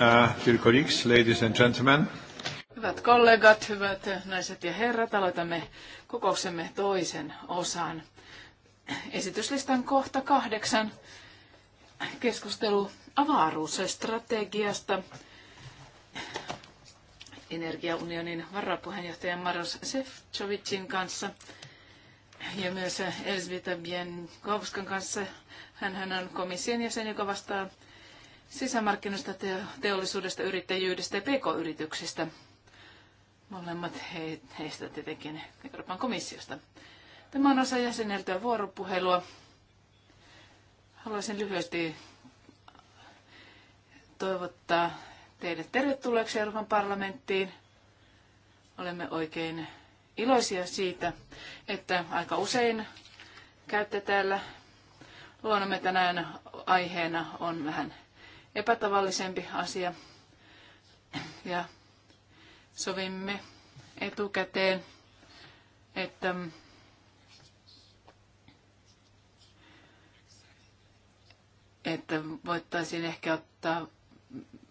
Uh, dear colleagues, ladies and gentlemen. Hyvät kollegat, hyvät naiset ja herrat, aloitamme kokouksemme toisen osan. Esityslistan kohta kahdeksan keskustelu avaruusstrategiasta. Energiaunionin varapuheenjohtaja Maros Sefcovicin kanssa ja myös Elzbieta Bienkovskan kanssa. hän on komission jäsen, joka vastaa sisämarkkinoista, teollisuudesta, yrittäjyydestä ja pk-yrityksistä. Molemmat he, heistä tietenkin Euroopan komissiosta. Tämä on osa jäseneltyä vuoropuhelua. Haluaisin lyhyesti toivottaa teidät tervetulleeksi Euroopan parlamenttiin. Olemme oikein iloisia siitä, että aika usein käytte täällä. Luonnomme tänään aiheena on vähän epätavallisempi asia. Ja sovimme etukäteen, että että voittaisiin ehkä ottaa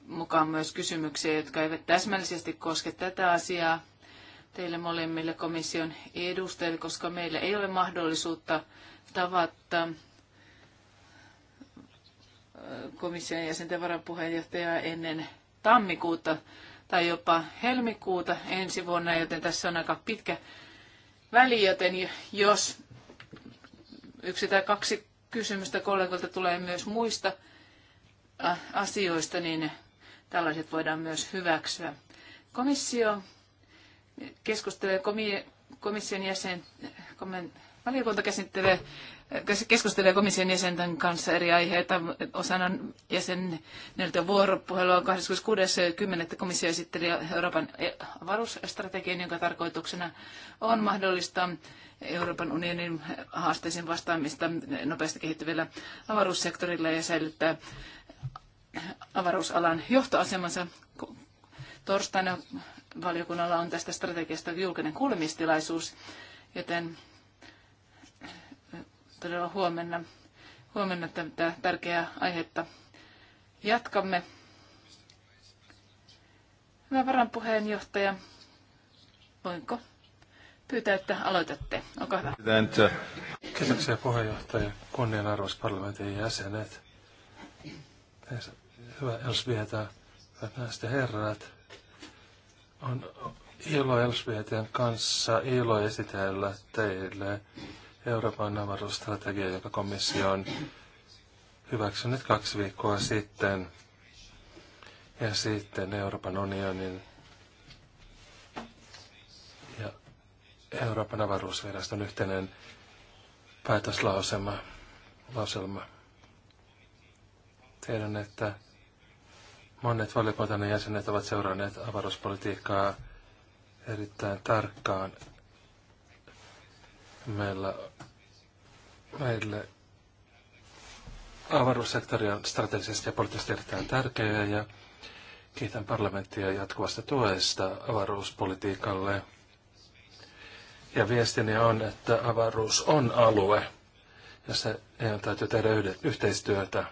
mukaan myös kysymyksiä, jotka eivät täsmällisesti koske tätä asiaa teille molemmille komission edustajille, koska meillä ei ole mahdollisuutta tavata komission jäsenten varapuheenjohtajaa ennen tammikuuta tai jopa helmikuuta ensi vuonna, joten tässä on aika pitkä väli, joten jos yksi tai kaksi kysymystä kollegoilta tulee myös muista asioista, niin tällaiset voidaan myös hyväksyä. Komissio keskustelee komission jäsen, komment, Valiokunta käsittelee, keskustelee komission jäsenten kanssa eri aiheita osana jäseneltä vuoropuhelua 26.10. komissio esitteli Euroopan avaruusstrategian, jonka tarkoituksena on mahdollistaa Euroopan unionin haasteisiin vastaamista nopeasti kehittyvillä avaruussektorilla ja säilyttää avaruusalan johtoasemansa. Torstaina valiokunnalla on tästä strategiasta julkinen kuulemistilaisuus, joten todella huomenna, huomenna tätä tärkeää aihetta jatkamme. Hyvä varanpuheenjohtaja, voinko pyytää, että aloitatte? Olkaa hyvä. Kiitoksia puheenjohtaja, kunnianarvois parlamentin jäsenet. Hyvä Elsvieta, hyvät näistä herrat. On ilo Elsvieten kanssa ilo esitellä teille Euroopan avaruusstrategia, joka komissio on hyväksynyt kaksi viikkoa sitten. Ja sitten Euroopan unionin ja Euroopan avaruusviraston yhteinen päätöslauselma. Lauselma. Tiedän, että monet valiokuntainen jäsenet ovat seuranneet avaruuspolitiikkaa erittäin tarkkaan Meillä, meille avaruussektori on strategisesti ja poliittisesti erittäin tärkeä ja kiitän parlamenttia jatkuvasta tuesta avaruuspolitiikalle. Ja viestini on, että avaruus on alue, jossa EU täytyy tehdä yhteistyötä.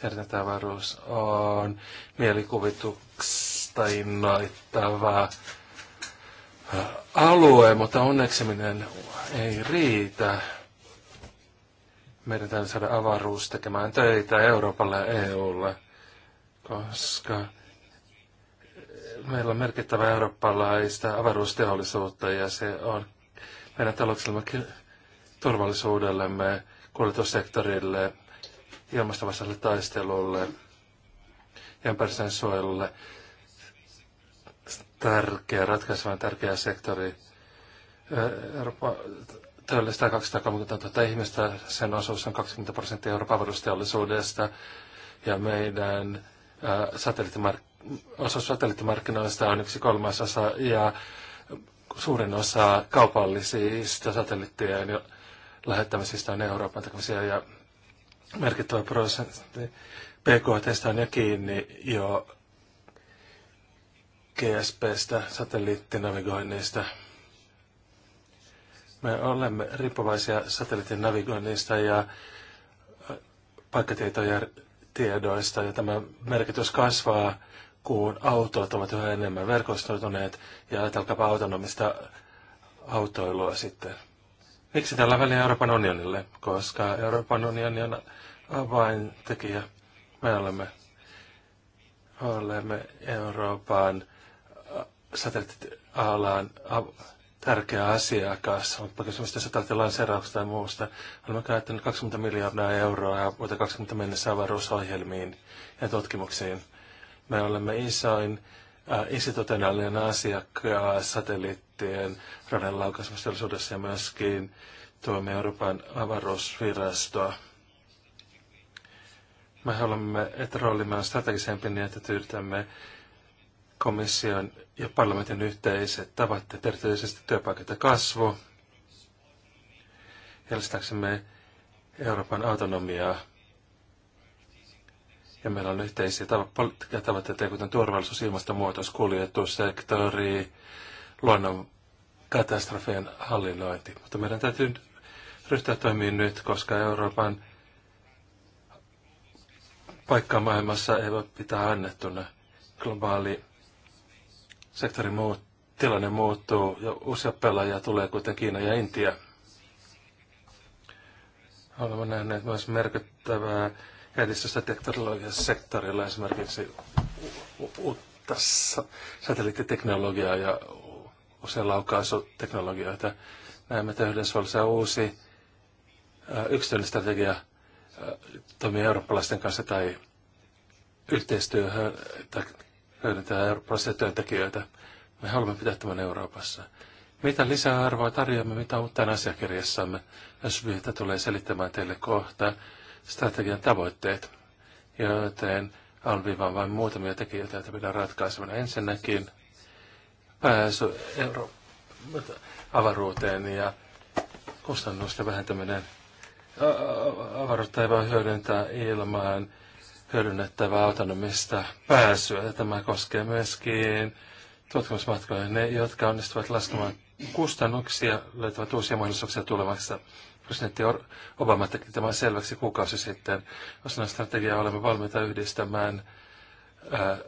Tiedän, että avaruus on mielikuvituksesta innoittavaa alue, mutta onneksiminen ei riitä. Meidän täytyy saada avaruus tekemään töitä Euroopalle ja EUlle, koska meillä on merkittävä eurooppalaista avaruusteollisuutta ja se on meidän talouksellemme, turvallisuudellemme, kuljetussektorille, ilmastovastaiselle taistelulle ja suojelulle tärkeä, ratkaisevan tärkeä sektori. Eurooppa työllistää 230 000 ihmistä, sen osuus on 20 prosenttia Euroopan varusteollisuudesta ja meidän satelliittimark- osuus satelliittimarkkinoista on yksi kolmasosa ja suurin osa kaupallisista satelliittien lähettämisistä on Euroopan takaisin ja merkittävä prosentti PKT on jo kiinni jo GSPstä, satelliittinavigoinnista. Me olemme riippuvaisia satelliittinavigoinnista ja äh, paikkatietoja tiedoista ja tämä merkitys kasvaa, kun autot ovat yhä enemmän verkostoituneet ja ajatelkaapa autonomista autoilua sitten. Miksi tällä väliä Euroopan unionille? Koska Euroopan unioni on avaintekijä. Me olemme, olemme Euroopan satelliittialaan tärkeä asiakas, mutta kysymys tässä satelliittilanseerauksesta tai muusta. Olemme käyttäneet 20 miljardia euroa vuoteen 20 mennessä avaruusohjelmiin ja tutkimuksiin. Me olemme isoin äh, institutionaalinen asiakas satelliittien radan laukaisemisteollisuudessa ja myöskin tuomme Euroopan avaruusvirastoa. Me haluamme, että roolimme on strategisempi niin, että tyydytämme komission ja parlamentin yhteiset tavoitteet, erityisesti työpaikat ja kasvu. Järjestääksemme Euroopan autonomiaa. Ja meillä on yhteisiä tavo- tavoitteita, kuten turvallisuus, ilmastonmuutos, kuljetussektori, luonnon katastrofien hallinnointi. Mutta meidän täytyy ryhtyä toimiin nyt, koska Euroopan paikka maailmassa ei voi pitää annettuna. Globaali sektorin muut, tilanne muuttuu ja usea pelaajia tulee kuten Kiina ja Intia. Olemme nähneet myös merkittävää teknologiassa teknologiasektorilla esimerkiksi uutta satelliittiteknologiaa ja usein laukaisuteknologioita. Näemme, että Yhdysvalloissa uusi yksityinen strategia toimii eurooppalaisten kanssa tai yhteistyöhön tai löydetään eurooppalaisia työntekijöitä. Me haluamme pitää tämän Euroopassa. Mitä lisäarvoa tarjoamme, mitä tämän asiakirjassamme? SVtä tulee selittämään teille kohta strategian tavoitteet, joten alviivaan vain muutamia tekijöitä, joita pidän ratkaisemaan. Ensinnäkin pääsy Euro- avaruuteen ja kustannusten vähentäminen. Avaruutta ei voi hyödyntää ilman hyödynnettävää autonomista pääsyä. Ja tämä koskee myöskin tutkimusmatkoja. Ne, jotka onnistuvat laskemaan kustannuksia, löytävät uusia mahdollisuuksia tulevassa. Presidentti Obama teki tämän selväksi kuukausi sitten. Osana strategiaa olemme valmiita yhdistämään ää,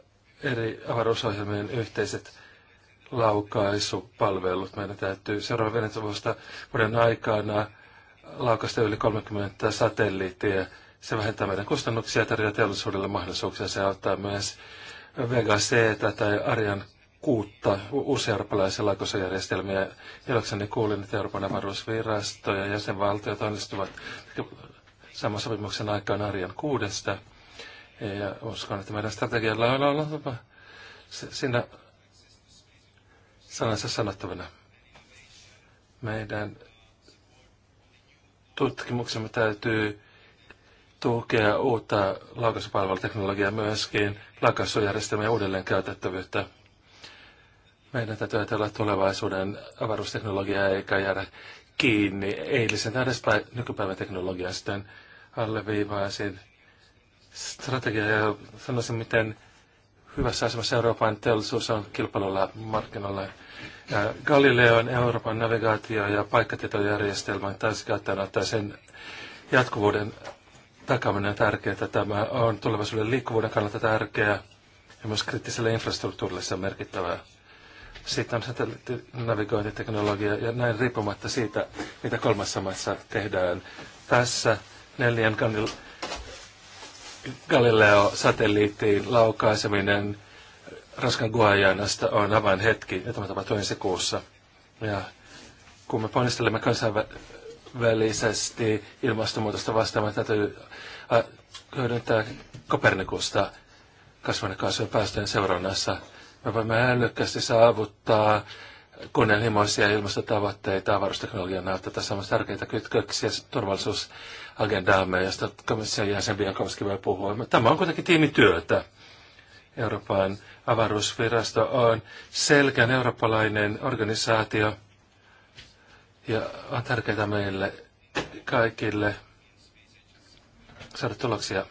eri avaruusohjelmien yhteiset laukaisupalvelut. Meidän täytyy seuraavan vuoden aikana laukaista yli 30 satelliittia se vähentää meidän kustannuksia ja tarjoaa teollisuudelle mahdollisuuksia. Se auttaa myös Vega C tai Arjan kuutta eurooppalaisia laikosajärjestelmiä. Ilokseni kuulin, että Euroopan avaruusvirasto ja jäsenvaltiot onnistuvat saman sopimuksen aikaan Arjan kuudesta. Ja uskon, että meidän strategialla on ollut siinä sanansa sanottavana. Meidän tutkimuksemme täytyy tukea uutta laukaisupalveluteknologiaa myöskin, laukaisujärjestelmien uudelleen käytettävyyttä. Meidän täytyy ajatella tulevaisuuden avaruusteknologiaa eikä jäädä kiinni eilisen tai edes nykypäivän teknologiaa. Sitten alleviivaisin strategiaa ja sanoisin, miten hyvässä asemassa Euroopan teollisuus on kilpailulla markkinoilla. Galileo on Euroopan navigaatio- ja paikkatietojärjestelmän täysikäyttäjänä ottaa sen jatkuvuuden takaminen on tärkeää. Tämä on tulevaisuuden liikkuvuuden kannalta tärkeää ja myös kriittiselle infrastruktuurille se on merkittävää. Sitten on satelliittinavigointiteknologia ja näin riippumatta siitä, mitä kolmassa maassa tehdään. Tässä neljän Galileo-satelliittiin laukaiseminen Raskan Guajanasta on avainhetki, ja tämä tapahtui ensi kuussa. Ja kun me ponnistelemme kansainvälisesti ilmastonmuutosta vastaamaan, täytyy Äh, hyödyntää Kopernikusta kasvanekaasujen päästöjen seurannassa. Me voimme älykkästi saavuttaa kunnianhimoisia ilmastotavoitteita avaruusteknologian näyttää. Tässä on tärkeitä kytköksiä turvallisuusagendaamme, josta komission jäsen Biankovski voi puhua. Tämä on kuitenkin tiimityötä. Euroopan avaruusvirasto on selkeän eurooppalainen organisaatio ja on tärkeää meille kaikille saada tuloksia.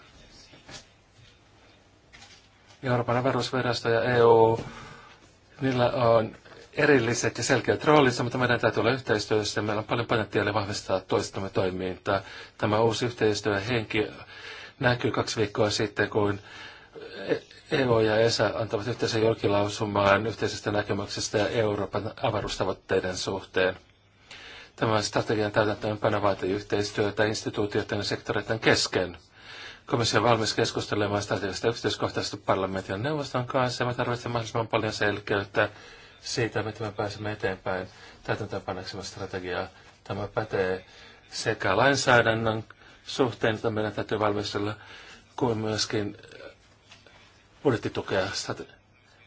Euroopan avaruusvirasto ja EU, niillä on erilliset ja selkeät roolinsa, mutta meidän täytyy olla yhteistyössä. Meillä on paljon potentiaalia vahvistaa toistamme toimintaa. Tämä uusi yhteistyöhenki näkyy kaksi viikkoa sitten, kun EU ja ESA antavat yhteisen julkilausumaan yhteisestä näkemyksestä Euroopan avaruustavoitteiden suhteen. Tämän strategian täytäntöönpano vaatii yhteistyötä instituutioiden ja sektoreiden kesken. Komissio on valmis keskustelemaan strategista yksityiskohtaisesti parlamentin ja neuvoston kanssa, ja me tarvitsemme mahdollisimman paljon selkeyttä siitä, miten me pääsemme eteenpäin täytäntöönpanoksemme strategiaa. Tämä pätee sekä lainsäädännön suhteen, että meidän täytyy valmistella, kuin myöskin äh, budjettitukea.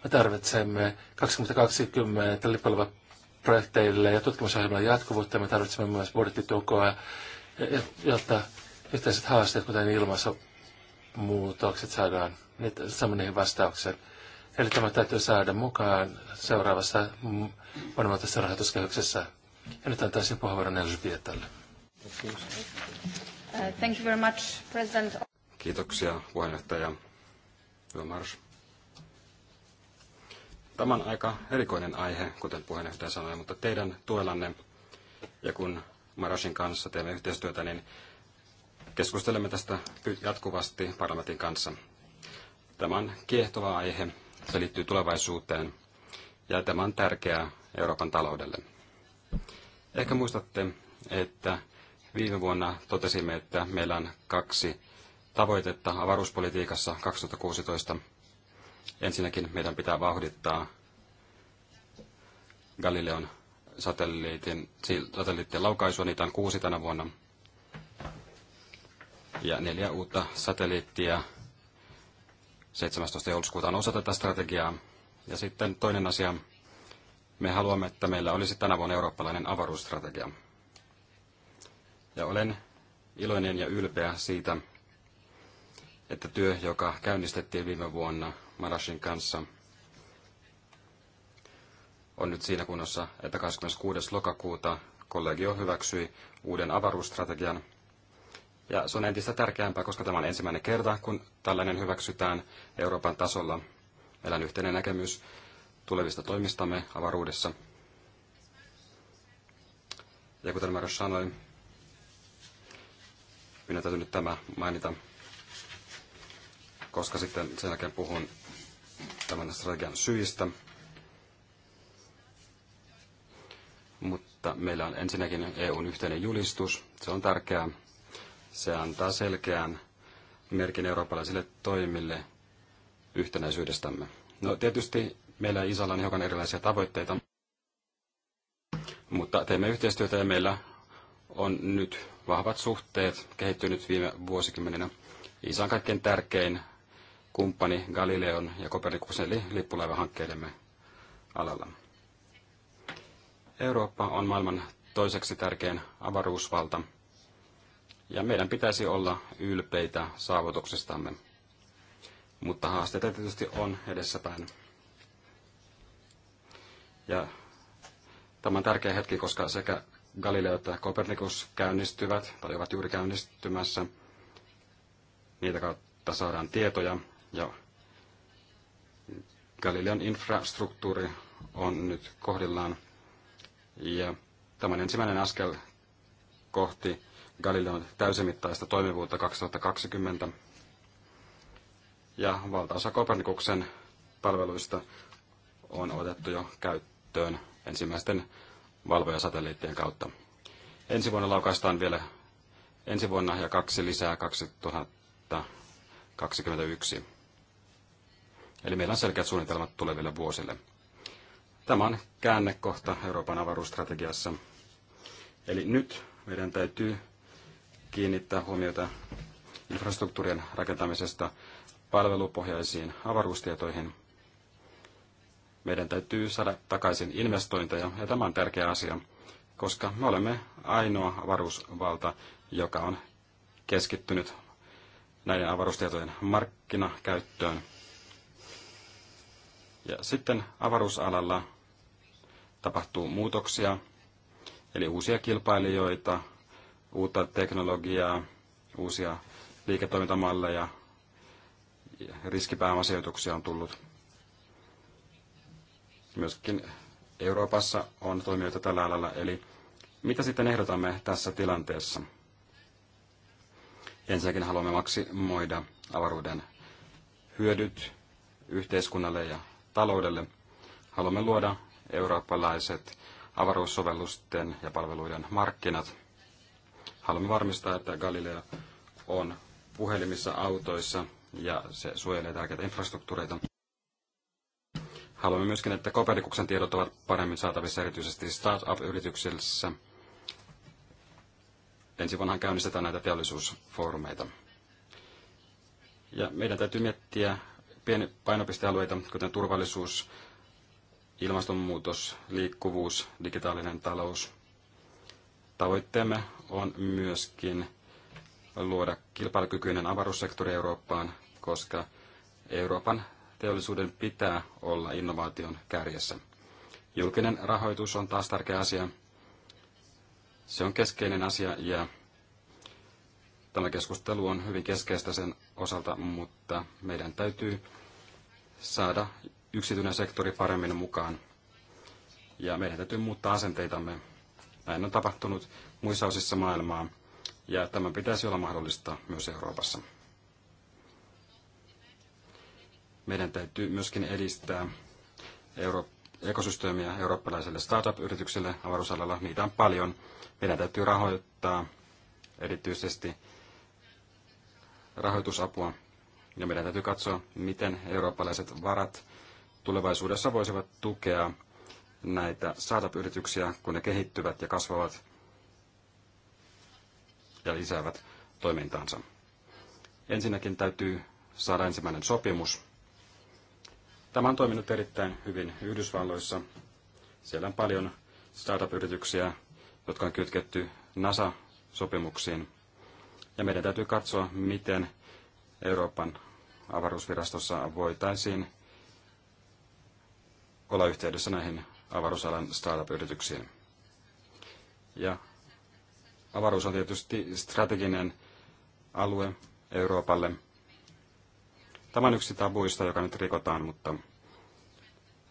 Me tarvitsemme 2020 lippalavat projekteille ja tutkimusohjelmalle jatkuvuutta. Me tarvitsemme myös budjettitukoa, jotta yhteiset haasteet, kuten ilmastonmuutokset, saadaan niitä samoihin vastauksen. Eli tämä täytyy saada mukaan seuraavassa monimuotoisessa rahoituskehyksessä. Ja nyt antaisin puheenvuoron Elžbietalle. Uh, thank you very much, President. Kiitoksia puheenjohtaja Ylmars. Tämä on aika erikoinen aihe, kuten puheenjohtaja sanoi, mutta teidän tuellanne ja kun Marosin kanssa teemme yhteistyötä, niin keskustelemme tästä jatkuvasti parlamentin kanssa. Tämä on kiehtova aihe, se liittyy tulevaisuuteen ja tämä on tärkeää Euroopan taloudelle. Ehkä muistatte, että viime vuonna totesimme, että meillä on kaksi tavoitetta avaruuspolitiikassa 2016 Ensinnäkin meidän pitää vauhdittaa Galileon satelliitin, satelliittien laukaisua. Niitä on kuusi tänä vuonna. Ja neljä uutta satelliittia 17. joulukuuta on osa tätä strategiaa. Ja sitten toinen asia. Me haluamme, että meillä olisi tänä vuonna eurooppalainen avaruusstrategia. Ja olen iloinen ja ylpeä siitä, että työ, joka käynnistettiin viime vuonna, Marashin kanssa on nyt siinä kunnossa, että 26. lokakuuta kollegio hyväksyi uuden avaruusstrategian. Ja se on entistä tärkeämpää, koska tämä on ensimmäinen kerta, kun tällainen hyväksytään Euroopan tasolla. Meillä on yhteinen näkemys tulevista toimistamme avaruudessa. Ja kuten Maro sanoi, minä täytyy nyt tämä mainita, koska sitten sen jälkeen puhun tämän strategian syistä. Mutta meillä on ensinnäkin EUn yhteinen julistus. Se on tärkeää. Se antaa selkeän merkin eurooppalaisille toimille yhtenäisyydestämme. No tietysti meillä Isalla on hiukan erilaisia tavoitteita, mutta teemme yhteistyötä ja meillä on nyt vahvat suhteet kehittynyt viime vuosikymmeninä. Isa on kaikkein tärkein kumppani Galileon ja Kopernikuksen eli lippulaivahankkeidemme alalla. Eurooppa on maailman toiseksi tärkein avaruusvalta, ja meidän pitäisi olla ylpeitä saavutuksestamme. Mutta haasteita tietysti on edessäpäin. Ja tämä on tärkeä hetki, koska sekä Galileo että Kopernikus käynnistyvät, tai ovat juuri käynnistymässä. Niitä kautta saadaan tietoja, ja Galilean infrastruktuuri on nyt kohdillaan. Ja tämä on ensimmäinen askel kohti Galileon täysimittaista toimivuutta 2020. Ja valtaosa Kopernikuksen palveluista on otettu jo käyttöön ensimmäisten valvojasatelliittien kautta. Ensi vuonna laukaistaan vielä ensi vuonna ja kaksi lisää 2021. Eli meillä on selkeät suunnitelmat tuleville vuosille. Tämä on käännekohta Euroopan avaruusstrategiassa. Eli nyt meidän täytyy kiinnittää huomiota infrastruktuurien rakentamisesta palvelupohjaisiin avaruustietoihin. Meidän täytyy saada takaisin investointeja, ja tämä on tärkeä asia, koska me olemme ainoa avaruusvalta, joka on keskittynyt näiden avaruustietojen markkinakäyttöön. Ja sitten avaruusalalla tapahtuu muutoksia, eli uusia kilpailijoita, uutta teknologiaa, uusia liiketoimintamalleja, riskipääomasijoituksia on tullut. Myöskin Euroopassa on toimijoita tällä alalla, eli mitä sitten ehdotamme tässä tilanteessa? Ensinnäkin haluamme maksimoida avaruuden hyödyt yhteiskunnalle ja taloudelle. Haluamme luoda eurooppalaiset avaruussovellusten ja palveluiden markkinat. Haluamme varmistaa, että Galileo on puhelimissa, autoissa ja se suojelee tärkeitä infrastruktuureita. Haluamme myöskin, että Kopernikuksen tiedot ovat paremmin saatavissa erityisesti startup-yrityksissä. Ensi vuonna käynnistetään näitä teollisuusfoorumeita. Ja meidän täytyy miettiä pieni painopistealueita, kuten turvallisuus, ilmastonmuutos, liikkuvuus, digitaalinen talous. Tavoitteemme on myöskin luoda kilpailukykyinen avaruussektori Eurooppaan, koska Euroopan teollisuuden pitää olla innovaation kärjessä. Julkinen rahoitus on taas tärkeä asia. Se on keskeinen asia ja Tämä keskustelu on hyvin keskeistä sen osalta, mutta meidän täytyy saada yksityinen sektori paremmin mukaan. Ja meidän täytyy muuttaa asenteitamme. Näin on tapahtunut muissa osissa maailmaa, ja tämä pitäisi olla mahdollista myös Euroopassa. Meidän täytyy myöskin edistää Euro- ekosysteemiä eurooppalaisille startup-yrityksille avaruusalalla. Niitä on paljon. Meidän täytyy rahoittaa erityisesti rahoitusapua. Ja meidän täytyy katsoa, miten eurooppalaiset varat tulevaisuudessa voisivat tukea näitä startup-yrityksiä, kun ne kehittyvät ja kasvavat ja lisäävät toimintaansa. Ensinnäkin täytyy saada ensimmäinen sopimus. Tämä on toiminut erittäin hyvin Yhdysvalloissa. Siellä on paljon startup-yrityksiä, jotka on kytketty NASA-sopimuksiin. Ja meidän täytyy katsoa, miten Euroopan avaruusvirastossa voitaisiin olla yhteydessä näihin avaruusalan startup-yrityksiin. Ja avaruus on tietysti strateginen alue Euroopalle. Tämä on yksi tabuista, joka nyt rikotaan, mutta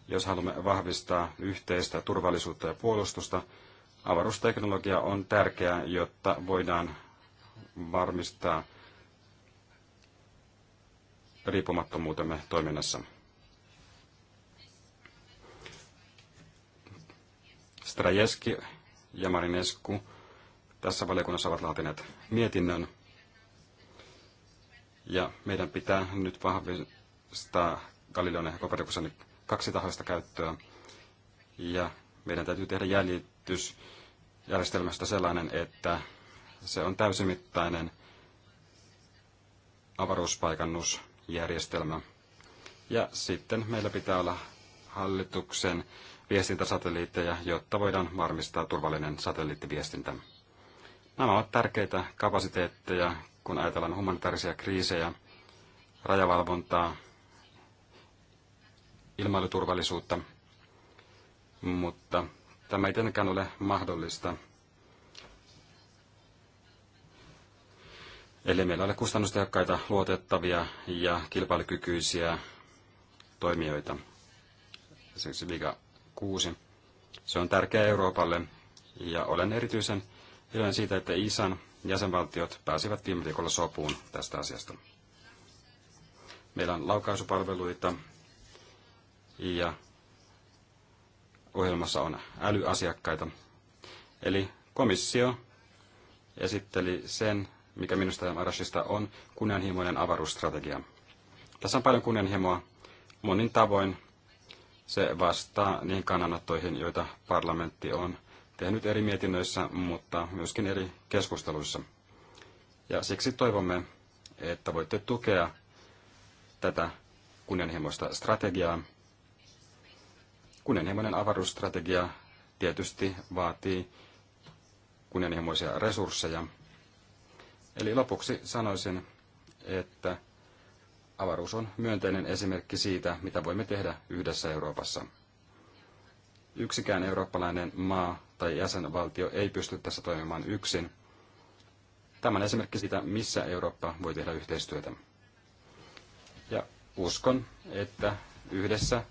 jos haluamme vahvistaa yhteistä turvallisuutta ja puolustusta, avaruusteknologia on tärkeää, jotta voidaan varmistaa riippumattomuutemme toiminnassa. Strajeski ja Marinescu tässä valiokunnassa ovat laatineet mietinnön. Ja meidän pitää nyt vahvistaa Galileon ja Kopernikuksen kaksitahoista käyttöä. Ja meidän täytyy tehdä jäljitysjärjestelmästä sellainen, että se on täysimittainen avaruuspaikannusjärjestelmä. Ja sitten meillä pitää olla hallituksen viestintäsatelliitteja, jotta voidaan varmistaa turvallinen satelliittiviestintä. Nämä ovat tärkeitä kapasiteetteja, kun ajatellaan humanitaarisia kriisejä, rajavalvontaa, ilmailuturvallisuutta, mutta tämä ei tietenkään ole mahdollista Eli meillä ole kustannustehokkaita, luotettavia ja kilpailukykyisiä toimijoita. Esimerkiksi Liga 6. Se on tärkeä Euroopalle ja olen erityisen iloinen siitä, että ISAN jäsenvaltiot pääsivät viime viikolla sopuun tästä asiasta. Meillä on laukaisupalveluita ja ohjelmassa on älyasiakkaita. Eli komissio esitteli sen, mikä minusta ja Marashista on kunnianhimoinen avaruusstrategia. Tässä on paljon kunnianhimoa. Monin tavoin se vastaa niihin kannanottoihin, joita parlamentti on tehnyt eri mietinnöissä, mutta myöskin eri keskusteluissa. Ja siksi toivomme, että voitte tukea tätä kunnianhimoista strategiaa. Kunnianhimoinen avaruusstrategia tietysti vaatii kunnianhimoisia resursseja, Eli lopuksi sanoisin, että avaruus on myönteinen esimerkki siitä, mitä voimme tehdä yhdessä Euroopassa. Yksikään eurooppalainen maa tai jäsenvaltio ei pysty tässä toimimaan yksin. Tämä on esimerkki siitä, missä Eurooppa voi tehdä yhteistyötä. Ja uskon, että yhdessä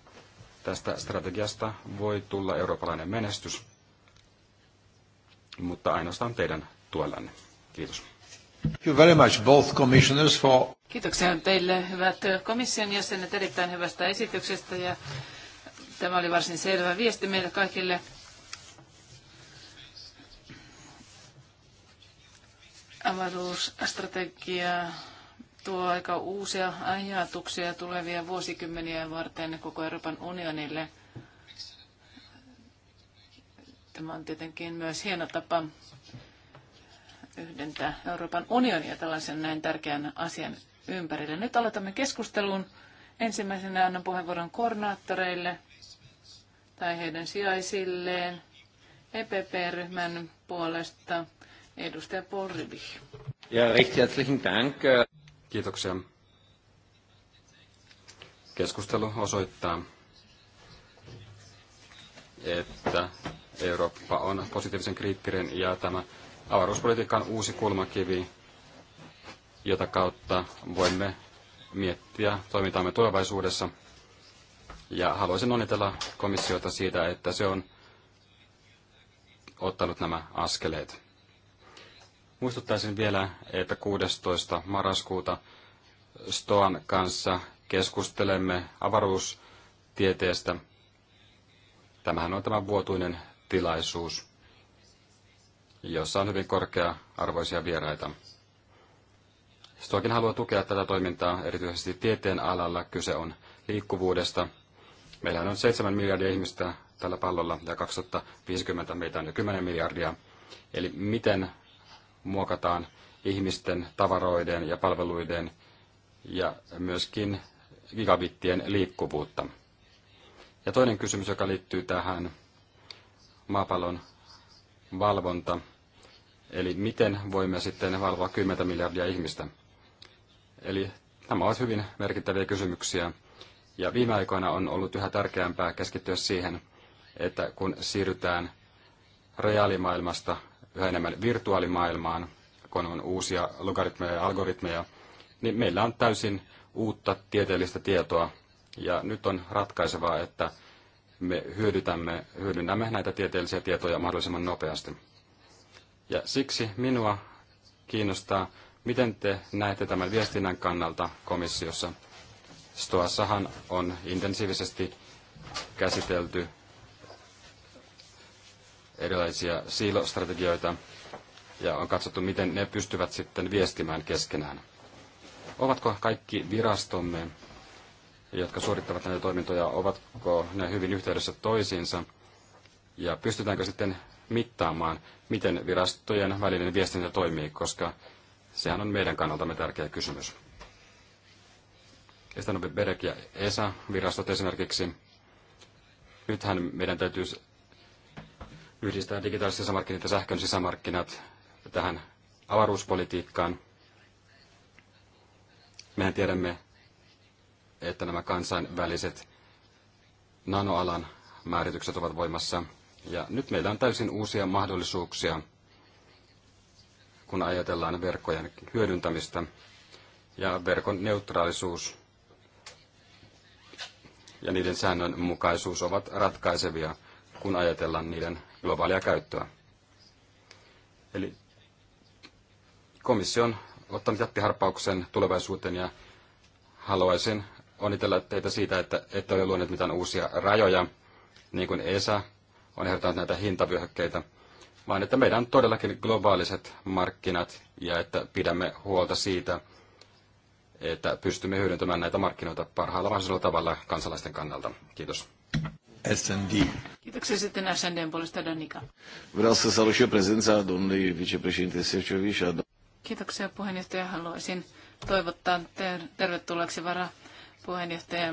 tästä strategiasta voi tulla eurooppalainen menestys, mutta ainoastaan teidän tuellanne. Kiitos. Kiitoksia teille hyvät komission jäsenet erittäin hyvästä esityksestä ja tämä oli varsin selvä viesti meille kaikille. Avaruusstrategia tuo aika uusia ajatuksia tulevia vuosikymmeniä varten koko Euroopan unionille. Tämä on tietenkin myös hieno tapa yhdentää Euroopan unionia tällaisen näin tärkeän asian ympärille. Nyt aloitamme keskustelun. Ensimmäisenä annan puheenvuoron koordinaattoreille tai heidän sijaisilleen EPP-ryhmän puolesta edustaja Paul Ja Dank. Kiitoksia. Keskustelu osoittaa, että Eurooppa on positiivisen kriittinen ja tämä Avaruuspolitiikka on uusi kulmakivi, jota kautta voimme miettiä toimintaamme tulevaisuudessa. Ja haluaisin onnitella komissiota siitä, että se on ottanut nämä askeleet. Muistuttaisin vielä, että 16. marraskuuta Stoan kanssa keskustelemme avaruustieteestä. Tämähän on tämä vuotuinen tilaisuus, jossa on hyvin korkea-arvoisia vieraita. Stokin haluaa tukea tätä toimintaa erityisesti tieteen alalla. Kyse on liikkuvuudesta. Meillä on 7 miljardia ihmistä tällä pallolla ja 2050 meitä on jo 10 miljardia. Eli miten muokataan ihmisten, tavaroiden ja palveluiden ja myöskin gigabittien liikkuvuutta. Ja toinen kysymys, joka liittyy tähän maapallon valvonta. Eli miten voimme sitten valvoa 10 miljardia ihmistä? Eli nämä ovat hyvin merkittäviä kysymyksiä. Ja viime aikoina on ollut yhä tärkeämpää keskittyä siihen, että kun siirrytään reaalimaailmasta yhä enemmän virtuaalimaailmaan, kun on uusia logaritmeja ja algoritmeja, niin meillä on täysin uutta tieteellistä tietoa. Ja nyt on ratkaisevaa, että me hyödytämme, hyödynnämme näitä tieteellisiä tietoja mahdollisimman nopeasti. Ja siksi minua kiinnostaa, miten te näette tämän viestinnän kannalta komissiossa. Stoassahan on intensiivisesti käsitelty erilaisia siilostrategioita ja on katsottu, miten ne pystyvät sitten viestimään keskenään. Ovatko kaikki virastomme jotka suorittavat näitä toimintoja, ovatko ne hyvin yhteydessä toisiinsa ja pystytäänkö sitten mittaamaan, miten virastojen välinen viestintä toimii, koska sehän on meidän kannaltamme tärkeä kysymys. Estanopi Berek ja ESA-virastot esimerkiksi. Nythän meidän täytyy yhdistää digitaaliset sisämarkkinat ja sähkön sisämarkkinat tähän avaruuspolitiikkaan. Mehän tiedämme, että nämä kansainväliset nanoalan määritykset ovat voimassa. Ja nyt meillä on täysin uusia mahdollisuuksia, kun ajatellaan verkkojen hyödyntämistä ja verkon neutraalisuus ja niiden säännönmukaisuus ovat ratkaisevia, kun ajatellaan niiden globaalia käyttöä. Eli komission ottanut jättiharppauksen tulevaisuuteen ja haluaisin onnitella teitä siitä, että ette ole luoneet mitään uusia rajoja, niin kuin ESA on ehdottanut näitä hintavyöhykkeitä, vaan että meidän on todellakin globaaliset markkinat ja että pidämme huolta siitä, että pystymme hyödyntämään näitä markkinoita parhaalla mahdollisella tavalla kansalaisten kannalta. Kiitos. SND. Kiitoksia sitten SNDn puolesta Danika. Kiitoksia puheenjohtaja. Haluaisin toivottaa ter- tervetulleeksi vara puheenjohtaja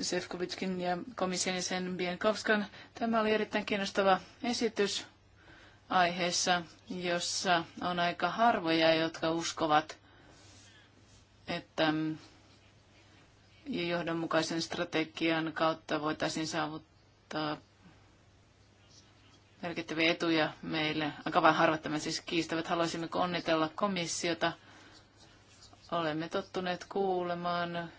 Sefkovitskin ja komission jäsen Bienkovskan. Tämä oli erittäin kiinnostava esitys aiheessa, jossa on aika harvoja, jotka uskovat, että johdonmukaisen strategian kautta voitaisiin saavuttaa merkittäviä etuja meille. Aika vain harvat tämän siis kiistävät. Haluaisimme onnitella komissiota – Olemme tottuneet kuulemaan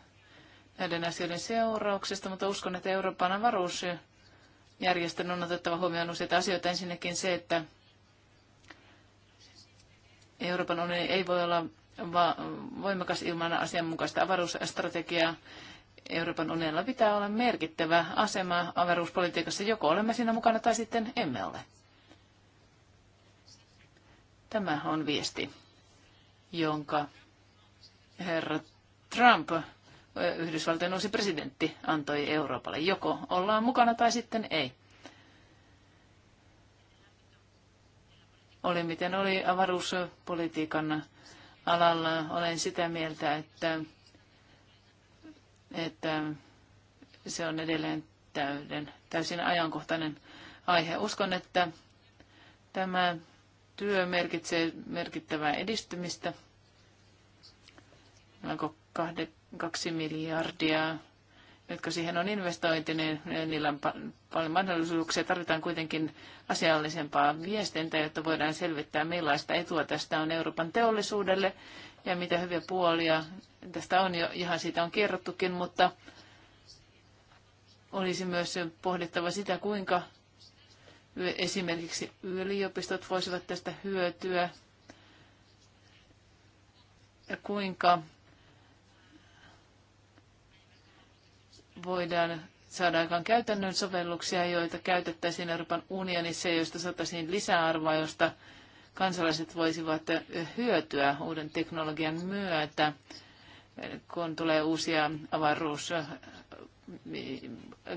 näiden asioiden seurauksista, mutta uskon, että Euroopan avaruusjärjestön on otettava huomioon useita asioita. Ensinnäkin se, että Euroopan unioni ei voi olla voimakas ilman asianmukaista avaruusstrategiaa. Euroopan unionilla pitää olla merkittävä asema avaruuspolitiikassa. Joko olemme siinä mukana tai sitten emme ole. Tämä on viesti, jonka herra Trump, Yhdysvaltain uusi presidentti, antoi Euroopalle. Joko ollaan mukana tai sitten ei. Oli miten oli avaruuspolitiikan alalla. Olen sitä mieltä, että, että se on edelleen täyden, täysin ajankohtainen aihe. Uskon, että tämä työ merkitsee merkittävää edistymistä – noin kaksi miljardia, jotka siihen on investointi, niin niillä on paljon mahdollisuuksia. Tarvitaan kuitenkin asiallisempaa viestintää, jotta voidaan selvittää, millaista etua tästä on Euroopan teollisuudelle ja mitä hyviä puolia. Tästä on jo, ihan siitä on kerrottukin, mutta olisi myös pohdittava sitä, kuinka esimerkiksi yliopistot voisivat tästä hyötyä ja kuinka voidaan saada aikaan käytännön sovelluksia, joita käytettäisiin Euroopan unionissa, joista saataisiin lisäarvoa, josta kansalaiset voisivat hyötyä uuden teknologian myötä, kun tulee uusia avaruus,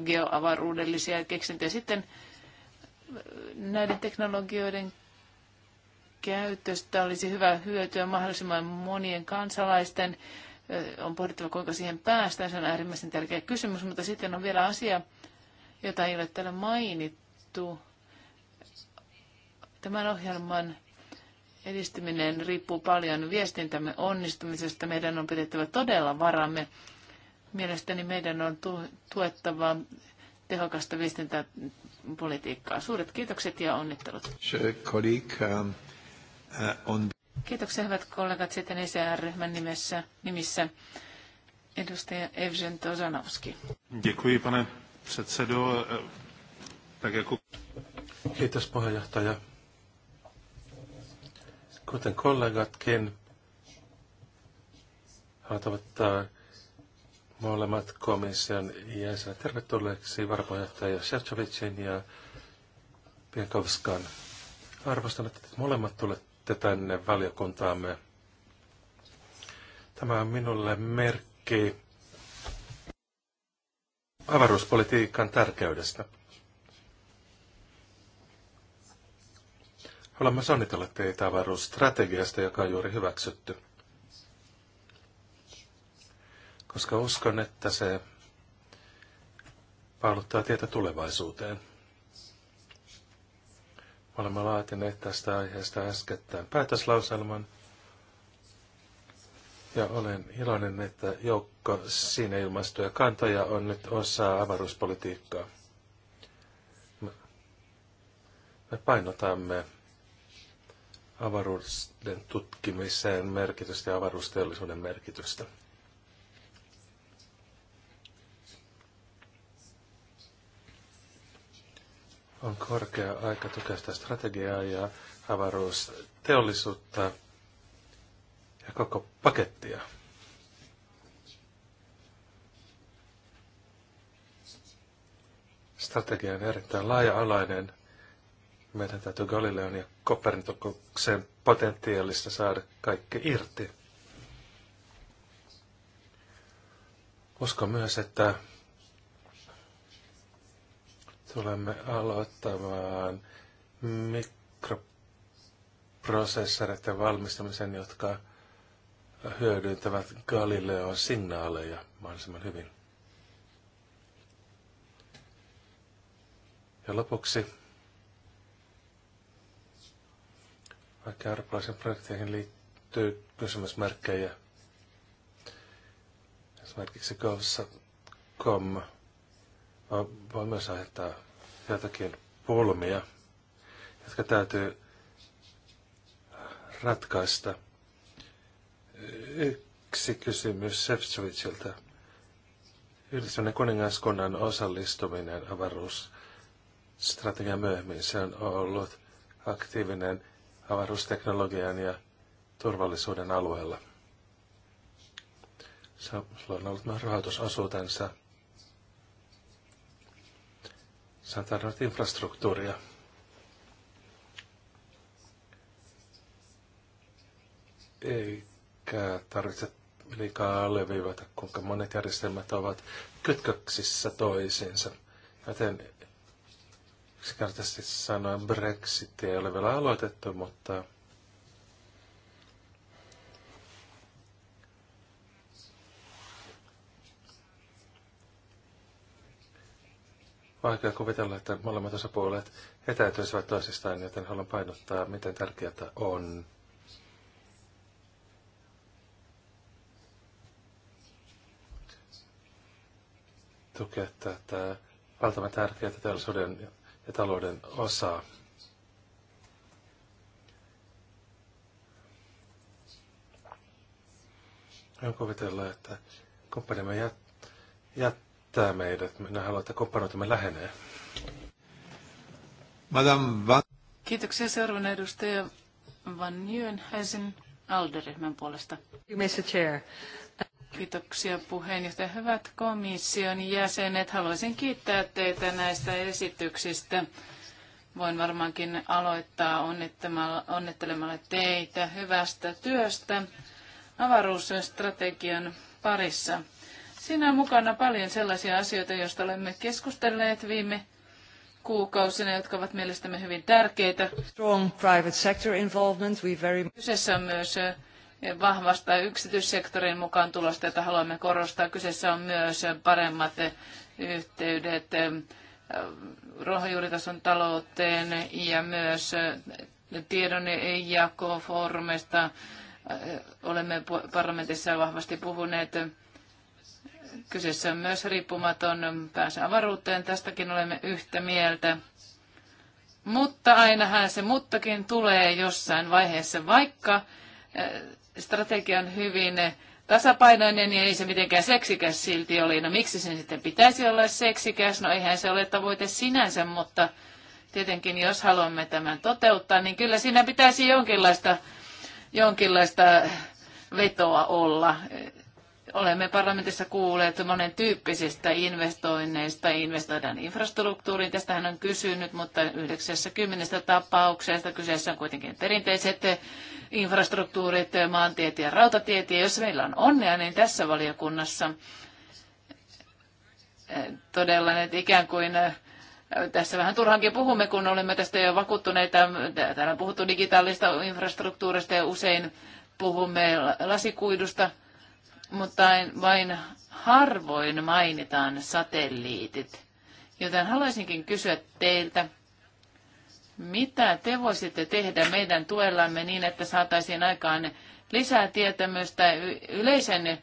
geoavaruudellisia keksintöjä. Sitten näiden teknologioiden käytöstä olisi hyvä hyötyä mahdollisimman monien kansalaisten on pohdittava, kuinka siihen päästään. Se on äärimmäisen tärkeä kysymys, mutta sitten on vielä asia, jota ei ole täällä mainittu. Tämän ohjelman edistyminen riippuu paljon viestintämme onnistumisesta. Meidän on pidettävä todella varamme. Mielestäni meidän on tuettava tehokasta viestintäpolitiikkaa. Suuret kiitokset ja onnittelut. Sure, colleague, um, uh, on... Kiitoksia hyvät kollegat sitten ECR-ryhmän nimessä, nimissä. Edustaja Evgen Tozanovski. Děkuji, pane předsedo. Tak jako... Kiitos puheenjohtaja. Kuten kollegatkin, haluavat molemmat komission jäsenet tervetulleeksi varapuheenjohtaja Sertsovicin ja Pienkovskan. Arvostan, että molemmat tulette tulitte tänne valiokuntaamme. Tämä on minulle merkki avaruuspolitiikan tärkeydestä. Haluamme onnitella teitä avaruusstrategiasta, joka on juuri hyväksytty. Koska uskon, että se paaluttaa tietä tulevaisuuteen. Olemme laatineet tästä aiheesta äskettäin päätöslauselman. Ja olen iloinen, että joukko siinä ilmastoja kantoja on nyt osa avaruuspolitiikkaa. Me painotamme avaruuden tutkimiseen merkitystä ja avaruusteollisuuden merkitystä. On korkea aika tukea sitä strategiaa ja avaruusteollisuutta ja koko pakettia. Strategia on erittäin laaja-alainen. Meidän täytyy Galileon ja Kopernikuksen potentiaalista saada kaikki irti. Uskon myös, että tulemme aloittamaan mikroprosessoreiden valmistamisen, jotka hyödyntävät Galileon signaaleja mahdollisimman hyvin. Ja lopuksi, vaikka eurooppalaisiin projekteihin liittyy kysymysmerkkejä, esimerkiksi gov.com voin myös aiheuttaa jotakin pulmia, jotka täytyy ratkaista. Yksi kysymys Sefcovicilta. Yhdistyneen kuningaskunnan osallistuminen avaruusstrategia myöhemmin. Se on ollut aktiivinen avaruusteknologian ja turvallisuuden alueella. Se on ollut myös rahoitusosuutensa – Sä tarvitset infrastruktuuria. Eikä tarvitse liikaa alleviivata, kuinka monet järjestelmät ovat kytköksissä toisiinsa. Joten yksinkertaisesti sanoen Brexit ei ole vielä aloitettu, mutta Vaikea kuvitella, että molemmat osapuolet etäytyisivät toisistaan, joten haluan painottaa, miten tärkeää on tukea tätä valtavan tärkeää teollisuuden ja talouden osaa. Voin kuvitella, että kumppanimme jättää. Jät- Tämä meidät. Minä haluan, että komppanoitamme lähenee. Madame Van... Kiitoksia seuraavana edustaja Van Nyenhäisen Alderyhmän puolesta. Mr. Chair. Kiitoksia puheenjohtaja. Hyvät komission jäsenet, haluaisin kiittää teitä näistä esityksistä. Voin varmaankin aloittaa onnittelemalla teitä hyvästä työstä avaruusstrategian parissa. Siinä on mukana paljon sellaisia asioita, joista olemme keskustelleet viime kuukausina, jotka ovat mielestämme hyvin tärkeitä. Strong private sector involvement. We very... Kyseessä on myös vahvasta yksityissektorin mukaan tulosta, jota haluamme korostaa. Kyseessä on myös paremmat yhteydet ruohonjuuritason talouteen ja myös tiedon jakofoorumeista olemme parlamentissa vahvasti puhuneet Kyseessä on myös riippumaton pääse avaruuteen. Tästäkin olemme yhtä mieltä. Mutta ainahan se muttakin tulee jossain vaiheessa, vaikka eh, strategia on hyvin tasapainoinen, niin ei se mitenkään seksikäs silti oli. No miksi sen sitten pitäisi olla seksikäs? No eihän se ole tavoite sinänsä, mutta tietenkin jos haluamme tämän toteuttaa, niin kyllä siinä pitäisi jonkinlaista, jonkinlaista vetoa olla. Olemme parlamentissa kuulleet monen tyyppisistä investoinneista. Investoidaan infrastruktuuriin, tästähän on kysynyt, mutta 90 tapauksesta kyseessä on kuitenkin perinteiset infrastruktuurit, maantiet ja rautatiet. Ja jos meillä on onnea, niin tässä valiokunnassa eh, todella että ikään kuin eh, tässä vähän turhankin puhumme, kun olemme tästä jo vakuuttuneita. Täällä on puhuttu digitaalista infrastruktuurista ja usein puhumme lasikuidusta, mutta vain harvoin mainitaan satelliitit. Joten haluaisinkin kysyä teiltä, mitä te voisitte tehdä meidän tuellamme niin, että saataisiin aikaan lisää tietämystä yleisen,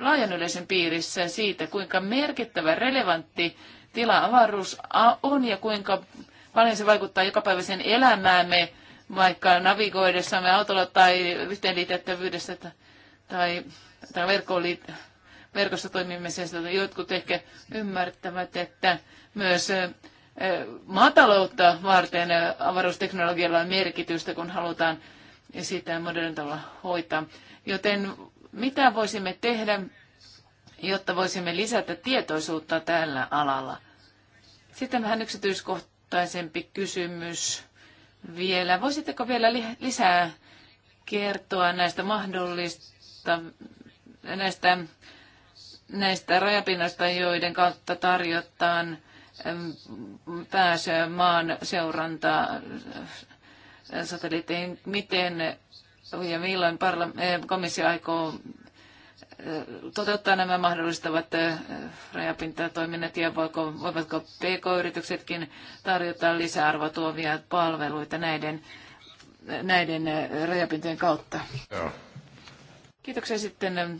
laajan yleisen piirissä siitä, kuinka merkittävä, relevantti tila avaruus on ja kuinka paljon se vaikuttaa jokapäiväisen elämäämme, vaikka navigoidessamme autolla tai yhteenliitettävyydessä tai, tai verkoli, liit- verkossa toimimisesta. Jotkut ehkä ymmärtävät, että myös maataloutta varten avaruusteknologialla on merkitystä, kun halutaan sitä modernin tavalla hoitaa. Joten mitä voisimme tehdä, jotta voisimme lisätä tietoisuutta tällä alalla? Sitten vähän yksityiskohtaisempi kysymys vielä. Voisitteko vielä lisää kertoa näistä mahdollisista kautta näistä, näistä rajapinnoista, joiden kautta tarjotaan pääsyä maan seurantaa satelliittiin, Miten ja milloin parla- komissio aikoo toteuttaa nämä mahdollistavat rajapintatoiminnat ja voiko, voivatko PK-yrityksetkin tarjota lisäarvoa tuovia palveluita näiden, näiden rajapintojen kautta? Joo. Kiitoksia sitten ähm,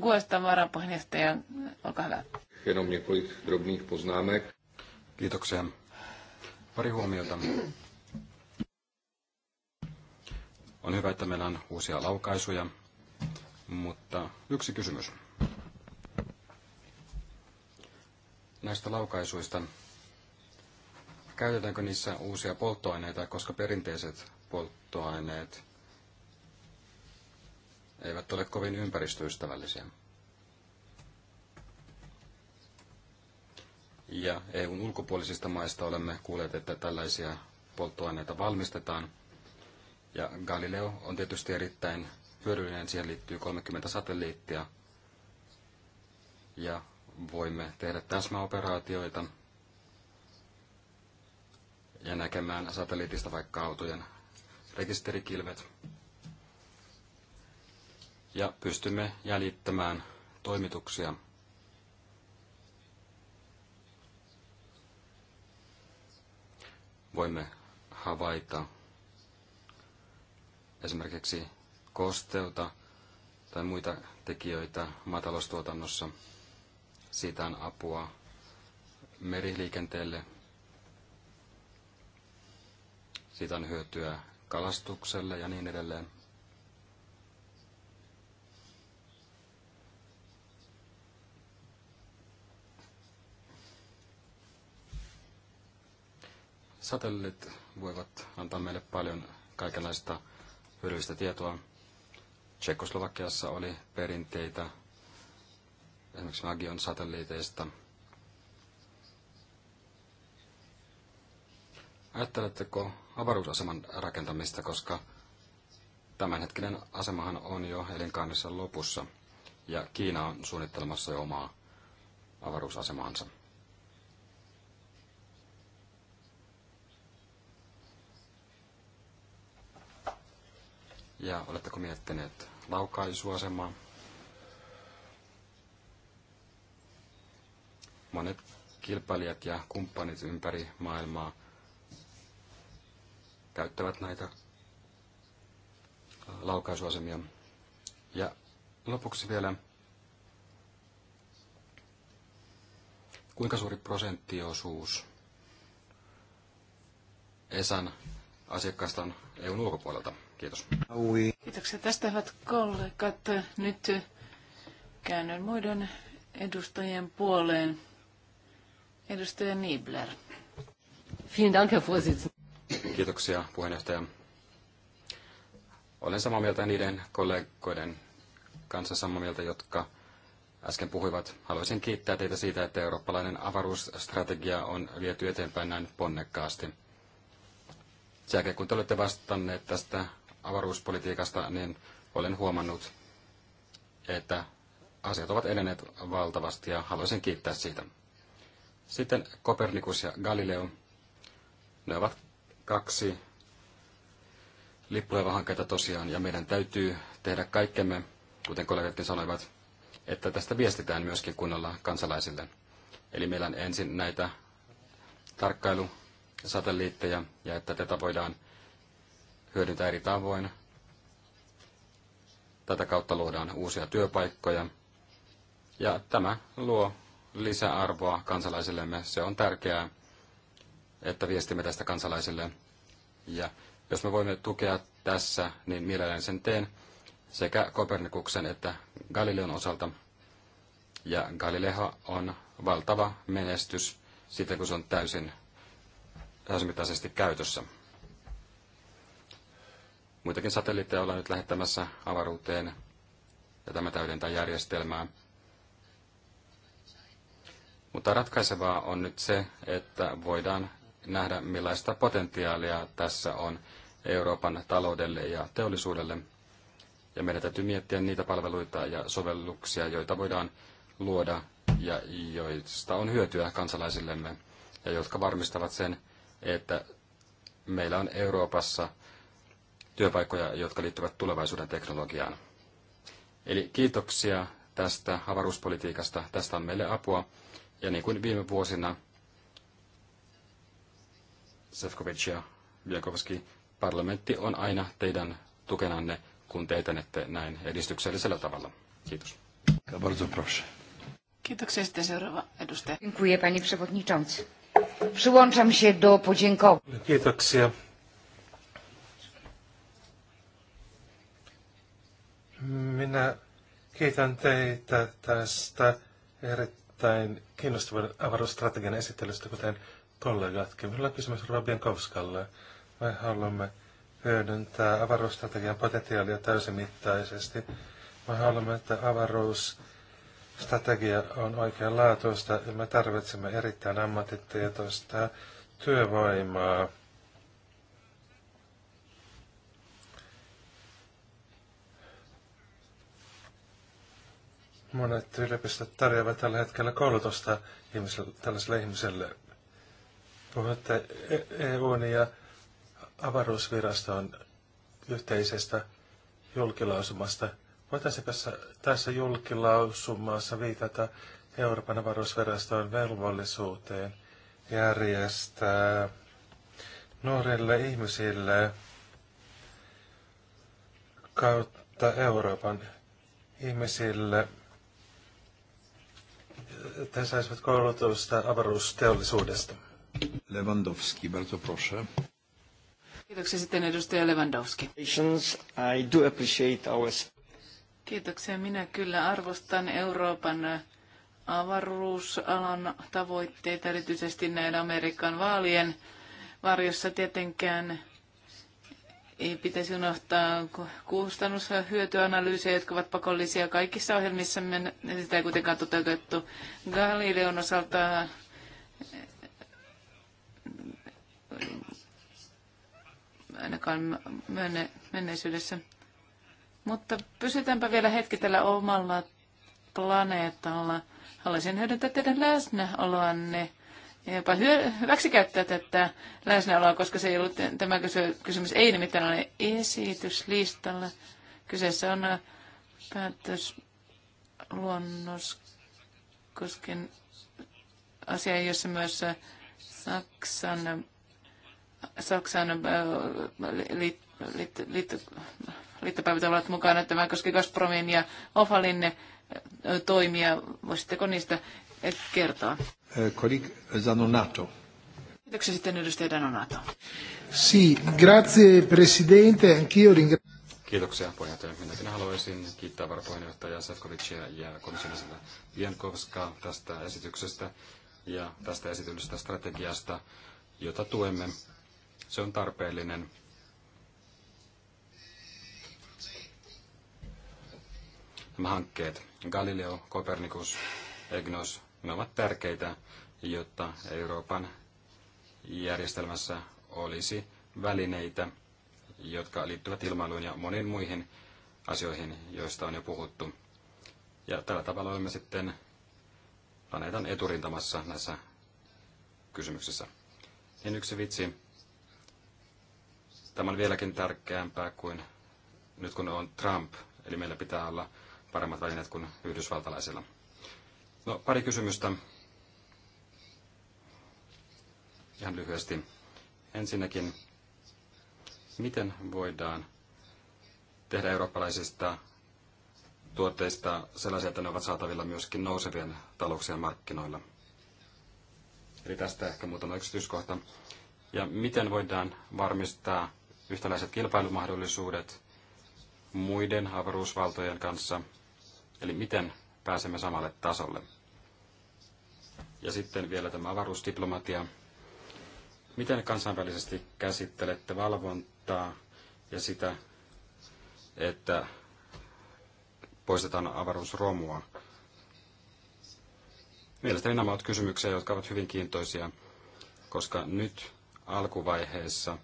Guesta varapuheenjohtaja. Olkaa hyvä. Jenom několik drobných poznámek. Kiitoksia. Pari huomiota. On hyvä, että meillä on uusia laukaisuja, mutta yksi kysymys. Näistä laukaisuista, käytetäänkö niissä uusia polttoaineita, koska perinteiset polttoaineet eivät ole kovin ympäristöystävällisiä. Ja EUn ulkopuolisista maista olemme kuulleet, että tällaisia polttoaineita valmistetaan. Ja Galileo on tietysti erittäin hyödyllinen. Siihen liittyy 30 satelliittia. Ja voimme tehdä täsmäoperaatioita ja näkemään satelliitista vaikka autojen rekisterikilvet ja pystymme jäljittämään toimituksia. Voimme havaita esimerkiksi kosteuta tai muita tekijöitä maataloustuotannossa. Siitä on apua meriliikenteelle. Siitä on hyötyä kalastukselle ja niin edelleen. satelliit voivat antaa meille paljon kaikenlaista hyödyllistä tietoa. Tsekoslovakiassa oli perinteitä esimerkiksi Magion satelliiteista. Ajatteletteko avaruusaseman rakentamista, koska tämänhetkinen asemahan on jo elinkaarissa lopussa ja Kiina on suunnittelemassa jo omaa avaruusasemaansa. Ja oletteko miettineet laukaisuasemaa? Monet kilpailijat ja kumppanit ympäri maailmaa käyttävät näitä laukaisuasemia. Ja lopuksi vielä, kuinka suuri prosenttiosuus ESAN asiakkaista on EUn ulkopuolelta. Kiitos. Kiitoksia tästä, hyvät kollegat. Nyt käännön muiden edustajien puoleen. Edustaja Niebler. Kiitoksia, puheenjohtaja. Olen samaa mieltä niiden kollegoiden kanssa samaa mieltä, jotka äsken puhuivat. Haluaisin kiittää teitä siitä, että eurooppalainen avaruusstrategia on viety eteenpäin näin ponnekkaasti. Sen jälkeen kun te olette vastanneet tästä avaruuspolitiikasta, niin olen huomannut, että asiat ovat edenneet valtavasti ja haluaisin kiittää siitä. Sitten Kopernikus ja Galileo. Ne ovat kaksi lippulaivahankkeita tosiaan, ja meidän täytyy tehdä kaikkemme, kuten kollegatkin sanoivat, että tästä viestitään myöskin kunnolla kansalaisille. Eli meillä on ensin näitä tarkkailu satelliitteja ja että tätä voidaan hyödyntää eri tavoin. Tätä kautta luodaan uusia työpaikkoja ja tämä luo lisäarvoa kansalaisillemme. Se on tärkeää, että viestimme tästä kansalaisille. Ja jos me voimme tukea tässä, niin mielelläni sen teen sekä Kopernikuksen että Galileon osalta. Ja Galileha on valtava menestys siitä, kun se on täysin täysimittaisesti käytössä. Muitakin satelliitteja ollaan nyt lähettämässä avaruuteen, ja tämä täydentää järjestelmää. Mutta ratkaisevaa on nyt se, että voidaan nähdä, millaista potentiaalia tässä on Euroopan taloudelle ja teollisuudelle. Ja meidän täytyy miettiä niitä palveluita ja sovelluksia, joita voidaan luoda ja joista on hyötyä kansalaisillemme ja jotka varmistavat sen, että meillä on Euroopassa työpaikkoja, jotka liittyvät tulevaisuuden teknologiaan. Eli kiitoksia tästä avaruuspolitiikasta. Tästä on meille apua. Ja niin kuin viime vuosina Sefkovic ja Jankovski, parlamentti on aina teidän tukenanne, kun te etenette näin edistyksellisellä tavalla. Kiitos. Kiitoksia. Sitten seuraava edustaja. Dziękuję, panie przewodniczący. Przyłączam się do podziękowań. Kiitoksia. Minä kiitän teitä tästä erittäin kiinnostavan avaruusstrategian esittelystä, kuten kollegatkin. Minulla on kysymys Robin Kovskalle. Me haluamme hyödyntää avaruusstrategian potentiaalia täysimittaisesti. Me haluamme, että avaruus strategia on oikeanlaatuista ja me tarvitsemme erittäin ammattitietoista työvoimaa. Monet yliopistot tarjoavat tällä hetkellä koulutusta ihmiselle, tällaiselle ihmiselle. Puhutte e- EUn ja avaruusviraston yhteisestä julkilausumasta – Voitaisiin tässä, tässä julkilausumassa viitata Euroopan avaruusviraston velvollisuuteen järjestää nuorille ihmisille kautta Euroopan ihmisille te saisivat koulutusta avaruusteollisuudesta. Lewandowski, bardzo proszę. Kiitoksia sitten edustaja Lewandowski. I do appreciate our... Kiitoksia. Minä kyllä arvostan Euroopan avaruusalan tavoitteita, erityisesti näiden Amerikan vaalien varjossa tietenkään ei pitäisi unohtaa kustannus- ja hyötyanalyysejä, jotka ovat pakollisia kaikissa ohjelmissa. Sitä ei kuitenkaan toteutettu Galileon osalta. Ainakaan menneisyydessä. Mutta pysytäänpä vielä hetki tällä omalla planeetalla. Haluaisin hyödyntää teidän läsnäoloanne ja jopa hyväksikäyttää tätä läsnäoloa, koska se ei ollut, tämä kysymys ei nimittäin ole esityslistalla. Kyseessä on äh, päätösluonnos koskien asiaa, jossa myös äh, Saksan, Saksan äh, li, li, li, liittopäivät ovat mukana. Tämä koski Gazpromin ja Ofalin eh, toimia. Voisitteko niistä eh, kertoa? Kolik eh, Zanonato. Kiitoksia sitten edustaja Danonato. Si, grazie presidente, anch'io ringrazio. Kiitoksia puheenjohtaja. Minäkin haluaisin kiittää varapuheenjohtaja Sefkovicia ja komission jäsenä Jankovskaa tästä esityksestä ja tästä esitellystä strategiasta, jota tuemme. Se on tarpeellinen Nämä hankkeet, Galileo, Kopernikus, EGNOS, ne ovat tärkeitä, jotta Euroopan järjestelmässä olisi välineitä, jotka liittyvät ilmailuun ja moniin muihin asioihin, joista on jo puhuttu. Ja tällä tavalla olemme sitten planeetan eturintamassa näissä kysymyksissä. Niin yksi vitsi. Tämä on vieläkin tärkeämpää kuin nyt kun on Trump, eli meillä pitää olla paremmat välineet kuin yhdysvaltalaisilla. No, pari kysymystä. Ihan lyhyesti. Ensinnäkin, miten voidaan tehdä eurooppalaisista tuotteista sellaisia, että ne ovat saatavilla myöskin nousevien talouksien markkinoilla? Eli tästä ehkä muutama yksityiskohta. Ja miten voidaan varmistaa yhtäläiset kilpailumahdollisuudet muiden avaruusvaltojen kanssa – Eli miten pääsemme samalle tasolle. Ja sitten vielä tämä avaruusdiplomatia. Miten kansainvälisesti käsittelette valvontaa ja sitä, että poistetaan avaruusromua? Mielestäni nämä ovat kysymyksiä, jotka ovat hyvin kiintoisia, koska nyt alkuvaiheessa,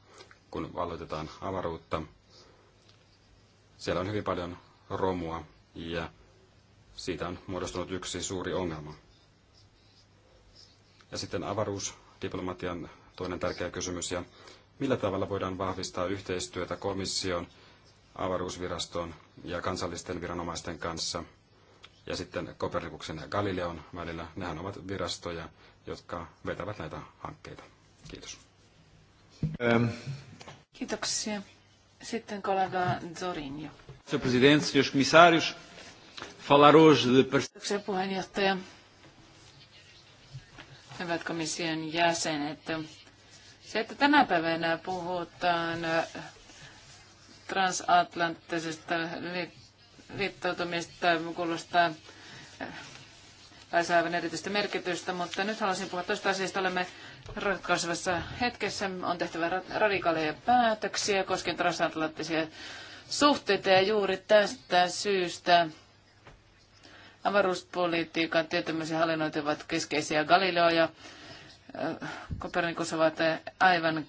kun valloitetaan avaruutta, siellä on hyvin paljon romua ja siitä on muodostunut yksi suuri ongelma. Ja sitten avaruusdiplomatian toinen tärkeä kysymys, ja millä tavalla voidaan vahvistaa yhteistyötä komission, avaruusviraston ja kansallisten viranomaisten kanssa, ja sitten Kopernikuksen ja Galileon välillä. Nehän ovat virastoja, jotka vetävät näitä hankkeita. Kiitos. Ähm. Kiitoksia. Sitten kollega Zorinjo. Senhor Presidente, senhores comissários, falar hoje de puheenjohtaja. Hyvät komission jäsenet, se, että tänä päivänä puhutaan äh, transatlanttisesta liittoutumista, kuulostaa äh, tai saavan erityistä merkitystä, mutta nyt haluaisin puhua tuosta asiasta. Olemme ratkaisevassa hetkessä. On tehtävä radikaaleja päätöksiä koskien transatlanttisia suhteita ja juuri tästä syystä avaruuspolitiikan tietämisen ja hallinnointi ovat keskeisiä. Galileo ja eh, Kopernikus ovat aivan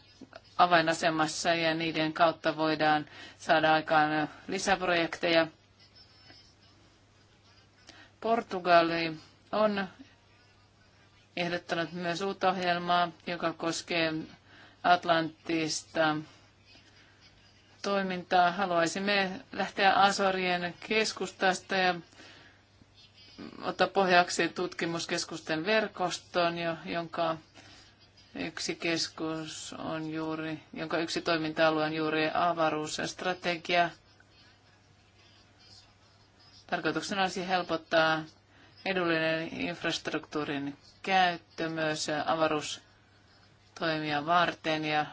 avainasemassa ja niiden kautta voidaan saada aikaan eh, lisäprojekteja. Portugali on ehdottanut myös uutta ohjelmaa, joka koskee Atlantista toimintaa. Haluaisimme lähteä Asorien keskustasta ja ottaa pohjaksi tutkimuskeskusten verkoston, jonka yksi keskus on juuri, jonka yksi toiminta-alue on juuri strategia. Tarkoituksena olisi helpottaa edullinen infrastruktuurin käyttö myös avaruustoimia varten ja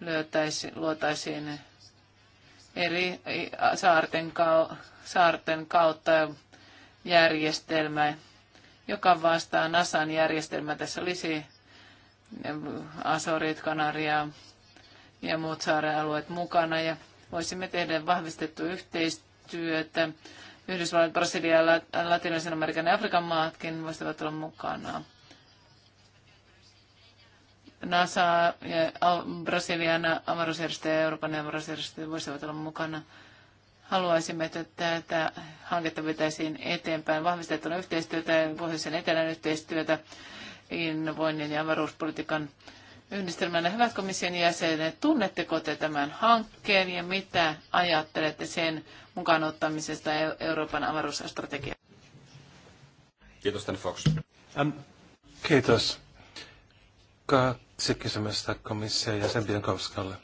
löytäisi luotaisiin eri saarten, kautta järjestelmä, joka vastaa NASAn järjestelmä. Tässä olisi Asorit, Kanaria ja muut saarealueet mukana ja voisimme tehdä vahvistettu yhteistyötä. Yhdysvallat, Brasilia, Latinalaisen Amerikan ja Afrikan maatkin voisivat olla mukana. NASA ja Brasilian avaruusjärjestö ja Euroopan avaruusjärjestö voisivat olla mukana haluaisimme, että tätä hanketta vetäisiin eteenpäin vahvistettuna yhteistyötä ja pohjoisen etelän yhteistyötä innovoinnin ja avaruuspolitiikan yhdistelmänä. Hyvät komission jäsenet, tunnetteko te tämän hankkeen ja mitä ajattelette sen mukaan ottamisesta Euroopan avaruusstrategiaan? Kiitos, Tän Fox. Um, kiitos. Kaksi kysymystä komission jäsen Biankovskalle.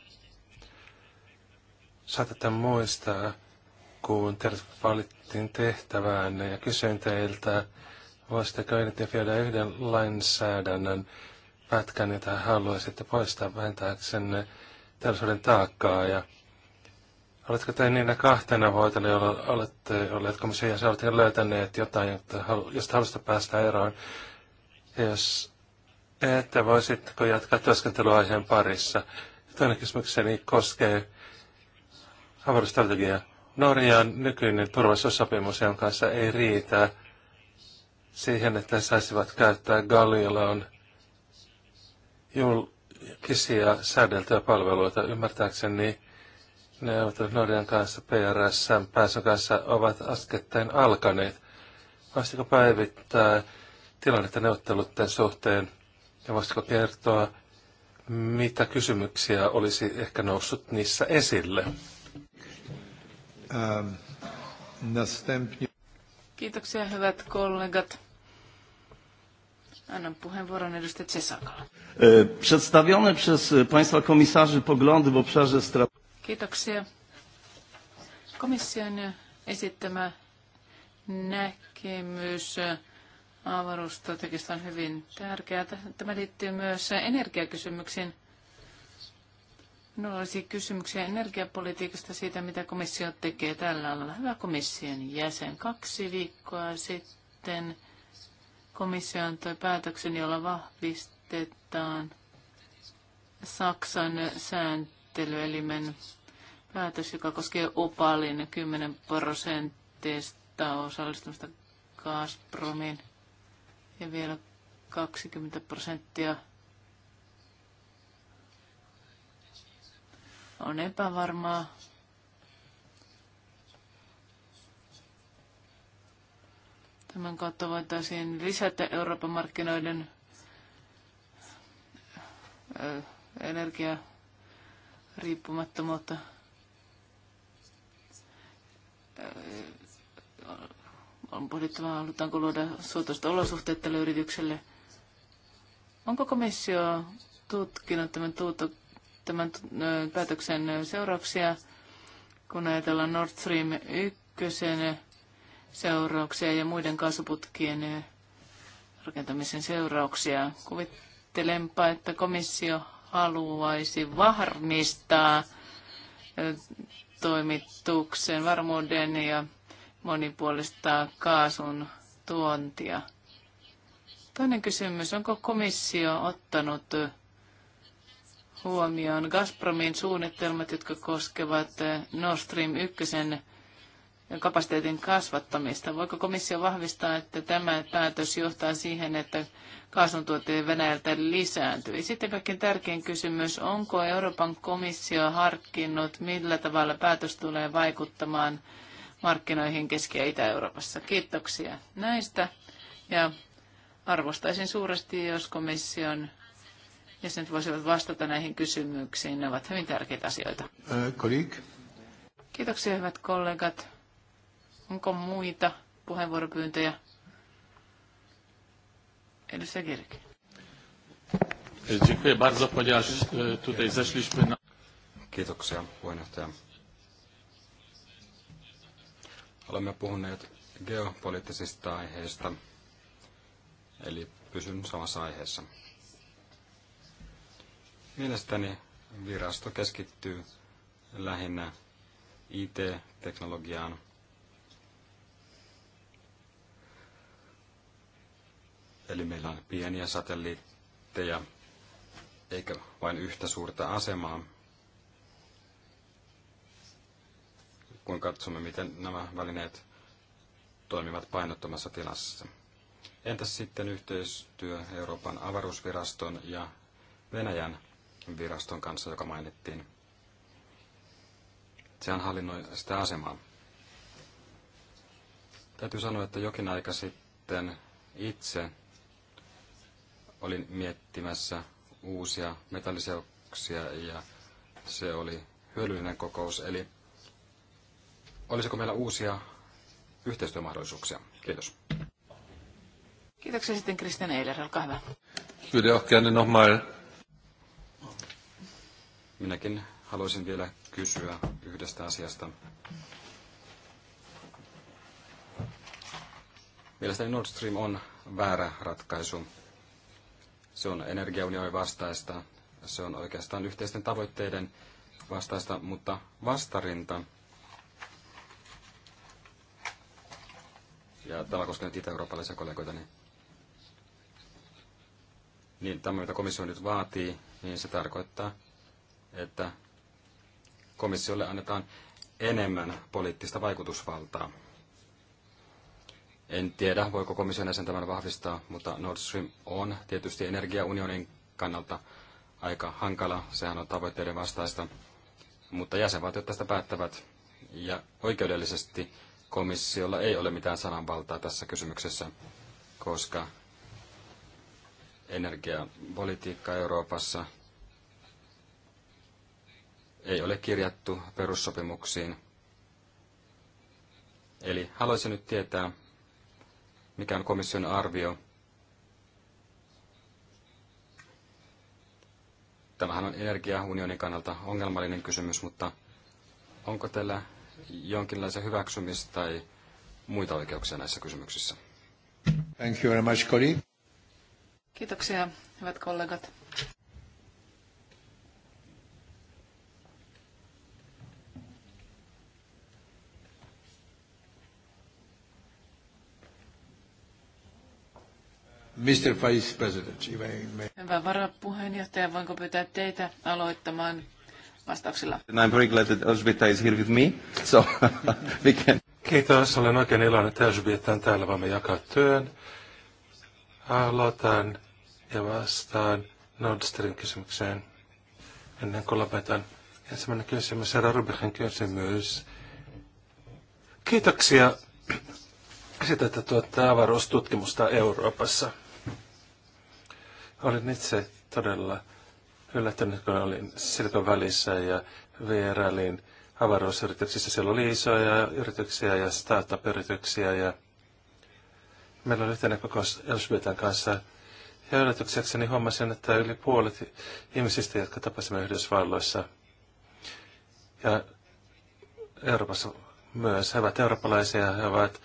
Saatatte muistaa, kun te valittiin tehtävään ja kysyin teiltä, voisitteko viedä yhden lainsäädännön pätkän, jota haluaisitte poistaa vähentääksenne teollisuuden taakkaa. Ja oletko te niinä kahtena vuotena, jolloin olette olleet komission jäsen, olette löytäneet jotain, josta haluaisitte päästä eroon? Ja jos ette, voisitteko jatkaa työskentelyaiheen parissa? Toinen kysymykseni koskee avaruusstrategiaa Norjan nykyinen turvallisuussopimus, jonka kanssa ei riitä siihen, että saisivat käyttää Galileon julkisia säädeltyjä palveluita. Ymmärtääkseni ovat Norjan kanssa, PRS, pääsyn kanssa ovat askettain alkaneet. Voisitko päivittää tilannetta neuvottelutten suhteen ja voisitko kertoa, mitä kysymyksiä olisi ehkä noussut niissä esille? Um, następnie... Kiitoksia hyvät kollegat. Annan puheenvuoron edustaja Cesakalle. E, przedstawione przez e, Państwa komisarzy poglądy w obszarze strategii. Kiitoksia. Komission esittämä näkemys avaruusstrategista on hyvin tärkeää. Tämä liittyy myös energiakysymyksiin. Minulla olisi kysymyksiä energiapolitiikasta siitä, mitä komissio tekee tällä alalla. Hyvä komission jäsen. Kaksi viikkoa sitten komissio antoi päätöksen, jolla vahvistetaan Saksan sääntelyelimen päätös, joka koskee opalin 10 prosenttista osallistumista Gazpromiin ja vielä 20 prosenttia on epävarmaa. Tämän kautta voitaisiin lisätä Euroopan markkinoiden energiariippumattomuutta. On pohdittava, halutaanko luoda suotuista olosuhteita yritykselle. Onko komissio tutkinut tämän tämän päätöksen seurauksia, kun ajatellaan Nord Stream 1 seurauksia ja muiden kaasuputkien rakentamisen seurauksia. Kuvittelenpa, että komissio haluaisi varmistaa toimituksen varmuuden ja monipuolistaa kaasun tuontia. Toinen kysymys, onko komissio ottanut huomioon Gazpromin suunnitelmat, jotka koskevat eh, Nord Stream 1 kapasiteetin kasvattamista. Voiko komissio vahvistaa, että tämä päätös johtaa siihen, että kaasuntuotteiden Venäjältä lisääntyy? Sitten kaikkein tärkein kysymys, onko Euroopan komissio harkinnut, millä tavalla päätös tulee vaikuttamaan markkinoihin Keski- ja Itä-Euroopassa? Kiitoksia näistä ja arvostaisin suuresti, jos komission nyt voisivat vastata näihin kysymyksiin. Ne ovat hyvin tärkeitä asioita. Kolik. Kiitoksia hyvät kollegat. Onko muita puheenvuoropyyntöjä? Edustaja Kirki. E, Kiitoksia puheenjohtaja. Olemme puhuneet geopoliittisista aiheista, eli pysyn samassa aiheessa. Mielestäni virasto keskittyy lähinnä IT-teknologiaan. Eli meillä on pieniä satelliitteja, eikä vain yhtä suurta asemaa. Kun katsomme, miten nämä välineet toimivat painottomassa tilassa. Entäs sitten yhteistyö Euroopan avaruusviraston ja Venäjän viraston kanssa, joka mainittiin. Sehän hallinnoi sitä asemaa. Täytyy sanoa, että jokin aika sitten itse olin miettimässä uusia metalliseoksia ja se oli hyödyllinen kokous. Eli olisiko meillä uusia yhteistyömahdollisuuksia? Kiitos. Kiitoksia sitten Kristian Eiler, olkaa hyvä. Kyllä, gerne nochmal Minäkin haluaisin vielä kysyä yhdestä asiasta. Mielestäni Nord Stream on väärä ratkaisu. Se on energiaunionin vastaista, se on oikeastaan yhteisten tavoitteiden vastaista, mutta vastarinta. Ja tämä koskee nyt itä-eurooppalaisia kollegoita, niin, niin tämä, mitä komissio nyt vaatii, niin se tarkoittaa että komissiolle annetaan enemmän poliittista vaikutusvaltaa. En tiedä, voiko komission jäsen tämän vahvistaa, mutta Nord Stream on tietysti energiaunionin kannalta aika hankala. Sehän on tavoitteiden vastaista. Mutta jäsenvaltiot tästä päättävät. Ja oikeudellisesti komissiolla ei ole mitään sananvaltaa tässä kysymyksessä, koska energiapolitiikka Euroopassa ei ole kirjattu perussopimuksiin. Eli haluaisin nyt tietää, mikä on komission arvio. Tämähän on energiaunionin kannalta ongelmallinen kysymys, mutta onko teillä jonkinlaisen hyväksymistä tai muita oikeuksia näissä kysymyksissä? Thank you very much, Kiitoksia, hyvät kollegat. Mr. Vice President, if I may. Hyvä varapuheenjohtaja, voinko pyytää teitä aloittamaan vastauksilla? And I'm very glad that Elzbieta is here with me, so we can... Kiitos, olen oikein iloinen, että Elzbieta on täällä, vaan me jakaa työn. Aloitan ja vastaan Nord Stream kysymykseen ennen kuin lopetan. Ensimmäinen kysymys, herra Rubikin kysymys. Kiitoksia siitä, että tuotte avaruustutkimusta Euroopassa. Olin itse todella yllättynyt, kun olin Silikon välissä ja vierailin avaruusyrityksissä. Siellä oli isoja yrityksiä ja startup-yrityksiä ja meillä oli yhteinen kokous Elshbetan kanssa. Ja yllätyksekseni huomasin, että yli puolet ihmisistä, jotka tapasimme Yhdysvalloissa ja Euroopassa myös, he ovat eurooppalaisia, he ovat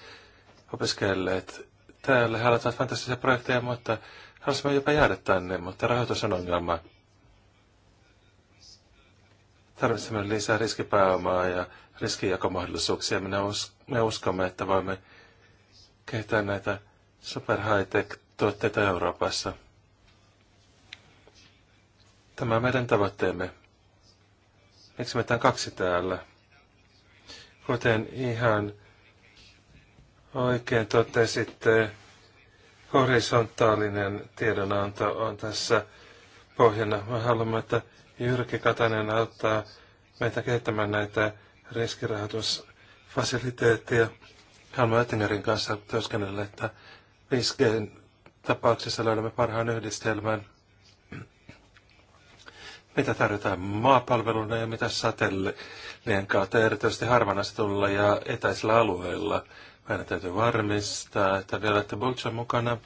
opiskelleet täällä, he aloittavat fantastisia projekteja, mutta Haluaisimme jopa jäädä tänne, mutta rahoitus on ongelma. Tarvitsemme lisää riskipääomaa ja riskijakomahdollisuuksia. Me, us- me uskomme, että voimme kehittää näitä super high-tech tuotteita Euroopassa. Tämä on meidän tavoitteemme. Miksi meitä on kaksi täällä? Kuten ihan oikein totesitte, horisontaalinen tiedonanto on tässä pohjana. Me haluamme, että Jyrki Katainen auttaa meitä kehittämään näitä riskirahoitusfasiliteetteja. Haluamme Oettingerin kanssa työskennellä, että 5G tapauksessa löydämme parhaan yhdistelmän, mitä tarjotaan maapalveluna ja mitä satelliien kautta erityisesti harvan ja etäisillä alueilla – meidän täytyy varmistaa, että vielä että Bolcha mukana,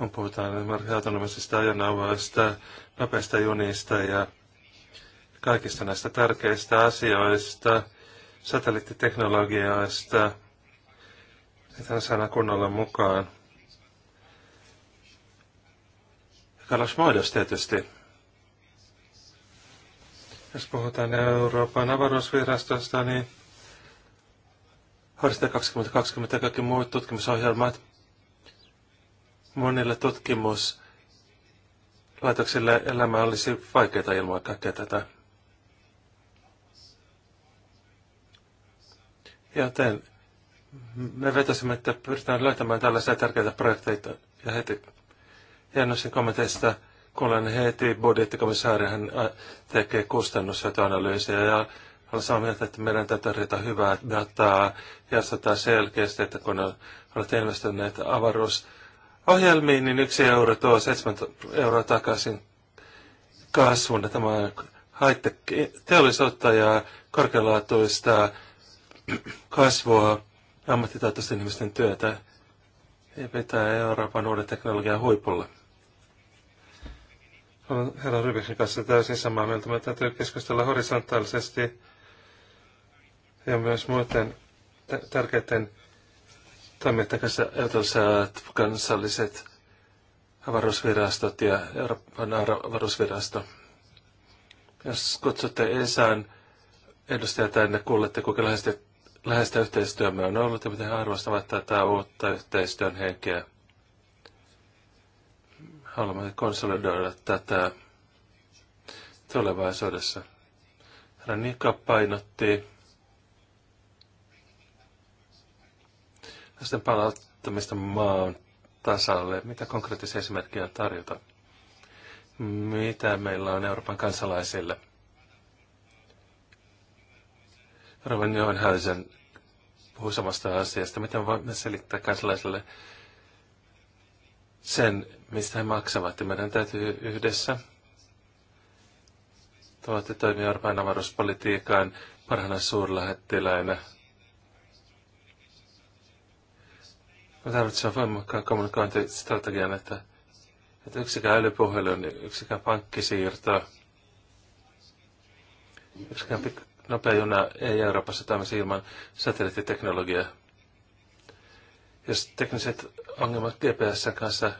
on puhutaan autonomisista ajanauvoista, nopeista junista ja kaikista näistä tärkeistä asioista, satelliittiteknologioista, on saada kunnolla mukaan. Kalasmoidos tietysti. Jos puhutaan Euroopan avaruusvirastosta, niin Horisontti 2020 ja kaikki muut tutkimusohjelmat. Monille tutkimuslaitoksille elämä olisi vaikeaa ilman kaikkea tätä. Joten me vetäisimme, että pyritään löytämään tällaisia tärkeitä projekteita. Ja heti hienoisin kommenteista kuulen heti budjettikomissaari, hän tekee kustannushyötyanalyysiä ja olen samaa mieltä, että meidän täytyy tarjota hyvää dataa ja sanotaan selkeästi, että kun olet investoineet avaruusohjelmiin, niin yksi euro tuo seitsemän euroa takaisin kasvun. Ja tämä haitte teollisuutta ja korkealaatuista kasvua ammattitaitoisten ihmisten työtä ja pitää Euroopan uuden teknologian huipulla. Olen herra Rybikin kanssa täysin samaa mieltä. Me täytyy keskustella horisontaalisesti ja myös muiden tärkeiden toimijoiden kanssa saat kansalliset avaruusvirastot ja Euroopan avaruusvirasto. Jos kutsutte ESAan edustajia tänne, kuulette, kuinka läheistä, läheistä yhteistyömme on ollut ja miten he arvostavat tätä uutta yhteistyön henkeä. Haluamme konsolidoida tätä tulevaisuudessa. Herra painotti sitten palauttamista maan tasalle. Mitä konkreettisia esimerkkejä on tarjota? Mitä meillä on Euroopan kansalaisille? Rovan Johanhäisen puhuu samasta asiasta. Miten voimme selittää kansalaisille sen, mistä he maksavat? Ja meidän täytyy yhdessä toivottavasti toimia Euroopan avaruuspolitiikan parhaana suurlähettiläinä – Me tarvitsemme voimakkaan kommunikointistrategian, että, että yksikään älypuhelu, niin yksikään pankkisiirto, yksikään pik- nopea juna ei Euroopassa toimisi ilman satelliittiteknologiaa. Jos tekniset ongelmat GPS kanssa,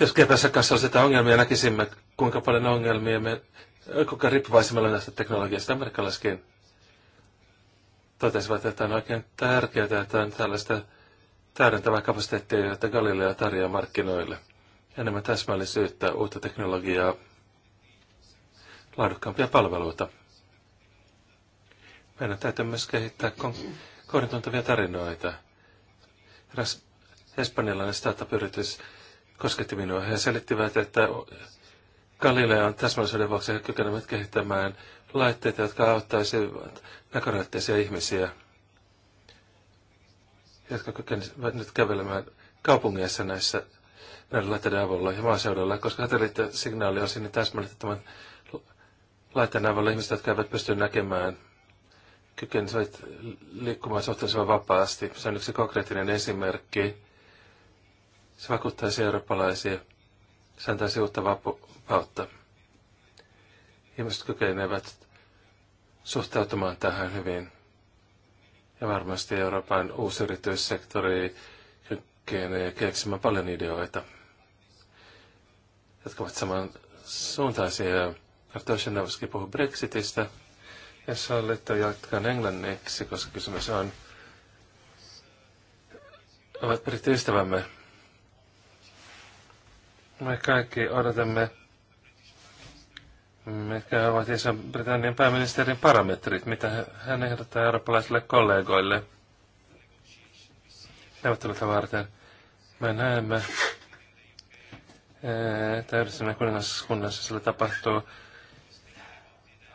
jos GPS kanssa olisi jotain ongelmia, näkisimme kuinka paljon ongelmia me, kuinka riippuvaisimme näistä teknologiasta. Amerikkalaiskin totesivat, että on oikein tärkeää, että on tällaista täydentävää kapasiteettia, jota Galileo tarjoaa markkinoille. Enemmän täsmällisyyttä, uutta teknologiaa, laadukkaampia palveluita. Meidän täytyy myös kehittää kohdentuntavia tarinoita. Eräs espanjalainen startup-yritys kosketti minua. He selittivät, että Galileo on täsmällisyyden vuoksi kykenevät kehittämään laitteita, jotka auttaisivat näkörajoitteisia ihmisiä, jotka kykenevät nyt kävelemään kaupungeissa näissä näiden laitteiden avulla ja maaseudulla, koska signaali on sinne täsmälleen tämän laitteen avulla ihmiset, jotka eivät pysty näkemään, kykenevät liikkumaan suhteellisen vapaasti. Se on yksi konkreettinen esimerkki. Se vakuuttaisi eurooppalaisia. Se antaisi uutta vapautta ihmiset kykenevät suhtautumaan tähän hyvin. Ja varmasti Euroopan uusi yrityssektori kykenee keksimään paljon ideoita, jotka ovat saman suuntaisia. Kartoshevski puhui Brexitistä. Ja sallitte jatkan englanniksi, koska kysymys on, ovat brittiystävämme. Me kaikki odotamme Mitkä ovat Iso-Britannian pääministerin parametrit? Mitä hän ehdottaa eurooppalaisille kollegoille neuvotteluita varten? Me näemme, että yhdessä kuningaskunnassa sillä tapahtuu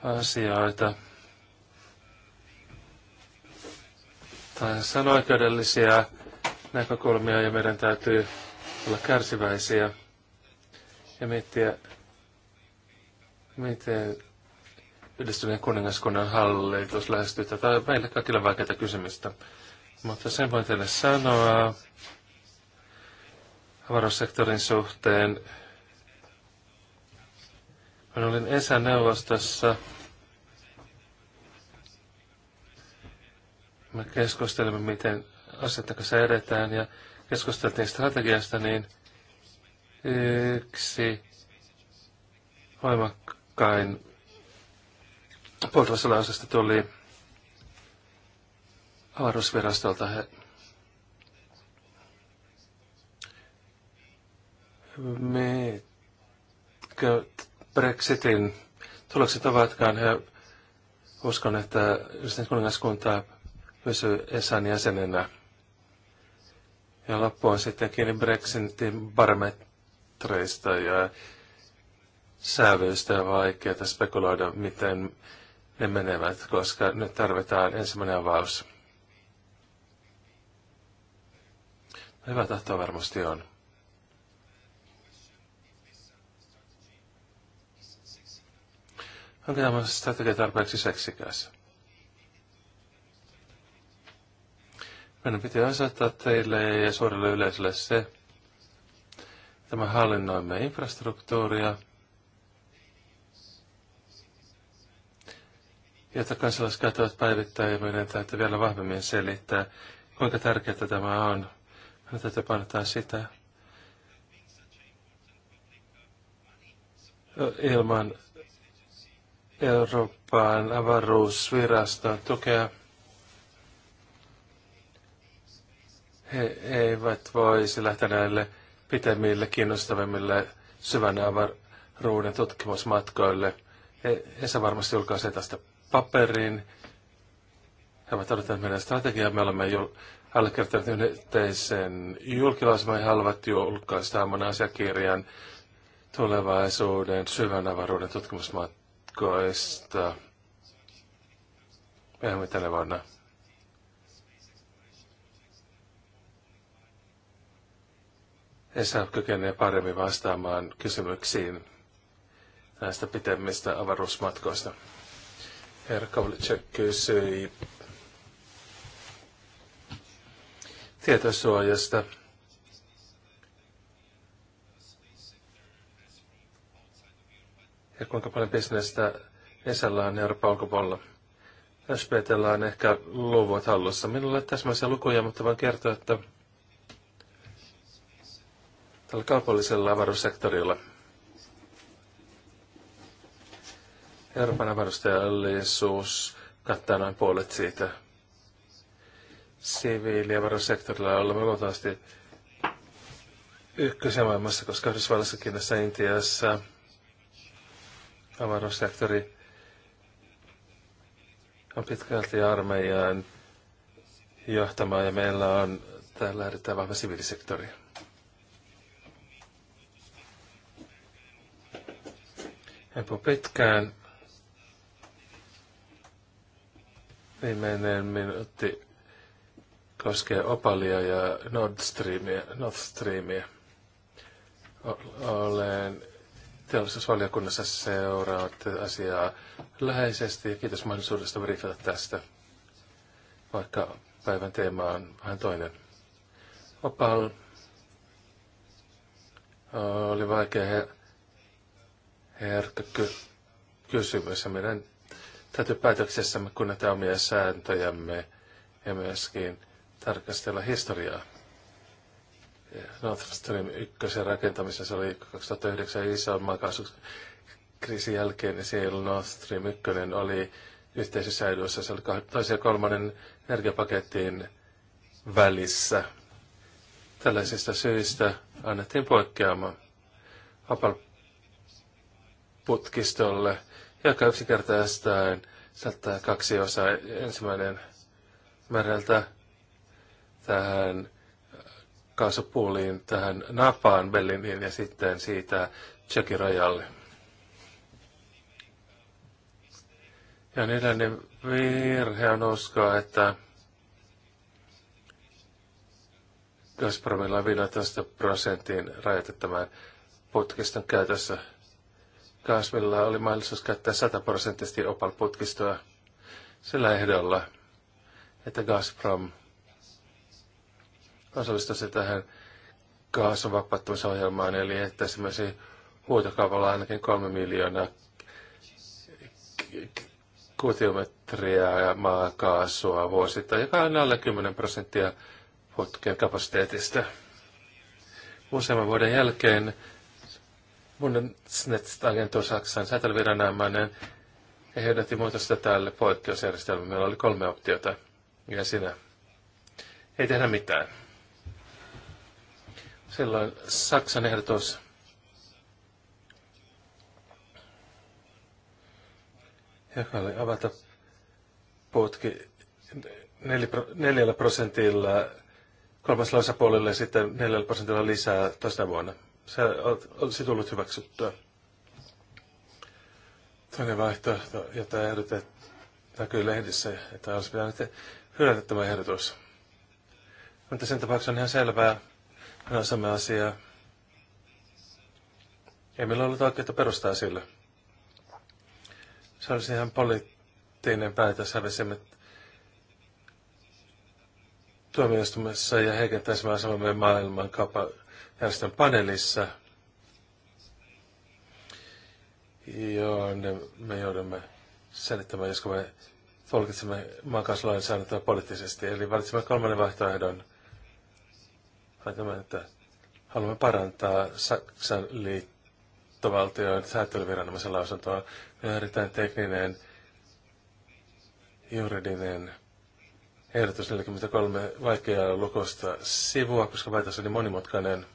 asioita. Tai on oikeudellisia näkökulmia ja meidän täytyy olla kärsiväisiä ja miettiä Miten ylistyneen kuningaskunnan hallitus lähestyy tätä meille kaikille vaikeita kysymystä. Mutta sen voin teille sanoa avaruussektorin suhteen. Mä olin ESA-neuvostossa. Me keskustelimme, miten asioiden kanssa edetään ja keskusteltiin strategiasta, niin yksi voimakka kain puolustusalaisesta tuli avaruusvirastolta he me Brexitin tulokset ovatkaan, he uskon, että yhdistynyt kuningaskunta pysyy ESAn jäsenenä. Ja loppu on sitten kiinni Brexitin barometreista ja sävyistä ja vaikeaa spekuloida, miten ne menevät, koska nyt tarvitaan ensimmäinen avaus. Hyvä tahto varmasti on. Onko tämä strategia tarpeeksi seksikäs? Meidän piti osoittaa teille ja suurelle yleisölle se, että me hallinnoimme infrastruktuuria – jota kansalaiset katsovat päivittäin ja meidän täytyy vielä vahvemmin selittää, kuinka tärkeää tämä on. Meidän täytyy painottaa sitä ilman Euroopan avaruusviraston tukea. He eivät voisi lähteä näille pitemmille, kiinnostavimmille syvän avaruuden tutkimusmatkoille. He, he varmasti julkaisee tästä paperiin. He ovat odottaneet meidän strategiaa. Me olemme jo allekirjoittaneet yhteisen julkilausuman. He haluavat julkaista oman asiakirjan tulevaisuuden syvän avaruuden tutkimusmatkoista myöhemmin tänä vuonna. ESA kykenee paremmin vastaamaan kysymyksiin näistä pitemmistä avaruusmatkoista. Herra Kovlicek kysyi tietosuojasta. Ja kuinka paljon bisnestä Esällä on Euroopan ulkopuolella. SPTllä on ehkä luvut hallussa. Minulla ei täsmäisiä lukuja, mutta voin kertoa, että tällä kaupallisella avaruussektorilla – Euroopan avaruusteollisuus kattaa noin puolet siitä. Siviili- ja varuussektorilla olemme luultavasti ykkösen maailmassa, koska Yhdysvallassa, Kiinassa, Intiassa avaruussektori on pitkälti armeijan johtama ja meillä on täällä erittäin vahva siviilisektori. En puhu pitkään Viimeinen minuutti koskee Opalia ja Nord Streamia. Nord Streamia. Olen teollisuusvaliokunnassa seurannut asiaa läheisesti kiitos mahdollisuudesta verifioida tästä, vaikka päivän teema on vähän toinen. Opal oli vaikea herkkä kysymys ja meidän täytyy päätöksessämme kunnata omia sääntöjämme ja myöskin tarkastella historiaa. Nord Stream 1 rakentamisessa oli 2009 iso maakaasukriisin jälkeen, niin siellä Nord Stream 1 oli yhteisessä edussa. Se oli toisen ja kolmannen energiapakettiin välissä. Tällaisista syistä annettiin poikkeama Hapal putkistolle joka yksinkertaistaen saattaa kaksi osaa. Ensimmäinen määrältä tähän kaasupuuliin, tähän napaan belliniin ja sitten siitä Tsekin rajalle. Ja neljännen virhe on uskoa, että Gazpromilla on 15 prosentin rajoitettamaan putkiston käytössä kasvilla oli mahdollisuus käyttää sataprosenttisesti Opal-putkistoa sillä ehdolla, että Gazprom osallistuisi tähän kaasun vapauttamisohjelmaan, eli että esimerkiksi huutokaupalla ainakin kolme miljoonaa kuutiometriä ja maakaasua vuosittain, joka on alle 10 prosenttia putken kapasiteetista. Useamman vuoden jälkeen Bundesnetzagentur Saksan säätelyviranomainen ehdotti muutosta tälle poikkeusjärjestelmälle. Meillä oli kolme optiota ja sinä. Ei tehdä mitään. Silloin Saksan ehdotus joka oli avata putki neljällä prosentilla kolmas osapuolelle ja sitten neljällä prosentilla lisää toista vuonna se on se tullut hyväksyttyä. Toinen vaihtoehto, jota ehdotet, näkyy lehdissä, että olisi pitänyt hylätä tämä ehdotus. Mutta sen tapauksessa on ihan selvää, on sama asia. Ei meillä ollut oikeutta perustaa sille. Se olisi ihan poliittinen päätös, hävisimme tuomioistumessa ja heikentäisimme asemamme maailman kaupan järjestön paneelissa, jonne me joudumme selittämään, josko me tulkitsemme maakaasulainsäädäntöä poliittisesti. Eli valitsemme kolmannen vaihtoehdon. Laitamme, että haluamme parantaa Saksan liittovaltion säätelyviranomaisen lausuntoa. Me on erittäin tekninen, juridinen ehdotus 43 vaikeaa lukosta sivua, koska päätös oli monimutkainen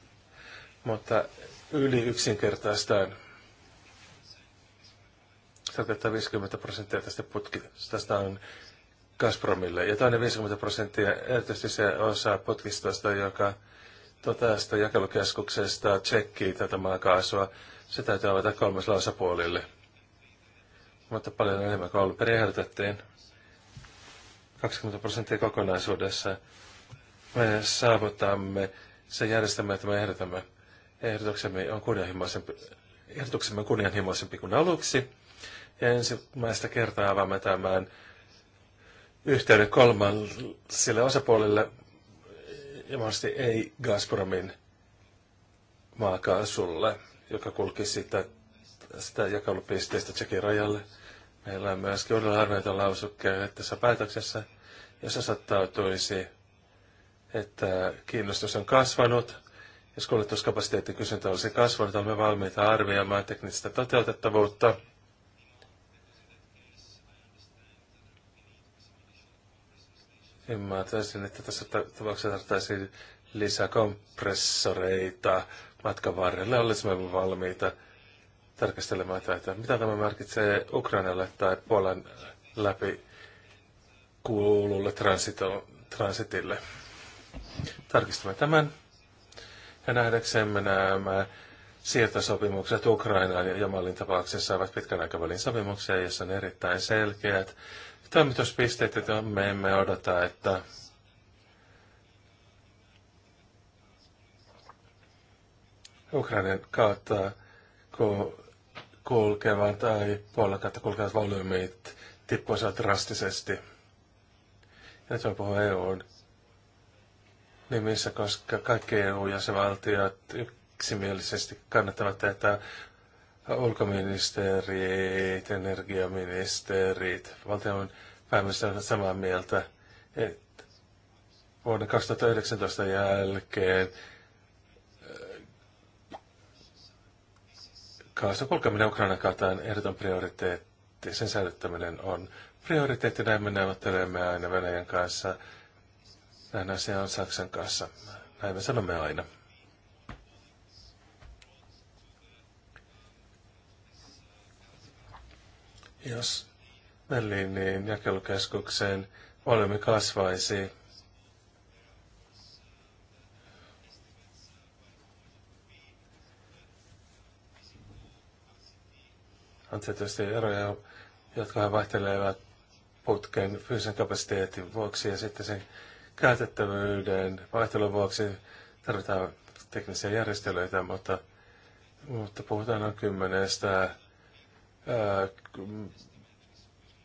mutta yli yksinkertaistaan. Tarkoittaa 50 prosenttia tästä putkista on Gazpromille ja toinen 50 prosenttia erityisesti se osa putkistosta, joka tuota jakelukeskuksesta tsekkii tätä maakaasua. Se täytyy avata kolmasella osapuolille. Mutta paljon enemmän kuin alun perin ehdotettiin. 20 prosenttia kokonaisuudessa. Me saavutamme se järjestelmä, että me ehdotamme Ehdotuksemme on kunnianhimoisempi, ehdotuksemme on kunnianhimoisempi kuin aluksi. Ja ensimmäistä kertaa avaamme tämän yhteyden kolmansille osapuolille ja mahdollisesti ei Gazpromin maakaasulle, joka kulki sitä, sitä jakelupisteestä Tsekin rajalle. Meillä on myöskin uudella arvioita lausukkeja tässä päätöksessä, jossa sattautuisi, että kiinnostus on kasvanut jos kuljetuskapasiteetin kysyntä olisi kasvanut, olemme valmiita arvioimaan teknistä toteutettavuutta. Ymmärtäisin, että tässä tapauksessa tarvittaisiin lisää kompressoreita matkan varrelle. Olisimme valmiita tarkastelemaan tätä. Mitä tämä merkitsee Ukrainalle tai Puolan läpi kuululle transito, transitille? Tarkistamme tämän. Ja nähdäksemme nämä siirtosopimukset Ukrainaan ja Jamalin tapauksessa ovat pitkän aikavälin sopimuksia, joissa on erittäin selkeät toimituspisteet, joita me emme odota, että Ukrainan kautta kulkevat tai puolella kautta kulkevat volyymit tippuisivat drastisesti. Ja nyt voin puhua EUn nimissä, koska kaikki EU-jäsenvaltiot yksimielisesti kannattavat tätä ulkoministeriöt, energiaministerit, valtion pääministeri on samaa mieltä, että vuoden 2019 jälkeen äh, kaasun kulkeminen Ukrainan kautta on ehdoton prioriteetti. Sen säilyttäminen on prioriteetti. Näin me neuvottelemme aina Venäjän kanssa näin asia on Saksan kanssa. Näin me sanomme aina. Jos Berliiniin jakelukeskukseen volyymi kasvaisi, on tietysti eroja, jotka vaihtelevat putken fyysisen kapasiteetin vuoksi ja sitten sen käytettävyyden vaihtelun vuoksi tarvitaan teknisiä järjestelyitä, mutta, mutta puhutaan noin kymmenestä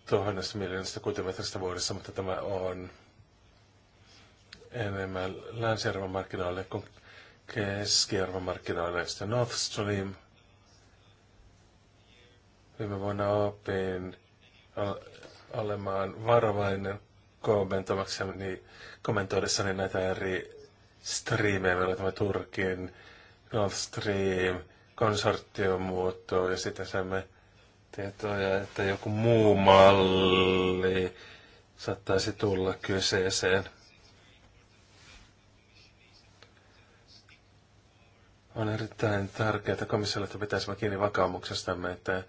tuhannesta miljoonasta kuutiometristä vuodessa, mutta tämä on enemmän länsiarvon markkinoille kuin keskiarvon markkinoille. Sitten North Stream. Viime vuonna opin olemaan varovainen kommentoimakseni, niin kommentoidessani näitä eri striimejä, meillä on tämä Turkin Nord Stream, muoto ja sitten saimme tietoja, että joku muu malli saattaisi tulla kyseeseen. On erittäin tärkeää että komissiolle, pitäisi pitäisimme kiinni vakaumuksestamme, että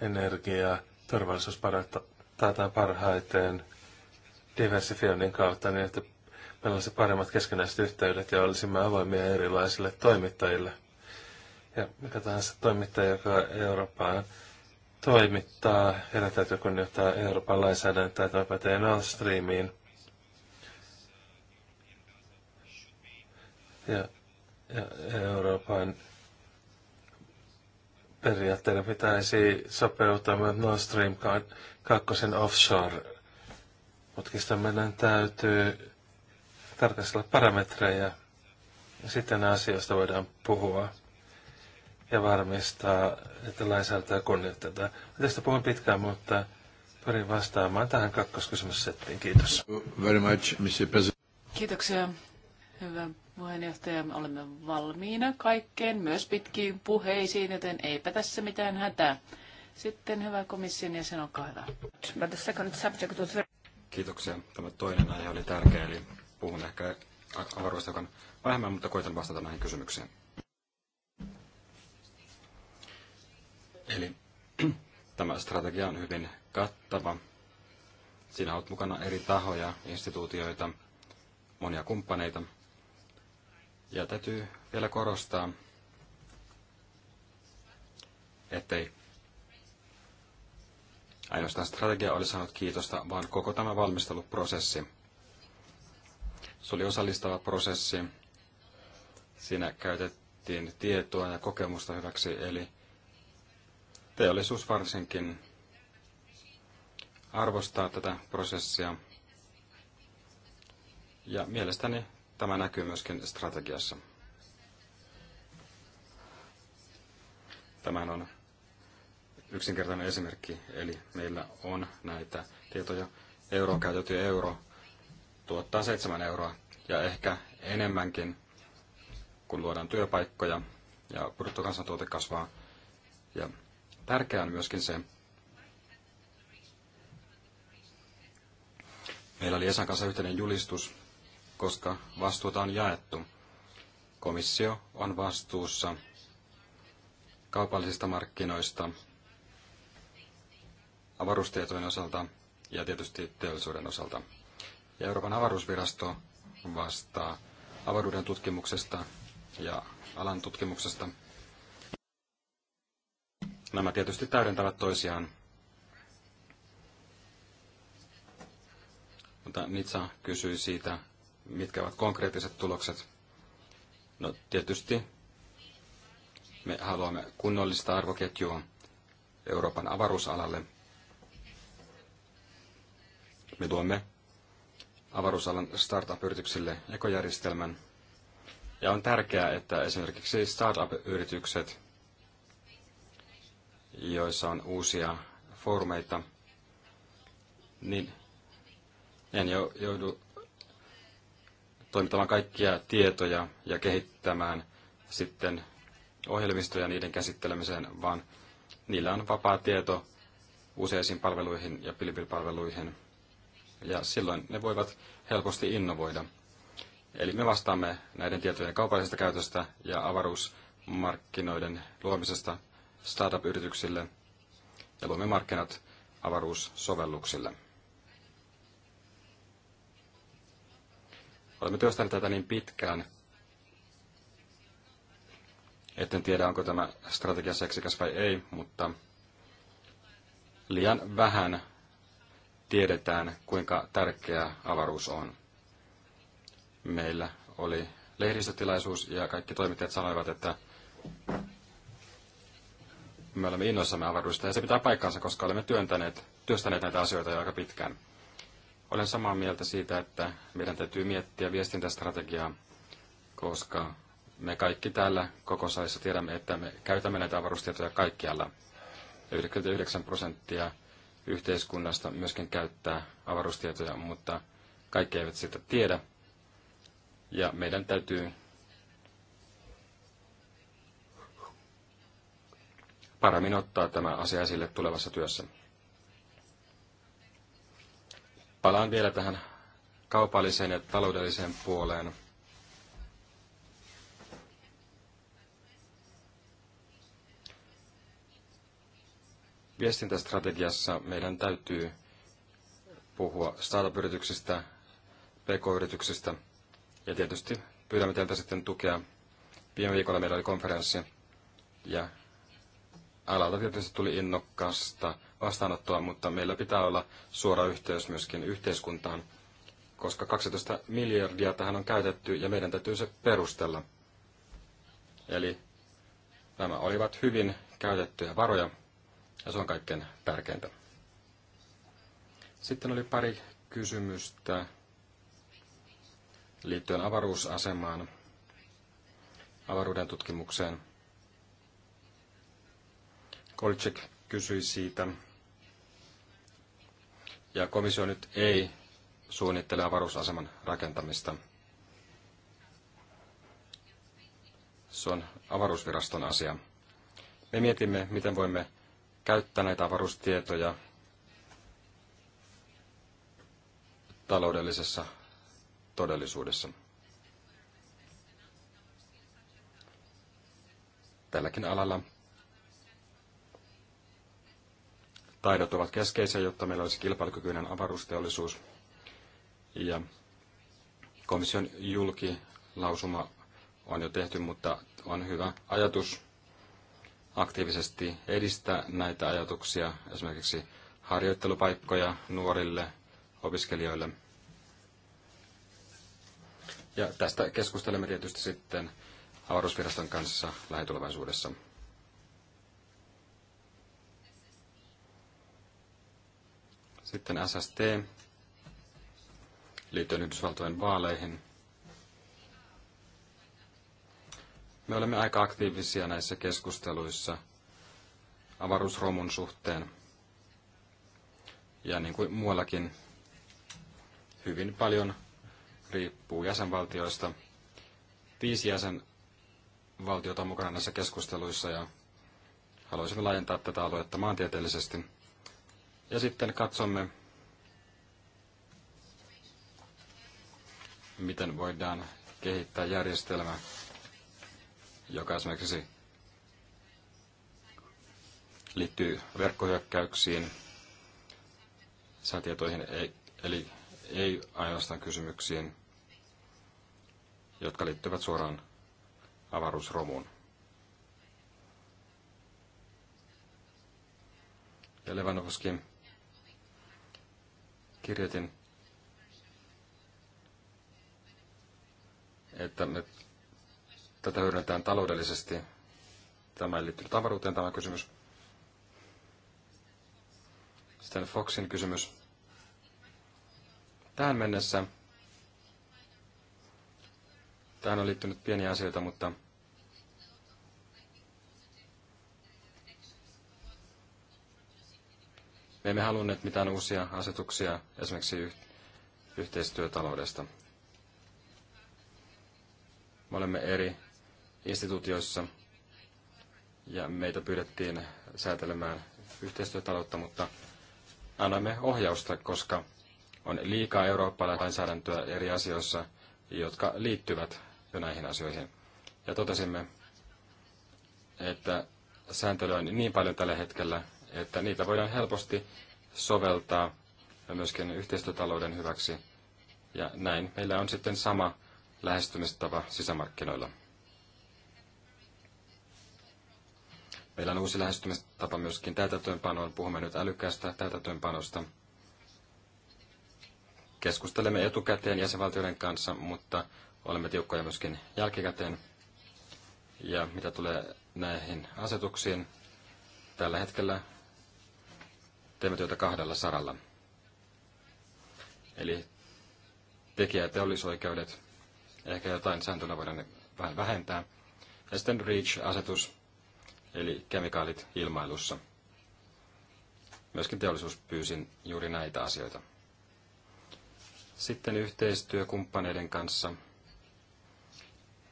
energia turvallisuus taataan parhaiten – diversifioinnin kautta niin, että meillä olisi paremmat keskinäiset yhteydet ja olisimme avoimia erilaisille toimittajille. Ja mikä tahansa toimittaja, joka Eurooppaan toimittaa, heidän täytyy kunnioittaa Euroopan lainsäädäntöä, tämä pätee Nord Streamiin. Ja, ja Euroopan periaatteiden pitäisi sopeutua Nord Stream 2 offshore mutkista meidän täytyy tarkastella parametreja ja sitten asioista voidaan puhua ja varmistaa, että lainsäädäntöä kunnioitetaan. Tästä puhun pitkään, mutta pyrin vastaamaan tähän kakkoskysymyssettiin. Kiitos. Very much, Mr. President. Kiitoksia, hyvä puheenjohtaja. Olemme valmiina kaikkeen, myös pitkiin puheisiin, joten eipä tässä mitään hätää. Sitten hyvä komission jäsen, olkaa hyvä. But the second subject was very... Kiitoksia. Tämä toinen aihe oli tärkeä, eli puhun ehkä avaruudesta hiukan vähemmän, mutta koitan vastata näihin kysymyksiin. Eli tämä strategia on hyvin kattava. Siinä on mukana eri tahoja, instituutioita, monia kumppaneita. Ja täytyy vielä korostaa, ettei ainoastaan strategia oli saanut kiitosta, vaan koko tämä valmisteluprosessi. Se oli osallistava prosessi. Siinä käytettiin tietoa ja kokemusta hyväksi, eli teollisuus varsinkin arvostaa tätä prosessia. Ja mielestäni tämä näkyy myöskin strategiassa. tämän on yksinkertainen esimerkki. Eli meillä on näitä tietoja. Euro on käytetty euro tuottaa 7 euroa ja ehkä enemmänkin, kun luodaan työpaikkoja ja bruttokansantuote kasvaa. Ja tärkeää on myöskin se, meillä oli Esan kanssa yhteinen julistus, koska vastuuta on jaettu. Komissio on vastuussa kaupallisista markkinoista, avaruustietojen osalta ja tietysti teollisuuden osalta. Ja Euroopan avaruusvirasto vastaa avaruuden tutkimuksesta ja alan tutkimuksesta. Nämä tietysti täydentävät toisiaan. Mutta Nitsa kysyi siitä, mitkä ovat konkreettiset tulokset. No tietysti me haluamme kunnollista arvoketjua Euroopan avaruusalalle – me tuomme avaruusalan startup-yrityksille ekojärjestelmän. Ja on tärkeää, että esimerkiksi startup-yritykset, joissa on uusia foorumeita, niin en joudu toimittamaan kaikkia tietoja ja kehittämään sitten ohjelmistoja niiden käsittelemiseen, vaan niillä on vapaa tieto useisiin palveluihin ja pilvipalveluihin ja silloin ne voivat helposti innovoida. Eli me vastaamme näiden tietojen kaupallisesta käytöstä ja avaruusmarkkinoiden luomisesta startup-yrityksille ja luomme markkinat avaruussovelluksille. Olemme työstäneet tätä niin pitkään, etten tiedä, onko tämä strategia seksikäs vai ei, mutta liian vähän tiedetään, kuinka tärkeä avaruus on. Meillä oli lehdistötilaisuus ja kaikki toimittajat sanoivat, että me olemme innoissamme avaruudesta ja se pitää paikkansa, koska olemme työntäneet, työstäneet näitä asioita jo aika pitkään. Olen samaa mieltä siitä, että meidän täytyy miettiä viestintästrategiaa, koska me kaikki täällä koko salissa tiedämme, että me käytämme näitä avaruustietoja kaikkialla. 99 prosenttia yhteiskunnasta myöskin käyttää avaruustietoja, mutta kaikki eivät sitä tiedä. Ja meidän täytyy paremmin ottaa tämä asia esille tulevassa työssä. Palaan vielä tähän kaupalliseen ja taloudelliseen puoleen Viestintästrategiassa meidän täytyy puhua startup-yrityksistä, pk-yrityksistä ja tietysti pyydämme teiltä sitten tukea. Viime viikolla meillä oli konferenssi ja alalta tietysti tuli innokkaasta vastaanottoa, mutta meillä pitää olla suora yhteys myöskin yhteiskuntaan, koska 12 miljardia tähän on käytetty ja meidän täytyy se perustella. Eli nämä olivat hyvin käytettyjä varoja, ja se on kaikkein tärkeintä. Sitten oli pari kysymystä liittyen avaruusasemaan, avaruuden tutkimukseen. Kolchek kysyi siitä, ja komissio nyt ei suunnittele avaruusaseman rakentamista. Se on avaruusviraston asia. Me mietimme, miten voimme käyttää näitä avaruustietoja taloudellisessa todellisuudessa. Tälläkin alalla taidot ovat keskeisiä, jotta meillä olisi kilpailukykyinen avaruusteollisuus. Ja komission julkilausuma on jo tehty, mutta on hyvä ajatus aktiivisesti edistää näitä ajatuksia, esimerkiksi harjoittelupaikkoja nuorille opiskelijoille. Ja tästä keskustelemme tietysti sitten avaruusviraston kanssa lähitulevaisuudessa. Sitten SST liittyen Yhdysvaltojen vaaleihin. Me olemme aika aktiivisia näissä keskusteluissa avaruusromun suhteen. Ja niin kuin muuallakin, hyvin paljon riippuu jäsenvaltioista. Viisi jäsenvaltiota on mukana näissä keskusteluissa ja haluaisimme laajentaa tätä aluetta maantieteellisesti. Ja sitten katsomme, miten voidaan kehittää järjestelmää joka esimerkiksi liittyy verkkohyökkäyksiin, säätietoihin, ei, eli ei ainoastaan kysymyksiin, jotka liittyvät suoraan avaruusromuun. Ja Levanovskin kirjoitin, että me tätä hyödynnetään taloudellisesti. Tämä ei liittynyt avaruuteen tämä kysymys. Sitten Foxin kysymys. Tähän mennessä tähän on liittynyt pieniä asioita, mutta me emme halunneet mitään uusia asetuksia esimerkiksi yhteistyötaloudesta. Me olemme eri instituutioissa. Ja meitä pyydettiin säätelemään yhteistyötaloutta, mutta annamme ohjausta, koska on liikaa eurooppalaista lainsäädäntöä eri asioissa, jotka liittyvät jo näihin asioihin. Ja totesimme, että sääntely on niin paljon tällä hetkellä, että niitä voidaan helposti soveltaa myöskin yhteistyötalouden hyväksi. Ja näin meillä on sitten sama lähestymistapa sisämarkkinoilla. Meillä on uusi lähestymistapa myöskin täytäntöönpanoon. Puhumme nyt älykkäästä täytäntöönpanosta. Keskustelemme etukäteen jäsenvaltioiden kanssa, mutta olemme tiukkoja myöskin jälkikäteen. Ja mitä tulee näihin asetuksiin, tällä hetkellä teemme työtä kahdella saralla. Eli tekijä- ja teollisoikeudet, ehkä jotain sääntöä voidaan vähän vähentää. Ja sitten REACH-asetus, eli kemikaalit ilmailussa. Myöskin teollisuus pyysin juuri näitä asioita. Sitten yhteistyö kumppaneiden kanssa.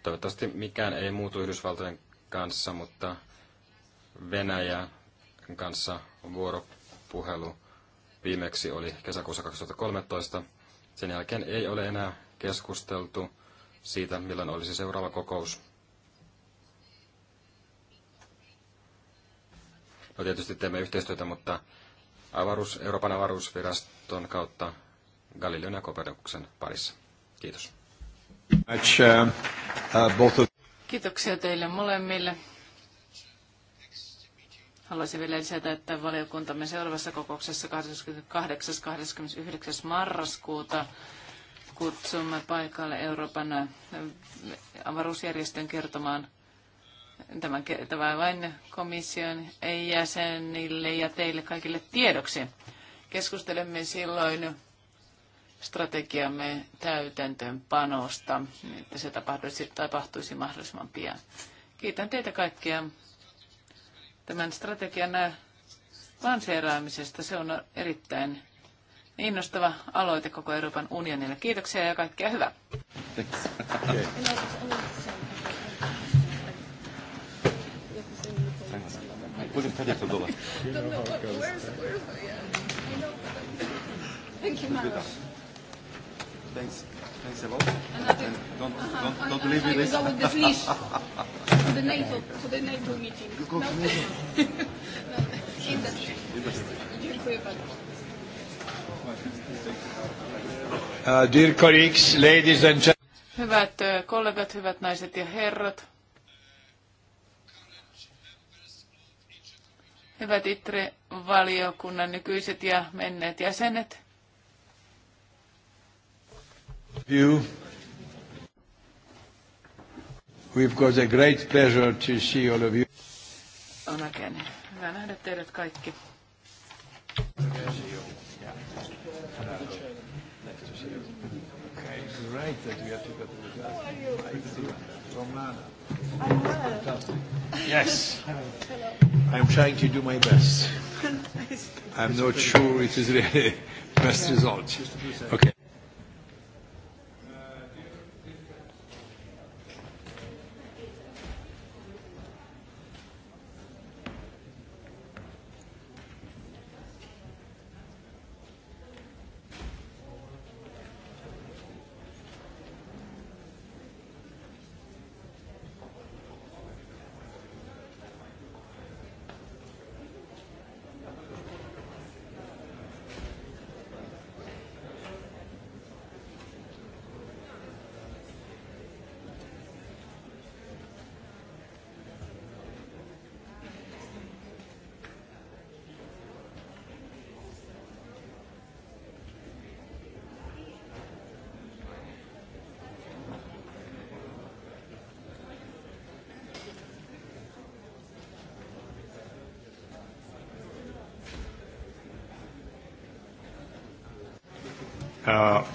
Toivottavasti mikään ei muutu Yhdysvaltojen kanssa, mutta Venäjä kanssa vuoropuhelu viimeksi oli kesäkuussa 2013. Sen jälkeen ei ole enää keskusteltu siitä, milloin olisi seuraava kokous. No tietysti teemme yhteistyötä, mutta avaruus, Euroopan avaruusviraston kautta Galileon ja Kopernikuksen parissa. Kiitos. Kiitoksia teille molemmille. Haluaisin vielä lisätä, että valiokuntamme seuraavassa kokouksessa 28.–29. marraskuuta kutsumme paikalle Euroopan avaruusjärjestön kertomaan Tämä, tämän vain komission jäsenille ja teille kaikille tiedoksi. Keskustelemme silloin strategiamme täytäntöönpanosta, että se tapahtuisi, tapahtuisi mahdollisimman pian. Kiitän teitä kaikkia tämän strategian lanseeraamisesta. Se on erittäin innostava aloite koko Euroopan unionille. Kiitoksia ja kaikkea hyvää. Kiitos. будем ходить туда. Thank you, Thanks. Thanks a lot. and don't, uh-huh. don't, don't uh-huh. leave I, this. with the to the NATO, to the NATO meeting. You go to no. NATO. Uh, dear colleagues, ladies and gentlemen. Hyvät uh, kollegat, hyvät naiset ja herrat. Hyvät ITRE-valiokunnan nykyiset ja menneet jäsenet. You. We've got a great pleasure to see all of you. On oikein hyvä nähdä teidät kaikki. Great that we have to go to the I'm well. will. Yes. I'm trying to do my best. I'm not sure it is really best result. Okay.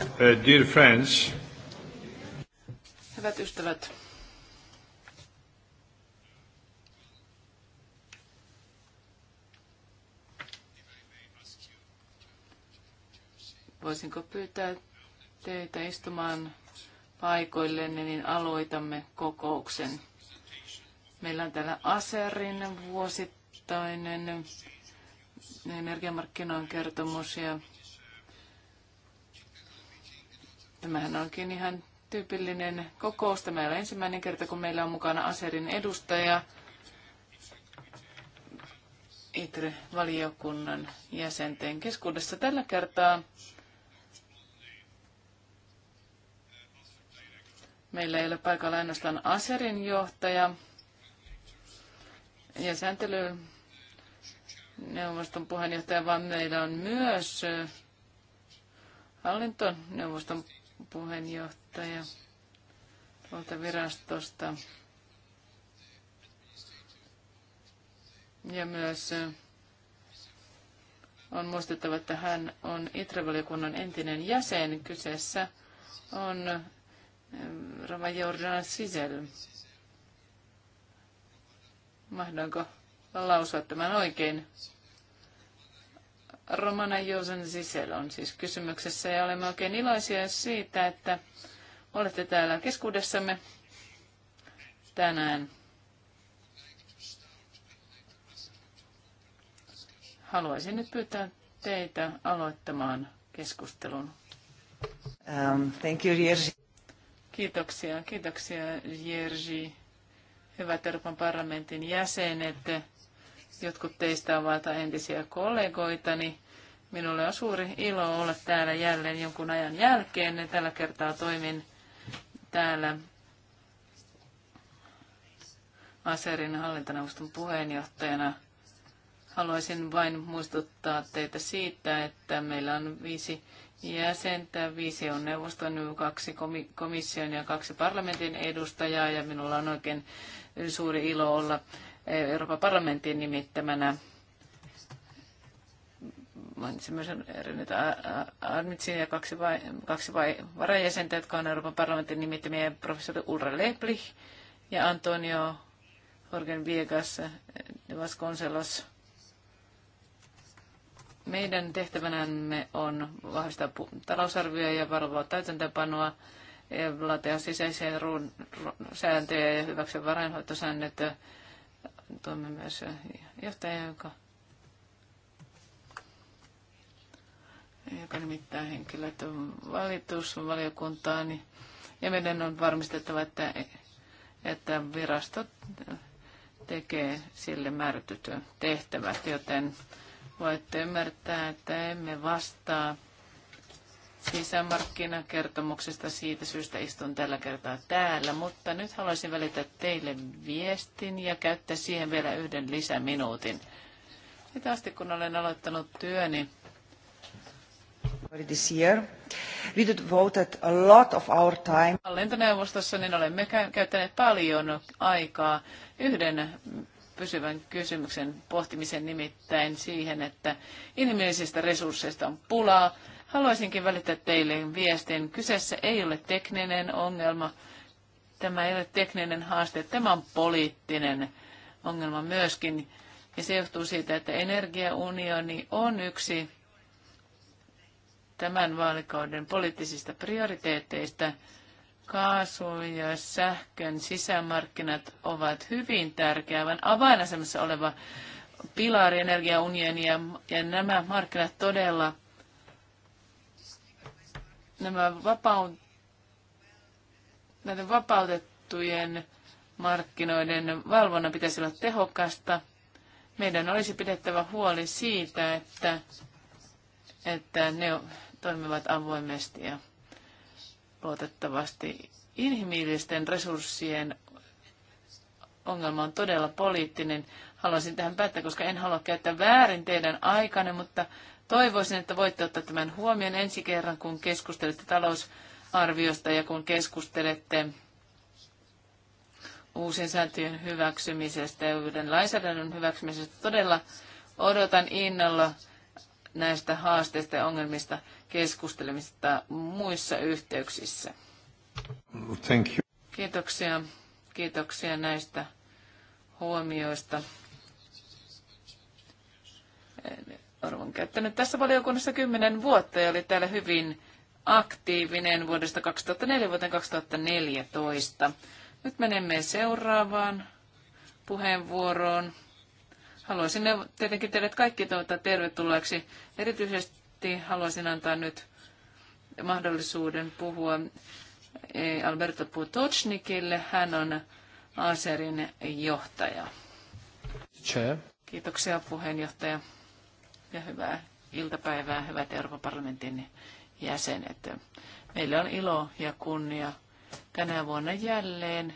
Uh, dear friends. Hyvät ystävät. Voisinko pyytää teitä istumaan paikoillenne, niin aloitamme kokouksen. Meillä on täällä Aserin vuosittainen energiamarkkinoiden kertomus ja Tämähän onkin ihan tyypillinen kokous. Tämä on ensimmäinen kerta, kun meillä on mukana Aserin edustaja, ITRE-valiokunnan jäsenten keskuudessa. Tällä kertaa meillä ei ole paikalla ainoastaan Aserin johtaja ja sääntelyneuvoston puheenjohtaja, vaan meillä on myös hallintoneuvoston puheenjohtaja tuolta virastosta. Ja myös on muistettava, että hän on Itrevaliokunnan entinen jäsen. Kyseessä on Rava Jordan Sisel. Mahdanko lausua tämän oikein? Romana Jousen Sisel on siis kysymyksessä ja olemme oikein iloisia siitä, että olette täällä keskuudessamme tänään. Haluaisin nyt pyytää teitä aloittamaan keskustelun. Um, thank you, Jerzy. Kiitoksia, kiitoksia Jerzy. Hyvät Euroopan parlamentin jäsenet, Jotkut teistä ovat entisiä kollegoitani. Minulle on suuri ilo olla täällä jälleen jonkun ajan jälkeen. Tällä kertaa toimin täällä Aserin hallintoneuvoston puheenjohtajana. Haluaisin vain muistuttaa teitä siitä, että meillä on viisi jäsentä, viisi on neuvoston, kaksi komission ja kaksi parlamentin edustajaa ja minulla on oikein suuri ilo olla Euroopan parlamentin nimittämänä Arnitsin ja kaksi, vai, kaksi vai, varajäsentä, jotka on Euroopan parlamentin nimittämiä professori Ulra Leplich ja Antonio Jorgen Viegas eh, de Vasconcelos. Meidän tehtävänämme on vahvistaa talousarvioa ja valvoa täytäntöpanoa, laatia sisäisiä ruun, sääntöjä ja hyväksyä varainhoitosäännöt toimi myös johtaja, joka, joka nimittää henkilöt valitusvaliokuntaan. Ja meidän on varmistettava, että, että virasto tekee sille määrätyt tehtävät, joten voitte ymmärtää, että emme vastaa sisämarkkinakertomuksesta. Siitä syystä istun tällä kertaa täällä, mutta nyt haluaisin välittää teille viestin ja käyttää siihen vielä yhden lisäminuutin. asti kun olen aloittanut työni, this year. We devoted a lot of our time. Hallintoneuvostossa niin olemme käyttäneet paljon aikaa yhden pysyvän kysymyksen pohtimisen nimittäin siihen, että inhimillisistä resursseista on pulaa, Haluaisinkin välittää teille viestin. Kyseessä ei ole tekninen ongelma. Tämä ei ole tekninen haaste. Tämä on poliittinen ongelma myöskin. Ja se johtuu siitä, että energiaunioni on yksi tämän vaalikauden poliittisista prioriteetteista. Kaasu ja sähkön sisämarkkinat ovat hyvin tärkeä, vaan avainasemassa oleva pilari energiaunionia, ja nämä markkinat todella nämä vapaut, näiden vapautettujen markkinoiden valvonnan pitäisi olla tehokasta. Meidän olisi pidettävä huoli siitä, että, että ne toimivat avoimesti ja luotettavasti. Inhimillisten resurssien ongelma on todella poliittinen. Haluaisin tähän päättää, koska en halua käyttää väärin teidän aikanne, mutta Toivoisin, että voitte ottaa tämän huomioon ensi kerran, kun keskustelette talousarviosta ja kun keskustelette uusien sääntöjen hyväksymisestä ja uuden lainsäädännön hyväksymisestä. Todella odotan innolla näistä haasteista ja ongelmista keskustelemista muissa yhteyksissä. Thank you. Kiitoksia. Kiitoksia näistä huomioista olen käyttänyt tässä valiokunnassa kymmenen vuotta ja oli täällä hyvin aktiivinen vuodesta 2004 vuoteen 2014. Nyt menemme seuraavaan puheenvuoroon. Haluaisin tietenkin teidät kaikki toivottaa tervetulleeksi. Erityisesti haluaisin antaa nyt mahdollisuuden puhua eh, Alberto Putocnikille. Hän on Aserin johtaja. Chair. Kiitoksia puheenjohtaja ja hyvää iltapäivää, hyvät Euroopan parlamentin jäsenet. Meillä on ilo ja kunnia tänä vuonna jälleen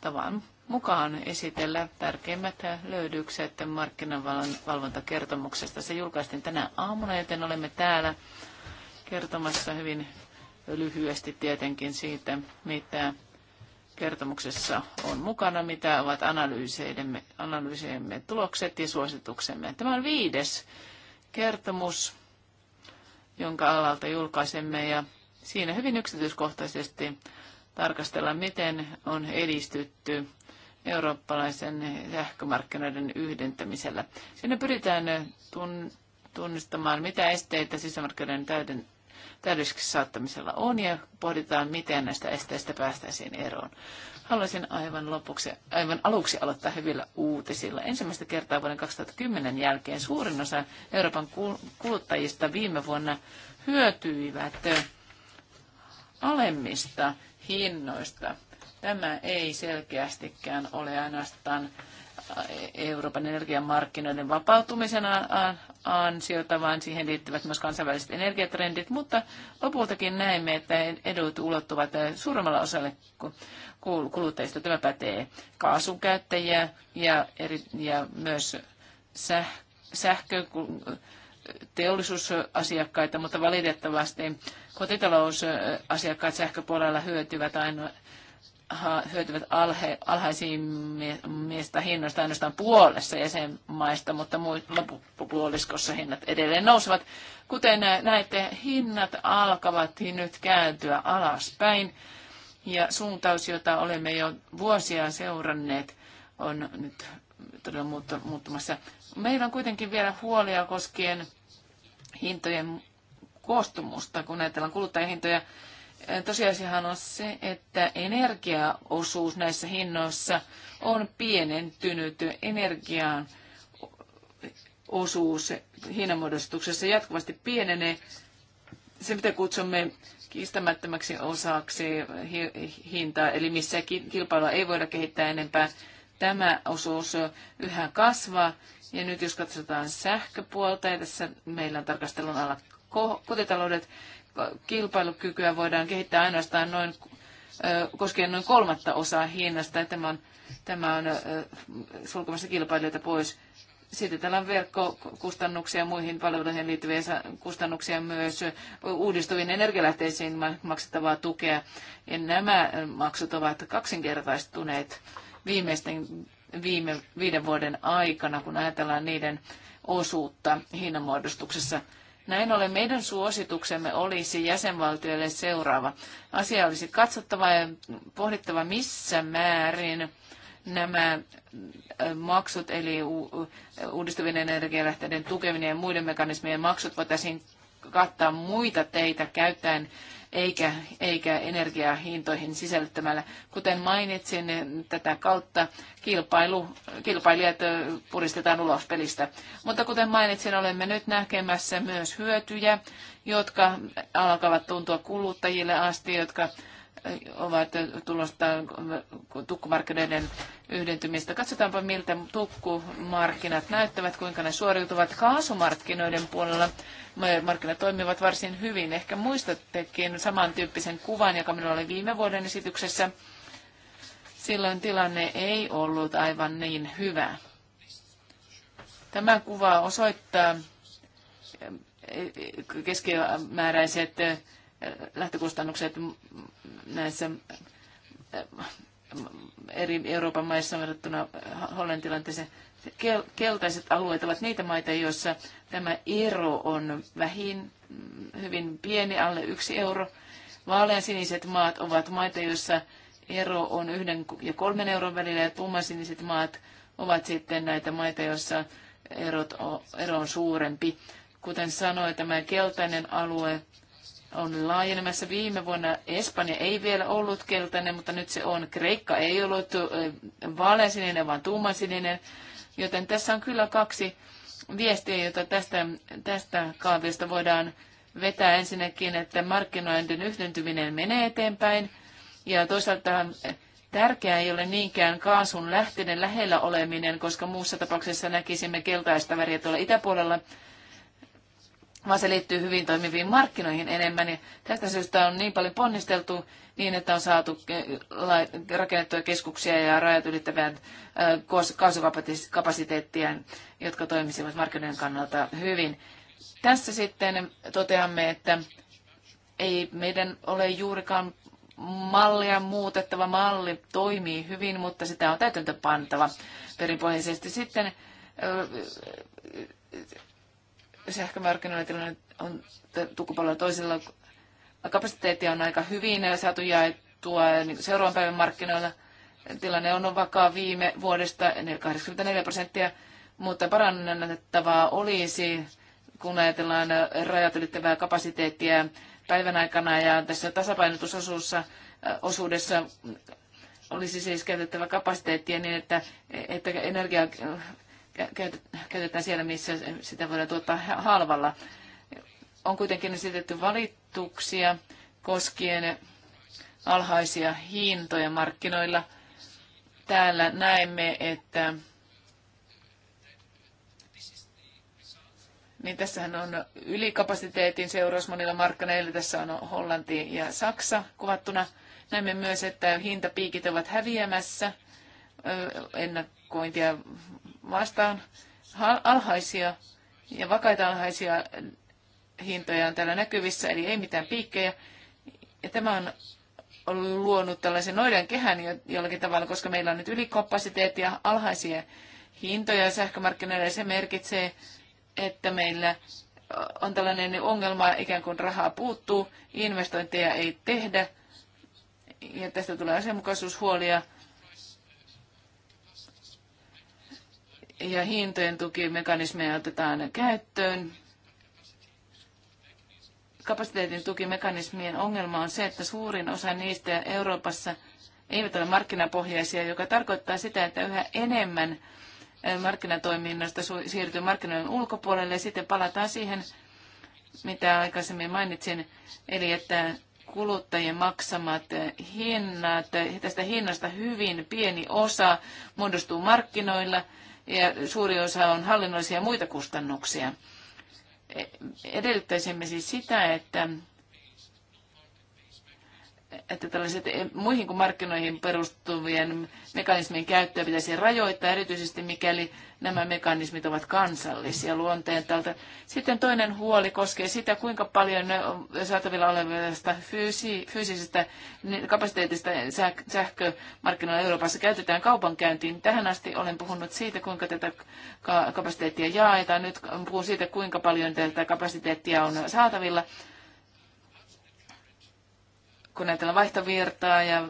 tavan mukaan esitellä tärkeimmät löydykset markkinavalvontakertomuksesta. Se julkaistiin tänä aamuna, joten olemme täällä kertomassa hyvin lyhyesti tietenkin siitä, mitä kertomuksessa on mukana, mitä ovat analyyseidemme, analyyseidemme tulokset ja suosituksemme. Tämä on viides kertomus, jonka alalta julkaisemme ja siinä hyvin yksityiskohtaisesti tarkastellaan, miten on edistytty eurooppalaisen sähkömarkkinoiden yhdentämisellä. Siinä pyritään tunnistamaan, mitä esteitä sisämarkkinoiden täyden täydelliseksi saattamisella on ja pohditaan, miten näistä esteistä päästäisiin eroon. Haluaisin aivan, lopuksi, aivan aluksi aloittaa hyvillä uutisilla. Ensimmäistä kertaa vuoden 2010 jälkeen suurin osa Euroopan kuluttajista viime vuonna hyötyivät alemmista hinnoista. Tämä ei selkeästikään ole ainoastaan Euroopan energiamarkkinoiden vapautumisen ansiota, vaan siihen liittyvät myös kansainväliset energiatrendit, mutta lopultakin näemme, että edut ulottuvat suuremmalle osalle kuluttajista. Tämä pätee kaasun käyttäjiä ja, eri, ja myös säh, sähkö teollisuusasiakkaita, mutta valitettavasti kotitalousasiakkaat sähköpuolella hyötyvät ainoastaan hyötyvät alhe, alhaisimmista hinnoista ainoastaan puolessa jäsenmaista, mutta loppupuoliskossa hinnat edelleen nousevat. Kuten näette, hinnat alkavat nyt kääntyä alaspäin ja suuntaus, jota olemme jo vuosia seuranneet, on nyt todella muuttumassa. Meillä on kuitenkin vielä huolia koskien hintojen koostumusta, kun ajatellaan kuluttajahintoja. hintoja tosiasiahan on se, että energiaosuus näissä hinnoissa on pienentynyt energiaan osuus hinnanmuodostuksessa jatkuvasti pienenee. Se, mitä kutsumme kiistämättömäksi osaksi hintaa, eli missä kilpailua ei voida kehittää enempää, tämä osuus yhä kasvaa. Ja nyt jos katsotaan sähköpuolta, ja tässä meillä on tarkastelun alla kotitaloudet, kilpailukykyä voidaan kehittää ainoastaan noin, koskien noin kolmatta osaa hinnasta. Tämä on, tämä on sulkemassa kilpailijoita pois. Sitten täällä on verkkokustannuksia, muihin palveluihin liittyviä kustannuksia myös uudistuviin energialähteisiin maksettavaa tukea. Ja nämä maksut ovat kaksinkertaistuneet viimeisten viime viiden vuoden aikana, kun ajatellaan niiden osuutta hinnanmuodostuksessa. Näin ollen meidän suosituksemme olisi jäsenvaltioille seuraava. Asia olisi katsottava ja pohdittava, missä määrin nämä maksut, eli uudistuvien energialähteiden tukeminen ja muiden mekanismien maksut voitaisiin kattaa muita teitä käyttäen eikä, eikä energiahintoihin sisällyttämällä. Kuten mainitsin, tätä kautta kilpailu, kilpailijat puristetaan ulos pelistä. Mutta kuten mainitsin, olemme nyt näkemässä myös hyötyjä, jotka alkavat tuntua kuluttajille asti, jotka ovat tulosta tukkumarkkinoiden yhdentymistä. Katsotaanpa, miltä tukkumarkkinat näyttävät, kuinka ne suoriutuvat kaasumarkkinoiden puolella. Markkinat toimivat varsin hyvin. Ehkä muistattekin samantyyppisen kuvan, joka minulla oli viime vuoden esityksessä. Silloin tilanne ei ollut aivan niin hyvä. Tämä kuva osoittaa eh, eh, keskimääräiset eh, lähtökustannukset näissä eri Euroopan maissa verrattuna Hollannin tilanteeseen. Keltaiset alueet ovat niitä maita, joissa tämä ero on vähin, hyvin pieni, alle yksi euro. siniset maat ovat maita, joissa ero on yhden ja kolmen euron välillä, ja tummasiniset maat ovat sitten näitä maita, joissa erot on, ero on suurempi. Kuten sanoin, tämä keltainen alue on laajenemassa. Viime vuonna Espanja ei vielä ollut keltainen, mutta nyt se on. Kreikka ei ollut vaaleansininen, vaan tummansininen. Joten tässä on kyllä kaksi viestiä, jota tästä, tästä kaavista voidaan vetää ensinnäkin, että markkinoiden yhdentyminen menee eteenpäin. Ja toisaalta tärkeää ei ole niinkään kaasun lähteiden lähellä oleminen, koska muussa tapauksessa näkisimme keltaista väriä tuolla itäpuolella vaan se liittyy hyvin toimiviin markkinoihin enemmän. Ja tästä syystä on niin paljon ponnisteltu niin, että on saatu rakennettuja keskuksia ja rajat ylittävää kaasukapasiteettia, jotka toimisivat markkinoiden kannalta hyvin. Tässä sitten toteamme, että ei meidän ole juurikaan mallia muutettava. Malli toimii hyvin, mutta sitä on täytäntöpantava perinpohjaisesti. Sitten sähkömarkkinoilla on tukupalvelu toisella. Kapasiteettia on aika hyvin ja saatu jaettua niin seuraavan päivän markkinoilla. Tilanne on vakaa viime vuodesta 84 prosenttia, mutta parannettavaa olisi, kun ajatellaan rajat ylittävää kapasiteettia päivän aikana ja tässä tasapainotusosuussa osuudessa olisi siis käytettävä kapasiteettia niin, että, että energia käytetään siellä, missä sitä voidaan tuottaa halvalla. On kuitenkin esitetty valituksia koskien alhaisia hintoja markkinoilla. Täällä näemme, että niin tässähän on ylikapasiteetin seuraus monilla markkinoilla. Tässä on Hollanti ja Saksa kuvattuna. Näemme myös, että hintapiikit ovat häviämässä. Ennakointia vastaan alhaisia ja vakaita alhaisia hintoja on täällä näkyvissä, eli ei mitään piikkejä. Ja tämä on luonut tällaisen noiden kehän jollakin tavalla, koska meillä on nyt ylikapasiteetti ja alhaisia hintoja sähkömarkkinoilla ja se merkitsee, että meillä on tällainen ongelma, ikään kuin rahaa puuttuu, investointeja ei tehdä ja tästä tulee asianmukaisuushuolia ja hintojen tukimekanismeja otetaan käyttöön. Kapasiteetin tukimekanismien ongelma on se, että suurin osa niistä Euroopassa eivät ole markkinapohjaisia, joka tarkoittaa sitä, että yhä enemmän eh, markkinatoiminnasta siirtyy markkinoiden ulkopuolelle ja sitten palataan siihen, mitä aikaisemmin mainitsin, eli että kuluttajien maksamat eh, hinnat, eh, tästä hinnasta hyvin pieni osa muodostuu markkinoilla ja suuri osa on hallinnollisia ja muita kustannuksia. E- edellyttäisimme siis sitä, että että tällaiset eh, muihin kuin markkinoihin perustuvien mekanismien käyttöä pitäisi rajoittaa, erityisesti mikäli nämä mekanismit ovat kansallisia luonteeltaan. Sitten toinen huoli koskee sitä, kuinka paljon saatavilla olevasta fyysi- fyysisestä kapasiteetista sähkömarkkinoilla Euroopassa käytetään kaupankäyntiin. Tähän asti olen puhunut siitä, kuinka tätä kapasiteettia jaetaan. Nyt puhun siitä, kuinka paljon tätä kapasiteettia on saatavilla kun ajatellaan vaihtovirtaa ja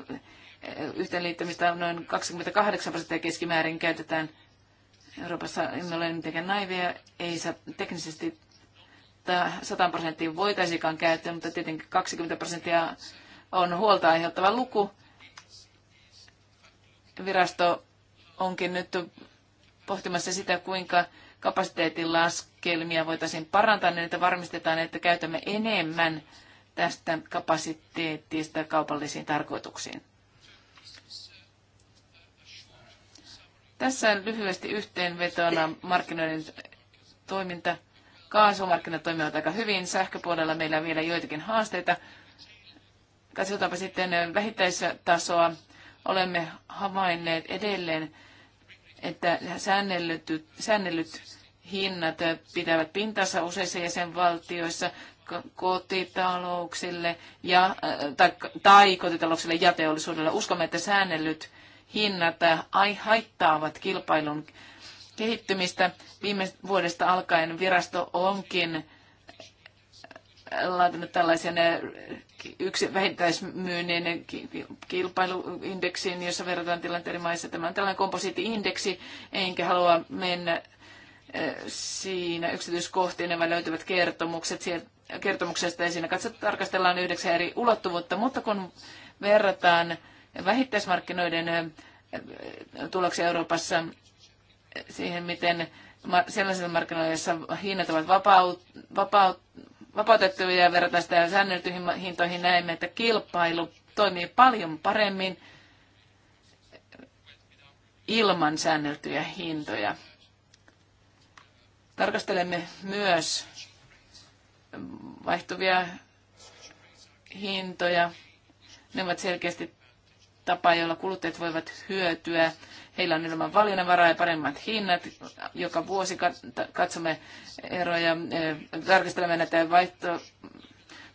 eh, yhteenliittymistä noin 28 prosenttia keskimäärin käytetään Euroopassa, emme ole mitenkään naivia, ei saa teknisesti 100 prosenttia voitaisikaan käyttää, mutta tietenkin 20 prosenttia on huolta aiheuttava luku. Virasto onkin nyt pohtimassa sitä, kuinka kapasiteetin laskelmia voitaisiin parantaa niin, että varmistetaan, että käytämme enemmän tästä kapasiteettista kaupallisiin tarkoituksiin. Tässä lyhyesti yhteenvetona markkinoiden toiminta. Kaasumarkkinat toimivat aika hyvin. Sähköpuolella meillä on vielä joitakin haasteita. Katsotaanpa sitten vähittäistasoa. Olemme havainneet edelleen, että säännellyt, säännellyt hinnat pitävät pintansa useissa jäsenvaltioissa kotitalouksille ja, äh, tai, tai kotitalouksille ja teollisuudelle. Uskomme, että säännellyt hinnat äh, haittaavat kilpailun kehittymistä. Viime vuodesta alkaen virasto onkin äh, laatinut tällaisen yksi vähintäismyynnin kilpailuindeksiin, jossa verrataan tilanteiden maissa. Tämä on tällainen komposiittiindeksi, enkä halua mennä siinä yksityiskohtiin. Nämä löytyvät kertomukset sieltä kertomuksesta ja siinä katsot, tarkastellaan yhdeksän eri ulottuvuutta, mutta kun verrataan vähittäismarkkinoiden tuloksia Euroopassa siihen, miten sellaisilla markkinoilla, joissa hinnat ovat vapaut, vapaut, vapautettuja ja verrataan sitä säänneltyihin hintoihin, näemme, että kilpailu toimii paljon paremmin ilman säänneltyjä hintoja. Tarkastelemme myös vaihtuvia hintoja. Ne ovat selkeästi tapa, jolla kuluttajat voivat hyötyä. Heillä on ilman valinnanvaraa ja paremmat hinnat. Joka vuosi katsomme eroja, eh, tarkistelemme näitä vaihto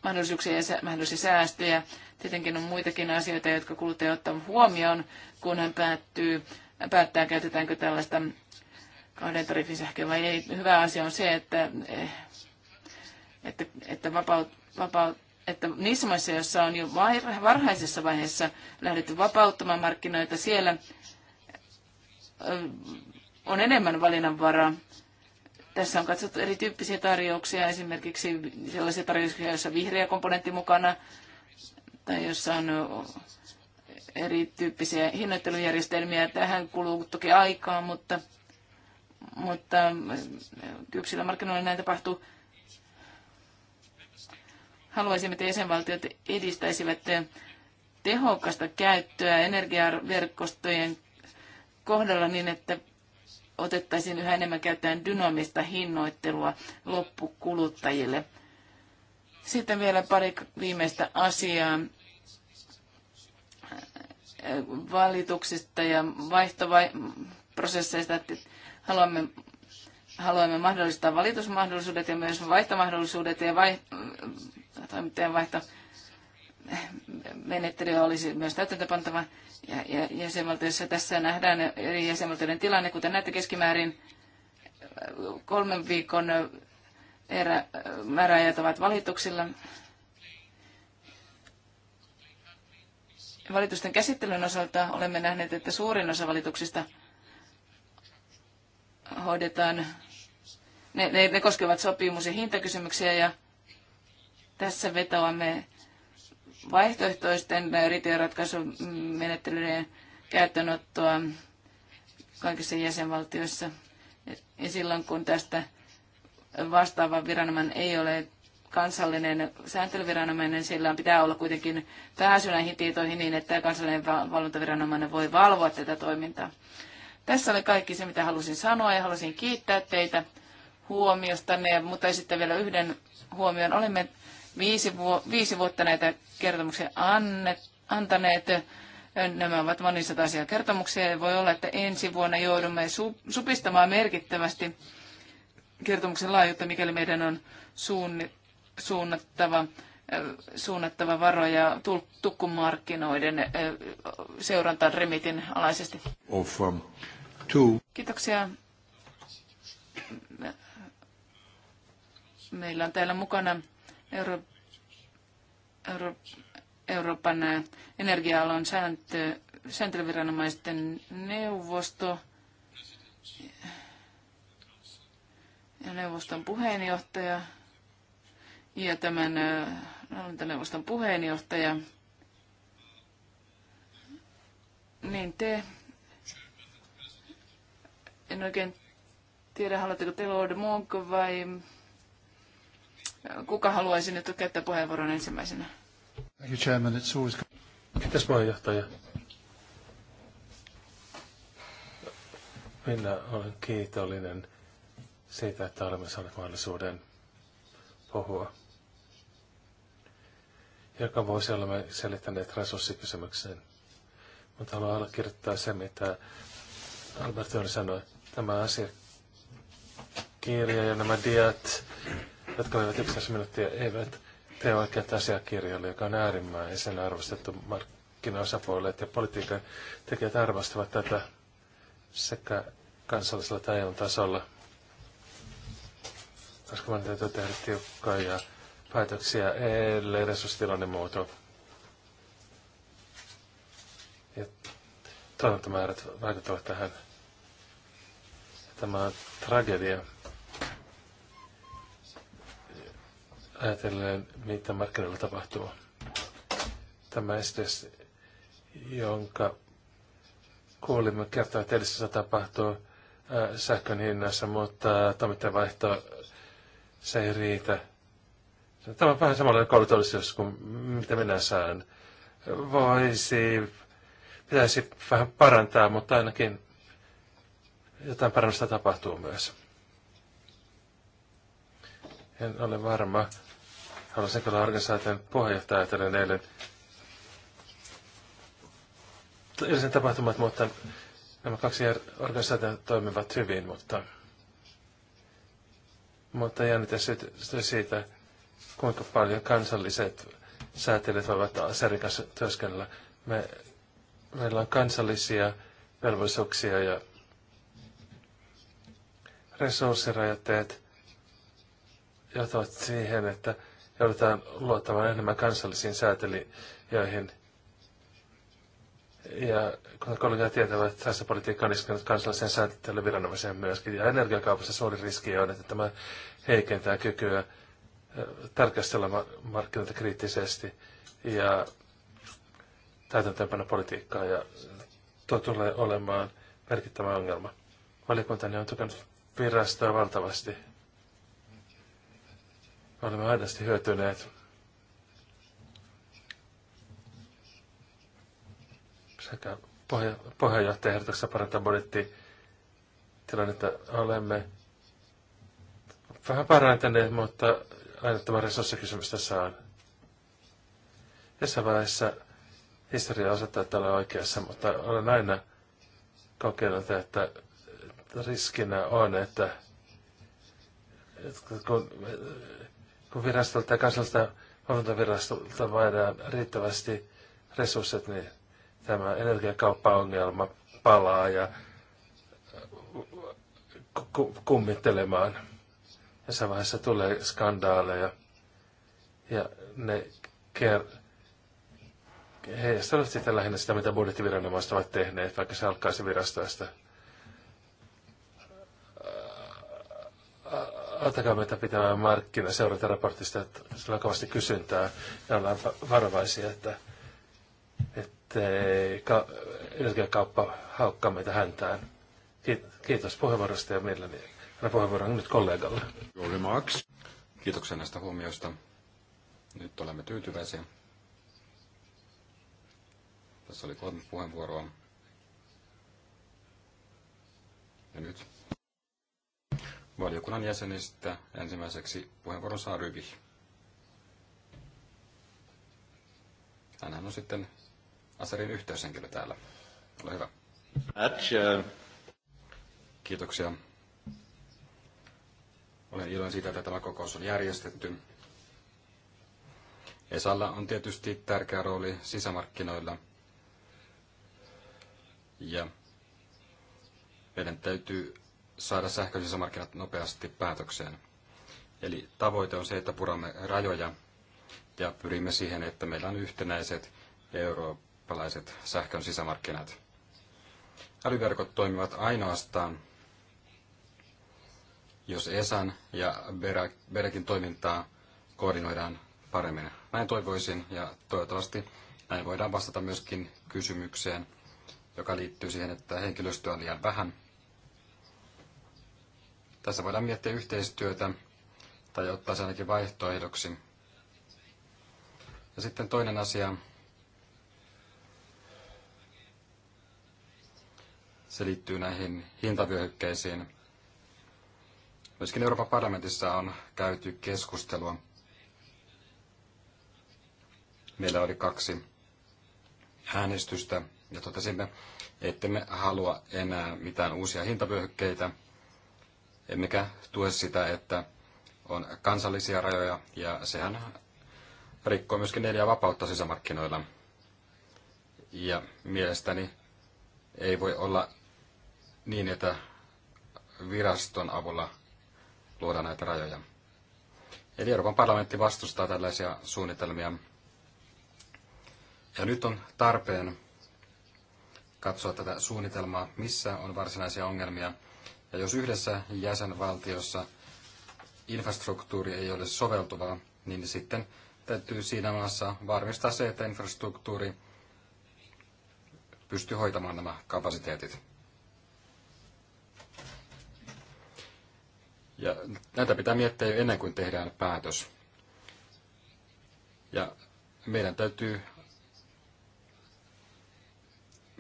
mahdollisuuksia ja mahdollisia säästöjä. Tietenkin on muitakin asioita, jotka kuluttaja ottaa huomioon, kun hän päättyy, päättää, käytetäänkö tällaista kahden tarifin sähköä vai ei. Hyvä asia on se, että eh, että, että, vapaut, vapaut, että niissä maissa, joissa on jo varhaisessa vaiheessa lähdetty vapauttamaan markkinoita, siellä on enemmän valinnanvaraa. Tässä on katsottu erityyppisiä tarjouksia, esimerkiksi sellaisia tarjouksia, joissa on vihreä komponentti mukana, tai jossa on erityyppisiä hinnoittelujärjestelmiä. Tähän kuluu toki aikaa, mutta, mutta kypsillä markkinoilla näin tapahtuu. Haluaisimme, että jäsenvaltiot edistäisivät tehokasta käyttöä energiaverkostojen kohdalla niin, että otettaisiin yhä enemmän käyttöön dynaamista hinnoittelua loppukuluttajille. Sitten vielä pari viimeistä asiaa valituksista ja vaihtoprosesseista. Haluamme, haluamme mahdollistaa valitusmahdollisuudet ja myös vaihtomahdollisuudet ja vai, toimittajan vaihto menettelyä olisi myös täytäntöpantava ja, jäsenvaltioissa. Tässä nähdään eri jäsenvaltioiden tilanne, kuten näette keskimäärin kolmen viikon erä, määräajat ovat valituksilla. Valitusten käsittelyn osalta olemme nähneet, että suurin osa valituksista hoidetaan, ne, ne, ne koskevat sopimus- ja hintakysymyksiä ja tässä vetoamme vaihtoehtoisten riitojenratkaisumenettelyiden käyttöönottoa kaikissa jäsenvaltioissa. Ja silloin kun tästä vastaava viranomainen ei ole kansallinen sääntelyviranomainen, sillä pitää olla kuitenkin pääsy näihin tietoihin niin, että kansallinen valvontaviranomainen voi valvoa tätä toimintaa. Tässä oli kaikki se, mitä halusin sanoa ja halusin kiittää teitä huomiosta, mutta sitten vielä yhden huomion. Olemme viisi, vu- viisi vuotta näitä kertomuksia anne, antaneet. Nämä ovat monisataisia kertomuksia ja voi olla, että ensi vuonna joudumme su- supistamaan merkittävästi kertomuksen laajuutta, mikäli meidän on suunni- suunnattava suunnattava varoja tukkumarkkinoiden seurantaan remitin alaisesti. Of, um, Kiitoksia. Meillä on täällä mukana Euro, Euro, Euroopan energia-alan sääntö, sääntelyviranomaisten neuvosto ja neuvoston puheenjohtaja ja tämän neuvoston puheenjohtaja, niin te, en oikein tiedä, haluatteko te Lord Monk vai Kuka haluaisi nyt käyttää puheenvuoron ensimmäisenä? Thank you, Chairman. It's always... Kiitos puheenjohtaja. Minä olen kiitollinen siitä, että olemme saaneet mahdollisuuden puhua. Joka voisi olemme selittäneet resurssikysymyksen. Mutta haluan allekirjoittaa se, mitä Albertoni sanoi. Tämä asiakirja ja nämä diat jotka olivat 11 minuuttia, eivät tee oikeat asiakirjalle, joka on äärimmäisen arvostettu markkinaosapuolet ja politiikan tekijät arvostavat tätä sekä kansallisella että EU:n tasolla Koska meidän täytyy tehdä tiukkaa päätöksiä, ellei resurssitilanne muutu. Ja tuotantomäärät vaikuttavat tähän. Tämä on tragedia. ajatellen, mitä markkinoilla tapahtuu. Tämä esitys, jonka kuulimme kertoa, että edessä tapahtuu äh, sähkön hinnassa, mutta toimittajavaihto se ei riitä. Tämä on vähän samalla koulutollisuus kuin mitä minä saan. Voisi, pitäisi vähän parantaa, mutta ainakin jotain parannusta tapahtuu myös. En ole varma, Haluaisin kyllä organisaation puheenjohtaja ajatellen eilen eilisen tapahtumat, mutta nämä kaksi organisaatiota toimivat hyvin, mutta, mutta jännitä siitä, kuinka paljon kansalliset säätelijät voivat Aserin kanssa työskennellä. Me, meillä on kansallisia velvollisuuksia ja resurssirajoitteet johtavat siihen, että joudutaan luottamaan enemmän kansallisiin säätelijöihin. Ja kun kollegat tietävät, että tässä politiikka on iskenut kansalliseen sääntelyviranomaiseen myöskin. Ja energiakaupassa suuri riski on, että tämä heikentää kykyä tarkastella markkinoita kriittisesti ja täytäntöönpano politiikkaa. Ja tuo tulee olemaan merkittävä ongelma. Valiokuntani on tukenut virastoa valtavasti me olemme aidosti hyötyneet. Sekä pohja, paranta, parantaa tilannetta olemme vähän parantaneet, mutta aina tämä resurssikysymys tässä on. Jossain vaiheessa historia osoittaa, että olen oikeassa, mutta olen aina kokenut, että riskinä on, että kun kun virastolta ja kansallista valvontavirastolta vaadaan riittävästi resurssit, niin tämä energiakauppaongelma palaa ja kummittelemaan. tässä vaiheessa tulee skandaaleja ja ne ker- heijastavat sitä lähinnä sitä, mitä budjettiviranomaiset ovat tehneet, vaikka se alkaisi virastoista. Ottakaa meitä pitämään markkina seurantaraportista, että sillä on kovasti kysyntää ja ollaan varovaisia, että, että ka, energiakauppa haukkaa meitä häntään. Kiitos puheenvuorosta ja mielelläni annan puheenvuoron nyt kollegalle. Kiitoksia näistä huomioista. Nyt olemme tyytyväisiä. Tässä oli kolme puheenvuoroa. Ja nyt valiokunnan jäsenistä. Ensimmäiseksi puheenvuoron saa Ryvi. Hänhän on sitten Aserin yhteyshenkilö täällä. Ole hyvä. Kiitoksia. Olen iloinen siitä, että tämä kokous on järjestetty. Esalla on tietysti tärkeä rooli sisämarkkinoilla. Ja meidän täytyy saada sähköiset markkinat nopeasti päätökseen. Eli tavoite on se, että puramme rajoja ja pyrimme siihen, että meillä on yhtenäiset eurooppalaiset sähkön sisämarkkinat. Älyverkot toimivat ainoastaan, jos ESAN ja BEREKin toimintaa koordinoidaan paremmin. Näin toivoisin ja toivottavasti näin voidaan vastata myöskin kysymykseen, joka liittyy siihen, että henkilöstöä on liian vähän – tässä voidaan miettiä yhteistyötä tai ottaa se ainakin vaihtoehdoksi. Ja sitten toinen asia. Se liittyy näihin hintavyöhykkeisiin. Myöskin Euroopan parlamentissa on käyty keskustelua. Meillä oli kaksi äänestystä ja totesimme, että me halua enää mitään uusia hintavyöhykkeitä – emmekä tue sitä, että on kansallisia rajoja, ja sehän rikkoo myöskin neljä vapautta sisämarkkinoilla. Ja mielestäni ei voi olla niin, että viraston avulla luoda näitä rajoja. Eli Euroopan parlamentti vastustaa tällaisia suunnitelmia. Ja nyt on tarpeen katsoa tätä suunnitelmaa, missä on varsinaisia ongelmia ja jos yhdessä jäsenvaltiossa infrastruktuuri ei ole soveltuvaa, niin sitten täytyy siinä maassa varmistaa se, että infrastruktuuri pystyy hoitamaan nämä kapasiteetit. Ja näitä pitää miettiä jo ennen kuin tehdään päätös. Ja meidän täytyy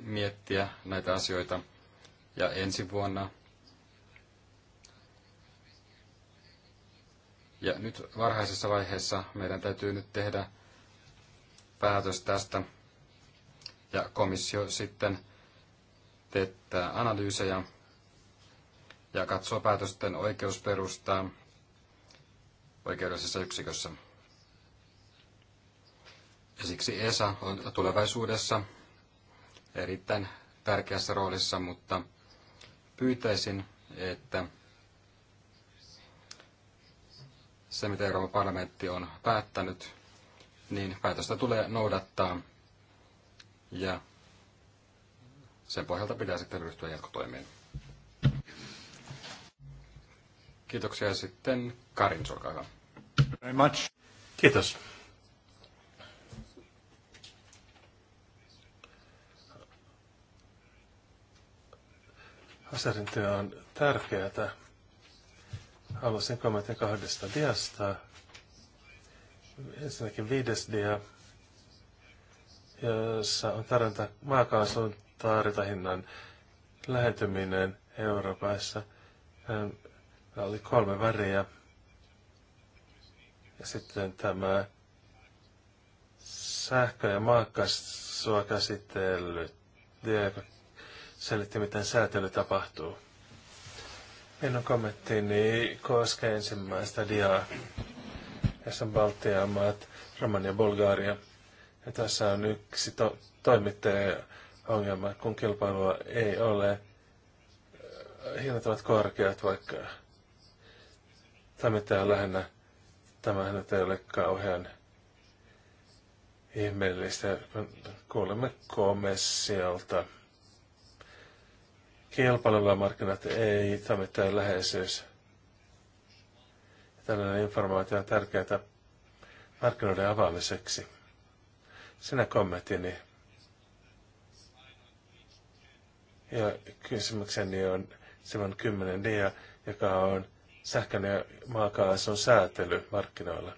miettiä näitä asioita. Ja ensi vuonna Ja nyt varhaisessa vaiheessa meidän täytyy nyt tehdä päätös tästä. Ja komissio sitten teettää analyysejä ja katsoo päätösten oikeusperustaa oikeudellisessa yksikössä. Ja siksi ESA on tulevaisuudessa erittäin tärkeässä roolissa, mutta pyytäisin, että se, mitä Euroopan parlamentti on päättänyt, niin päätöstä tulee noudattaa ja sen pohjalta pitää sitten ryhtyä jatkotoimiin. Kiitoksia sitten Karin, olkaa Very much. Kiitos. Asiantuntija on tärkeää haluaisin kommentin kahdesta diasta. Ensinnäkin viides dia, jossa on tarjonta maakaasun taaritahinnan lähentyminen Euroopassa. Tämä oli kolme väriä. Ja sitten tämä sähkö- ja maakaasua käsitellyt, joka selitti, miten säätely tapahtuu. Minun kommenttini koskee ensimmäistä diaa, jossa on Baltian maat, Romania, Bulgaria. Ja tässä on yksi to- ongelma, kun kilpailua ei ole. Hinnat ovat korkeat, vaikka toimittaja on lähinnä. Tämähän nyt ei ole kauhean ihmeellistä, kun kuulemme komissiolta kilpailuilla markkinat ei tamittaa läheisyys. Tällainen informaatio on tärkeää markkinoiden avaamiseksi. Sinä kommenttini. Ja kysymykseni on Simon 10 dia, joka on sähkön ja maakaasun säätely markkinoilla.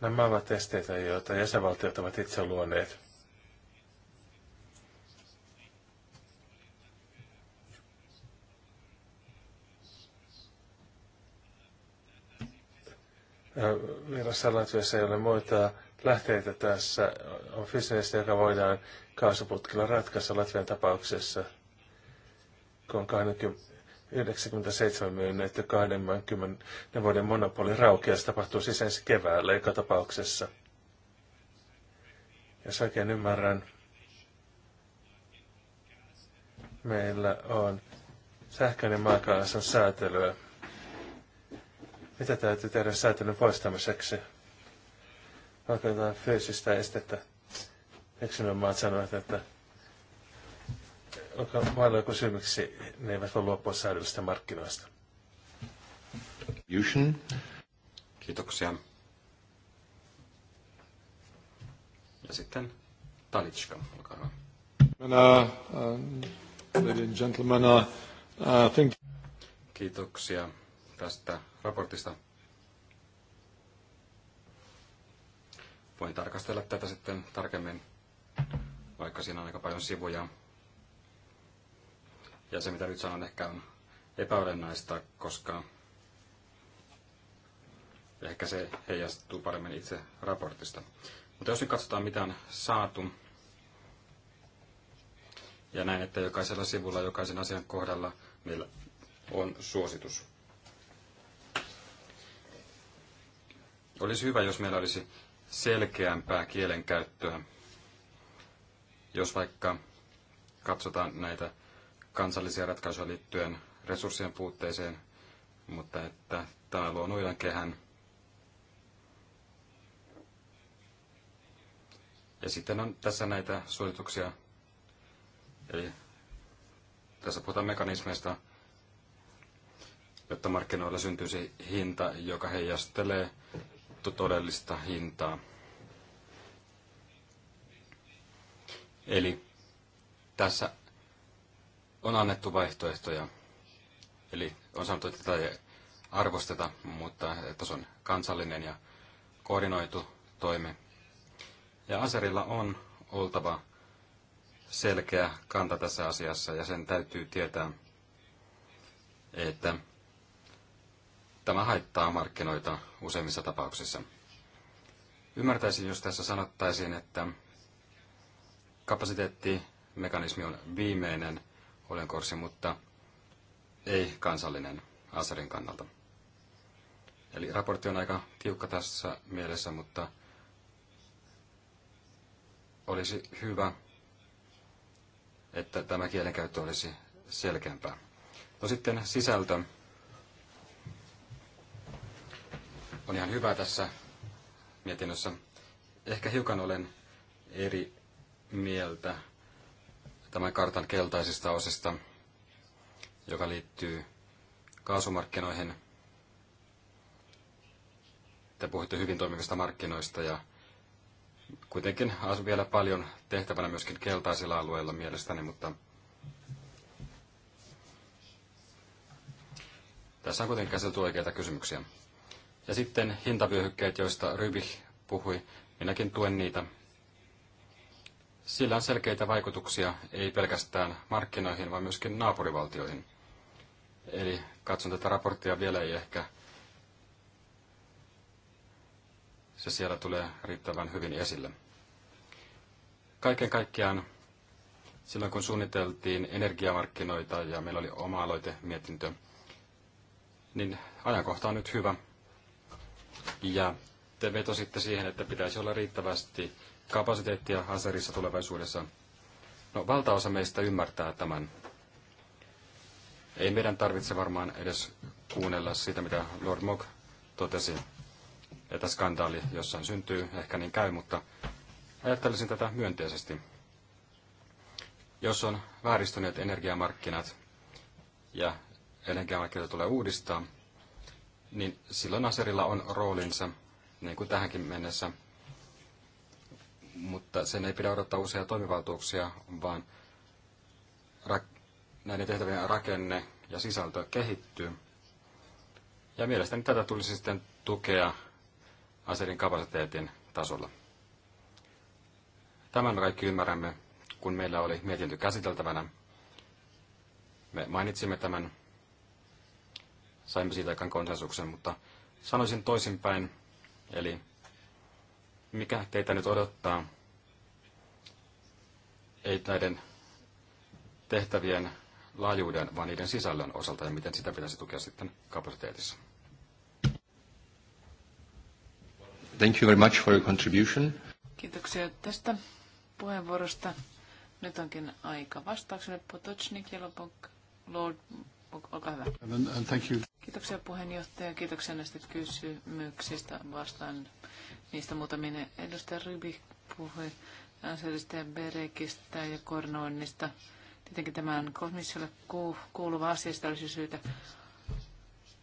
Nämä ovat esteitä, joita jäsenvaltiot ovat itse luoneet että jos ei ole muita lähteitä tässä. On bisnestä, joka voidaan kaasuputkilla ratkaista Latvian tapauksessa, kun on 97 myynneitä 20 vuoden monopoli raukeaa. Se tapahtuu siis ensi keväällä joka tapauksessa. Jos oikein ymmärrän, meillä on sähköinen maakaasun säätelyä. Mitä täytyy tehdä säätelyn poistamiseksi? Onko jotain fyysistä estettä? Eksynyt maat sanoivat, että onko vailla joku syy, miksi ne eivät voi luopua säädöllistä markkinoista? Jushin. Kiitoksia. Ja sitten Talitska, olkaa hyvä. Minä, uh, um, ladies and gentlemen, uh, uh think... Kiitoksia tästä raportista. Voin tarkastella tätä sitten tarkemmin, vaikka siinä on aika paljon sivuja. Ja se, mitä nyt sanon, ehkä on epäolennaista, koska ehkä se heijastuu paremmin itse raportista. Mutta jos nyt katsotaan, mitä on saatu, ja näin, että jokaisella sivulla, jokaisen asian kohdalla meillä on suositus. Olisi hyvä, jos meillä olisi selkeämpää kielenkäyttöä. Jos vaikka katsotaan näitä kansallisia ratkaisuja liittyen resurssien puutteeseen, mutta että tämä luo noidan kehän. Ja sitten on tässä näitä suosituksia, eli tässä puhutaan mekanismeista, jotta markkinoilla syntyisi hinta, joka heijastelee maksettu todellista hintaa. Eli tässä on annettu vaihtoehtoja. Eli on sanottu, että tätä ei arvosteta, mutta että se on kansallinen ja koordinoitu toimi. Ja Aserilla on oltava selkeä kanta tässä asiassa ja sen täytyy tietää, että Tämä haittaa markkinoita useimmissa tapauksissa. Ymmärtäisin, jos tässä sanottaisiin, että kapasiteettimekanismi on viimeinen olenkorsi, mutta ei kansallinen Aserin kannalta. Eli raportti on aika tiukka tässä mielessä, mutta olisi hyvä, että tämä kielenkäyttö olisi selkeämpää. No sitten sisältö. on ihan hyvä tässä mietinnössä. Ehkä hiukan olen eri mieltä tämän kartan keltaisista osista, joka liittyy kaasumarkkinoihin. Te puhutte hyvin toimivista markkinoista ja kuitenkin on vielä paljon tehtävänä myöskin keltaisilla alueilla mielestäni, mutta tässä on kuitenkin käsitelty oikeita kysymyksiä. Ja sitten hintavyöhykkeet, joista Ryby puhui, minäkin tuen niitä. Sillä on selkeitä vaikutuksia ei pelkästään markkinoihin, vaan myöskin naapurivaltioihin. Eli katson tätä raporttia vielä ei ehkä se siellä tulee riittävän hyvin esille. Kaiken kaikkiaan silloin kun suunniteltiin energiamarkkinoita ja meillä oli oma aloite mietintö, niin ajankohta on nyt hyvä. Ja te vetositte siihen, että pitäisi olla riittävästi kapasiteettia aserissa tulevaisuudessa. No, valtaosa meistä ymmärtää tämän. Ei meidän tarvitse varmaan edes kuunnella sitä, mitä Lord Mock totesi, että skandaali jossain syntyy, ehkä niin käy, mutta ajattelisin tätä myönteisesti. Jos on vääristyneet energiamarkkinat ja energiamarkkinoita tulee uudistaa, niin silloin aserilla on roolinsa, niin kuin tähänkin mennessä. Mutta sen ei pidä odottaa uusia toimivaltuuksia, vaan näiden tehtävien rakenne ja sisältö kehittyy. Ja mielestäni tätä tulisi sitten tukea aserin kapasiteetin tasolla. Tämän kaikki ymmärrämme, kun meillä oli mietintö käsiteltävänä. Me mainitsimme tämän saimme siitä aikaan konsensuksen, mutta sanoisin toisinpäin. Eli mikä teitä nyt odottaa? Ei näiden tehtävien laajuuden, vaan niiden sisällön osalta ja miten sitä pitäisi tukea sitten kapasiteetissa. Thank you very much for your contribution. Kiitoksia tästä puheenvuorosta. Nyt onkin aika vastauksena Potocnik ja Lord Olkaa hyvä. And thank you. Kiitoksia puheenjohtaja. Kiitoksia näistä kysymyksistä. Vastaan niistä muutamia. Edustaja Ryby puhui asioista ja Berekistä ja koordinoinnista. Tietenkin tämä on komissiolle kuuluva asia. Sitä olisi syytä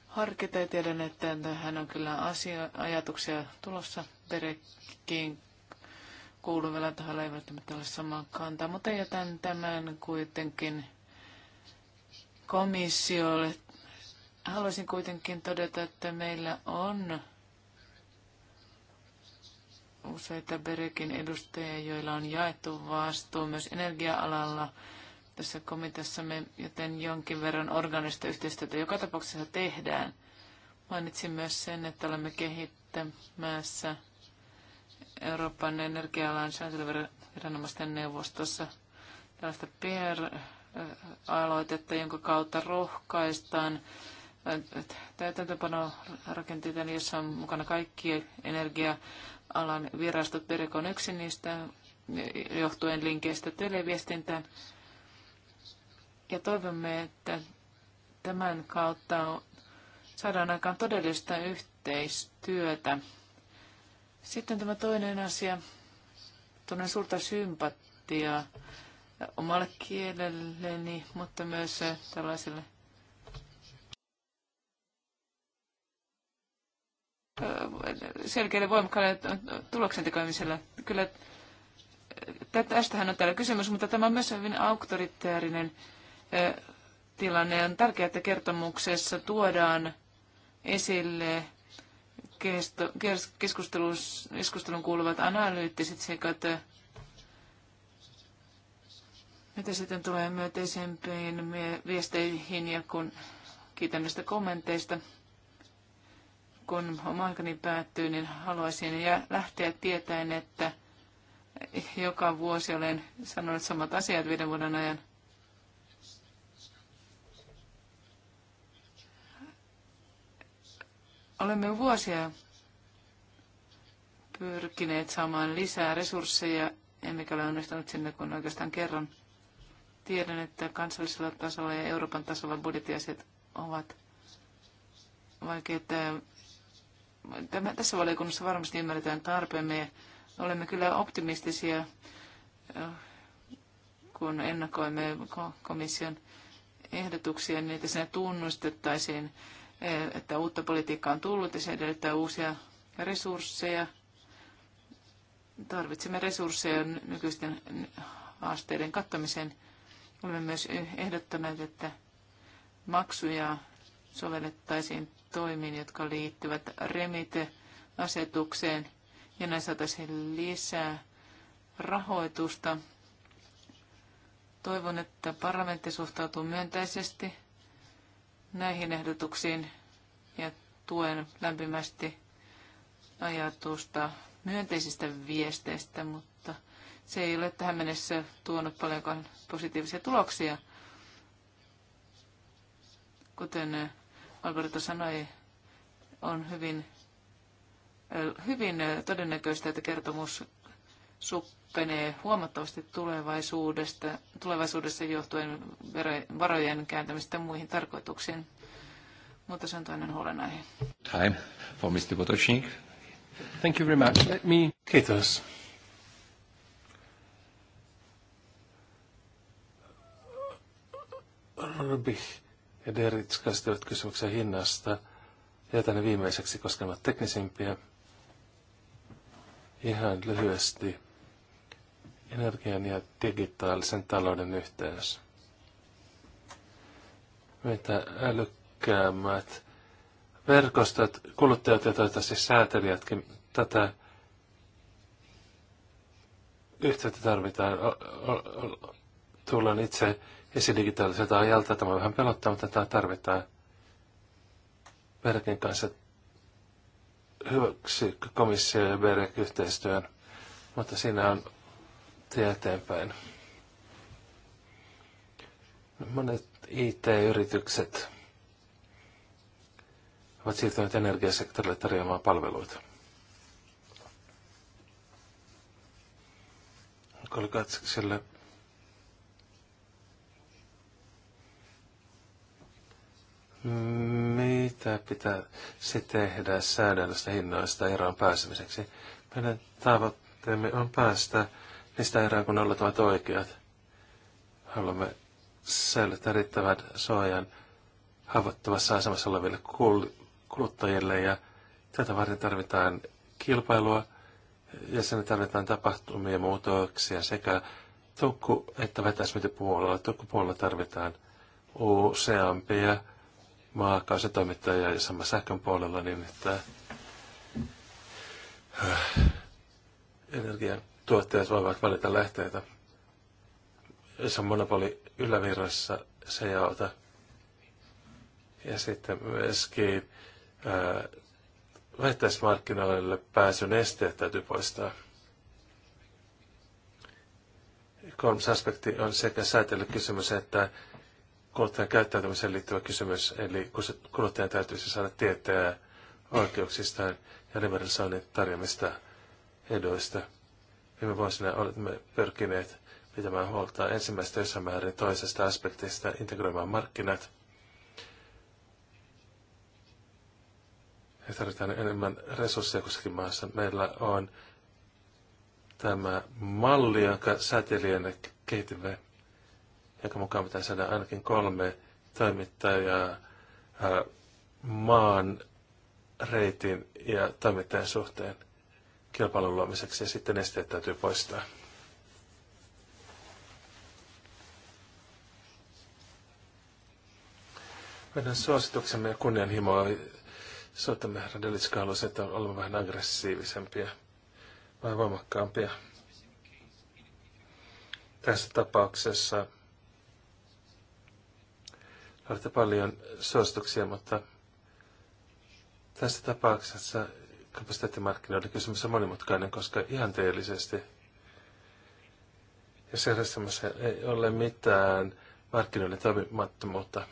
harkita ja tiedän, että hän on kyllä asia, ajatuksia tulossa Berekkiin kuuluvilla taholla ei välttämättä ole samaa kantaa, mutta jätän tämän kuitenkin komissiolle. Haluaisin kuitenkin todeta, että meillä on useita Berekin edustajia, joilla on jaettu vastuu myös energia-alalla tässä me, joten jonkin verran organista yhteistyötä joka tapauksessa tehdään. Mainitsin myös sen, että olemme kehittämässä Euroopan energia-alan sääntelyviranomaisten neuvostossa tällaista peer aloitetta, jonka kautta rohkaistaan täytäntöpano rakenteita, jossa on mukana kaikki energia-alan virastot. Perek on yksi niistä johtuen linkeistä televiestintään. Ja toivomme, että tämän kautta saadaan aikaan todellista yhteistyötä. Sitten tämä toinen asia, tunnen suurta sympatiaa omalle kielelleni, mutta myös eh, tällaisille eh, selkeille voimakkaille tuloksen tekemiselle. Kyllä eh, tästähän on täällä kysymys, mutta tämä on myös hyvin auktoritäärinen tilanne. On tärkeää, että kertomuksessa tuodaan esille keskustelun kuuluvat analyyttiset seikat mitä sitten tulee myönteisempiin viesteihin ja kun kiitän näistä kommenteista, kun oma aikani päättyy, niin haluaisin ja lähteä tietäen, että joka vuosi olen sanonut samat asiat viiden vuoden ajan. Olemme vuosia pyrkineet saamaan lisää resursseja, emmekä ole onnistunut sinne kuin oikeastaan kerran. Tiedän, että kansallisella tasolla ja Euroopan tasolla budjettiasiat ovat vaikeita. Tämä, tässä valiokunnassa varmasti ymmärretään tarpeemme. Olemme kyllä optimistisia, eh, kun ennakoimme komission ehdotuksia, niin että se tunnustettaisiin, eh, että uutta politiikkaa on tullut ja se edellyttää uusia resursseja. Tarvitsemme resursseja nykyisten haasteiden kattamiseen. Olemme myös eh, ehdottaneet, että maksuja sovellettaisiin toimiin, jotka liittyvät remite asetukseen ja näin saataisiin lisää rahoitusta. Toivon, että parlamentti suhtautuu myönteisesti näihin ehdotuksiin ja tuen lämpimästi ajatusta myönteisistä viesteistä, mutta se ei ole tähän mennessä tuonut paljonkaan positiivisia tuloksia. Kuten äh, Alberto sanoi, on hyvin, äh, hyvin äh, todennäköistä, että kertomus suppenee huomattavasti tulevaisuudesta, tulevaisuudessa johtuen varojen kääntämistä muihin tarkoituksiin. Mutta se on toinen huolenaihe. Time for Mr. Thank you very much. Let me... Kiitos. Rubik ja Derits käsittelevät kysymyksen hinnasta. Jätän ne viimeiseksi, koska ne ovat teknisimpiä. Ihan lyhyesti energian ja digitaalisen talouden yhteys. Mitä älykkäämmät verkostot, kuluttajat ja toivottavasti säätelijätkin tätä yhteyttä tarvitaan. Tullaan itse esidigitaaliselta ajalta. Tämä vähän pelottaa, mutta tämä tarvitaan Bergin kanssa hyväksi komissio ja Berg yhteistyön, mutta siinä on tie eteenpäin. Monet IT-yritykset ovat siirtyneet energiasektorille tarjoamaan palveluita. Kolikaatsikselle Mitä pitää se tehdä säädellistä hinnoista eroon pääsemiseksi? Meidän tavoitteemme on päästä niistä eroon, kun olot ovat oikeat. Haluamme säilyttää riittävän suojan haavoittuvassa asemassa oleville kuluttajille ja tätä varten tarvitaan kilpailua ja sen tarvitaan tapahtumia muutoksia sekä tukku- että vetäsmytypuolella. Tukkupuolella tarvitaan useampia maakaasutoimittaja ja sama sähkön puolella, niin että äh, energiatuottajat voivat valita lähteitä. Jos on monopoli ylävirrassa, se ei auta. Ja sitten myöskin äh, vähittäismarkkinoille pääsyn esteet täytyy poistaa. Kolmas aspekti on sekä säätelykysymys että kuluttajan käyttäytymiseen liittyvä kysymys, eli kuluttajan täytyisi saada tietää oikeuksistaan ja liberalisoinnin tarjoamista edoista. Viime vuosina olemme pyrkineet pitämään huolta ensimmäistä jossain määrin toisesta aspektista integroimaan markkinat. Ja tarvitaan enemmän resursseja kussakin maassa. Meillä on tämä malli, jonka säteilijänä kehitimme jonka mukaan pitää saada ainakin kolme toimittajaa maan reitin ja toimittajan suhteen kilpailun luomiseksi ja sitten esteet täytyy poistaa. Meidän suosituksemme ja kunnianhimo soitamme Radelitska haluaisi, että olemme vähän aggressiivisempia vai voimakkaampia. Tässä tapauksessa varten paljon suosituksia, mutta tässä tapauksessa kapasiteettimarkkinoiden kysymys on monimutkainen, koska ihanteellisesti ja seuraavassa ei ole mitään markkinoiden toimimattomuutta.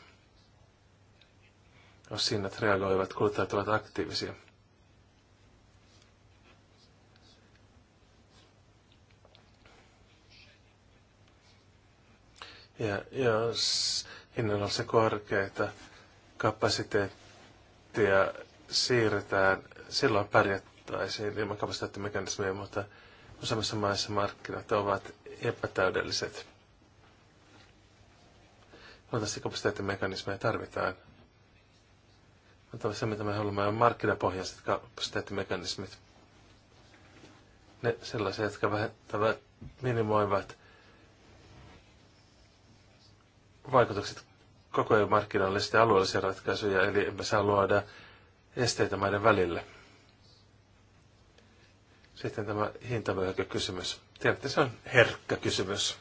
Jos siinä reagoivat, kuluttajat ovat aktiivisia. Ja jos hinnan on se korkeita, kapasiteettia siirretään, silloin pärjättäisiin ilman kapasiteettimekanismia, mutta useimmissa maissa markkinat ovat epätäydelliset. Luultavasti kapasiteettimekanismeja tarvitaan. Mutta se, mitä me haluamme, on markkinapohjaiset kapasiteettimekanismit. Ne sellaisia, jotka vähentävät, minimoivat vaikutukset koko ajan markkinallisia alueellisia ratkaisuja, eli emme saa luoda esteitä maiden välille. Sitten tämä hintavyöhykekysymys. Tiedätte, se on herkkä kysymys.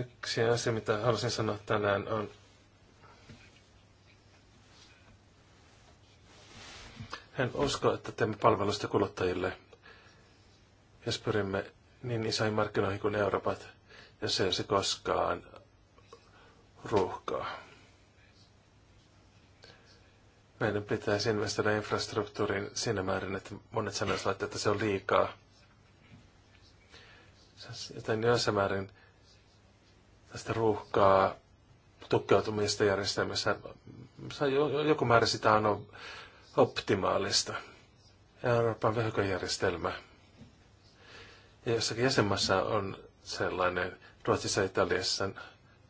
Yksi asia, mitä halusin sanoa tänään, on En usko, että teemme palvelusta kuluttajille, jos pyrimme niin isoihin markkinoihin kuin Euroopat ja se ei se koskaan ruuhkaa. Meidän pitäisi investoida infrastruktuuriin siinä määrin, että monet sanoisivat, että se on liikaa. Joten jossain määrin tästä ruuhkaa tukkeutumista järjestelmässä, joku määrä sitä on optimaalista. Euroopan vehkojärjestelmä. Ja jossakin jäsenmaassa on sellainen, Ruotsissa ja Italiassa.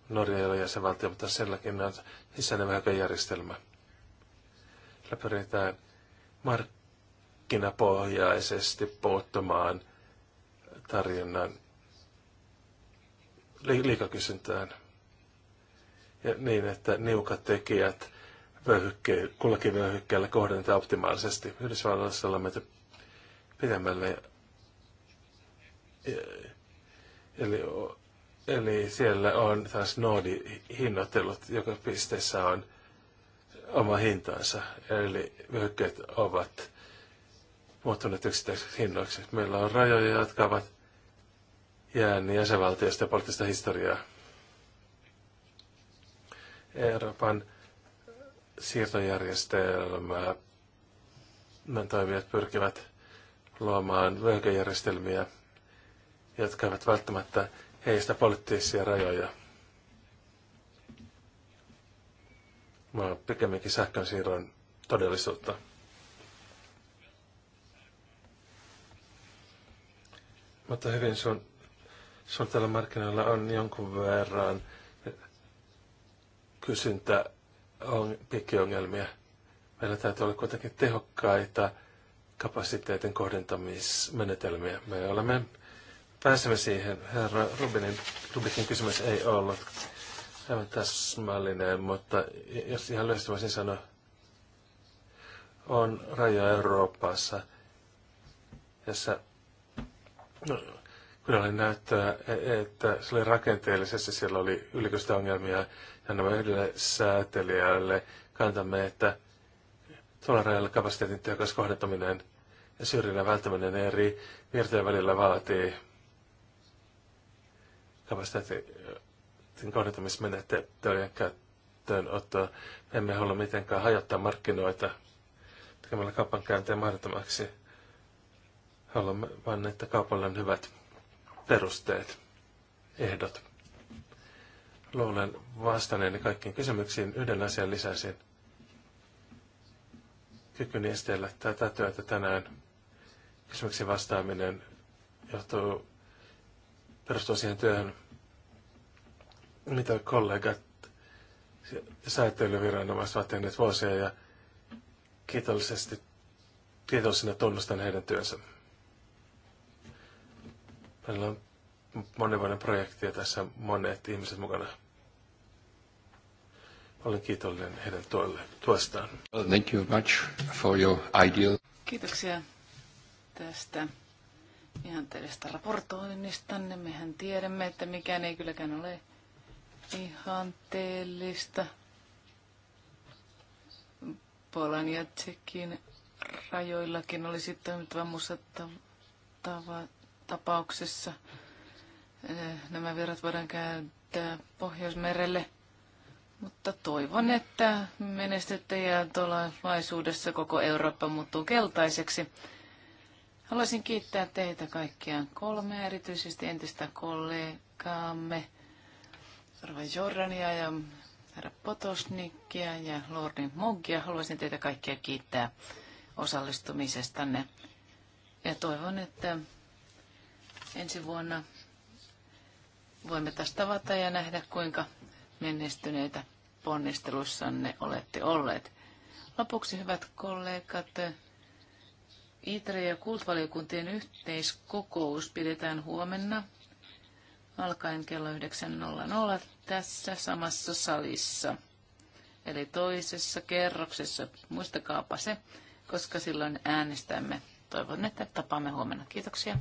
Norja ei ole jäsenvaltio, mutta sielläkin on sisäinen järjestelmä. Sillä pyritään markkinapohjaisesti puuttumaan tarjonnan liikakysyntään. Ja niin, että niukat tekijät vöyhykke, kullakin vyöhykkeellä kohdennetaan optimaalisesti. Yhdysvalloissa ollaan meitä pidemmälle. Eli Eli siellä on taas hinnoittelut, joka pisteessä on oma hintansa. Eli vyöhykkeet ovat muuttuneet yksittäisiksi hinnoiksi. Meillä on rajoja, jotka ovat jääni jäsenvaltiosta ja poliittista historiaa. Euroopan siirtojärjestelmää toimijat pyrkivät luomaan vyöhykejärjestelmiä, jotka eivät välttämättä ei sitä poliittisia rajoja. oon pikemminkin sähkön siirron todellisuutta. Mutta hyvin sun, sun tällä markkinoilla on jonkun verran kysyntä on pikkiongelmia. Meillä täytyy olla kuitenkin tehokkaita kapasiteetin kohdentamismenetelmiä. Me olemme Pääsemme siihen. Herra Rubinin, Rubikin kysymys ei ollut aivan täsmällinen, mutta jos ihan lyhyesti voisin sanoa, on raja Euroopassa, jossa no, kyllä oli näyttää, e-, että se oli rakenteellisesti, siellä oli yliköistä ongelmia ja nämä yhdelle säätelijälle kantamme, että tuolla rajalla kapasiteetin tehokas kohdentaminen ja syrjinnän välttäminen eri virtojen välillä vaatii kapasiteetin kohdentamismenettelyjen käyttöönottoa. Me emme halua mitenkään hajottaa markkinoita tekemällä käänteen mahdottomaksi. Haluamme vain, että kaupalle on hyvät perusteet, ehdot. Luulen vastanneeni kaikkiin kysymyksiin. Yhden asian lisäsin. Kykyni esteellä tätä työtä tänään. Kysymyksiin vastaaminen johtuu perustuu siihen työhön, mitä kollegat säätelyviranomaiset ovat tehneet vuosia ja kiitollisesti tietoisena tunnustan heidän työnsä. Meillä on monivuinen projekti ja tässä monet ihmiset mukana. Olen kiitollinen heidän tuolle, tuestaan. Well, thank you much for your ideal. Kiitoksia tästä ihan teistä raportoinnistanne. Mehän tiedämme, että mikään ei kylläkään ole ihanteellista. Polan ja Tsekin rajoillakin olisi toimittava muussa tava- tapauksessa. Eh, nämä virrat voidaan käyttää Pohjoismerelle. Mutta toivon, että menestytte ja tuolla koko Eurooppa muuttuu keltaiseksi. Haluaisin kiittää teitä kaikkia kolme, erityisesti entistä kollegaamme, Rova Jorrania ja herra Potosnikkia ja Lordi Moggia. Haluaisin teitä kaikkia kiittää osallistumisestanne. Ja toivon, että ensi vuonna voimme taas tavata ja nähdä, kuinka menestyneitä ponnisteluissanne olette olleet. Lopuksi, hyvät kollegat, ITRE- ja kultvaliokuntien yhteiskokous pidetään huomenna alkaen kello 9.00 tässä samassa salissa. Eli toisessa kerroksessa. Muistakaapa se, koska silloin äänestämme. Toivon, että tapaamme huomenna. Kiitoksia.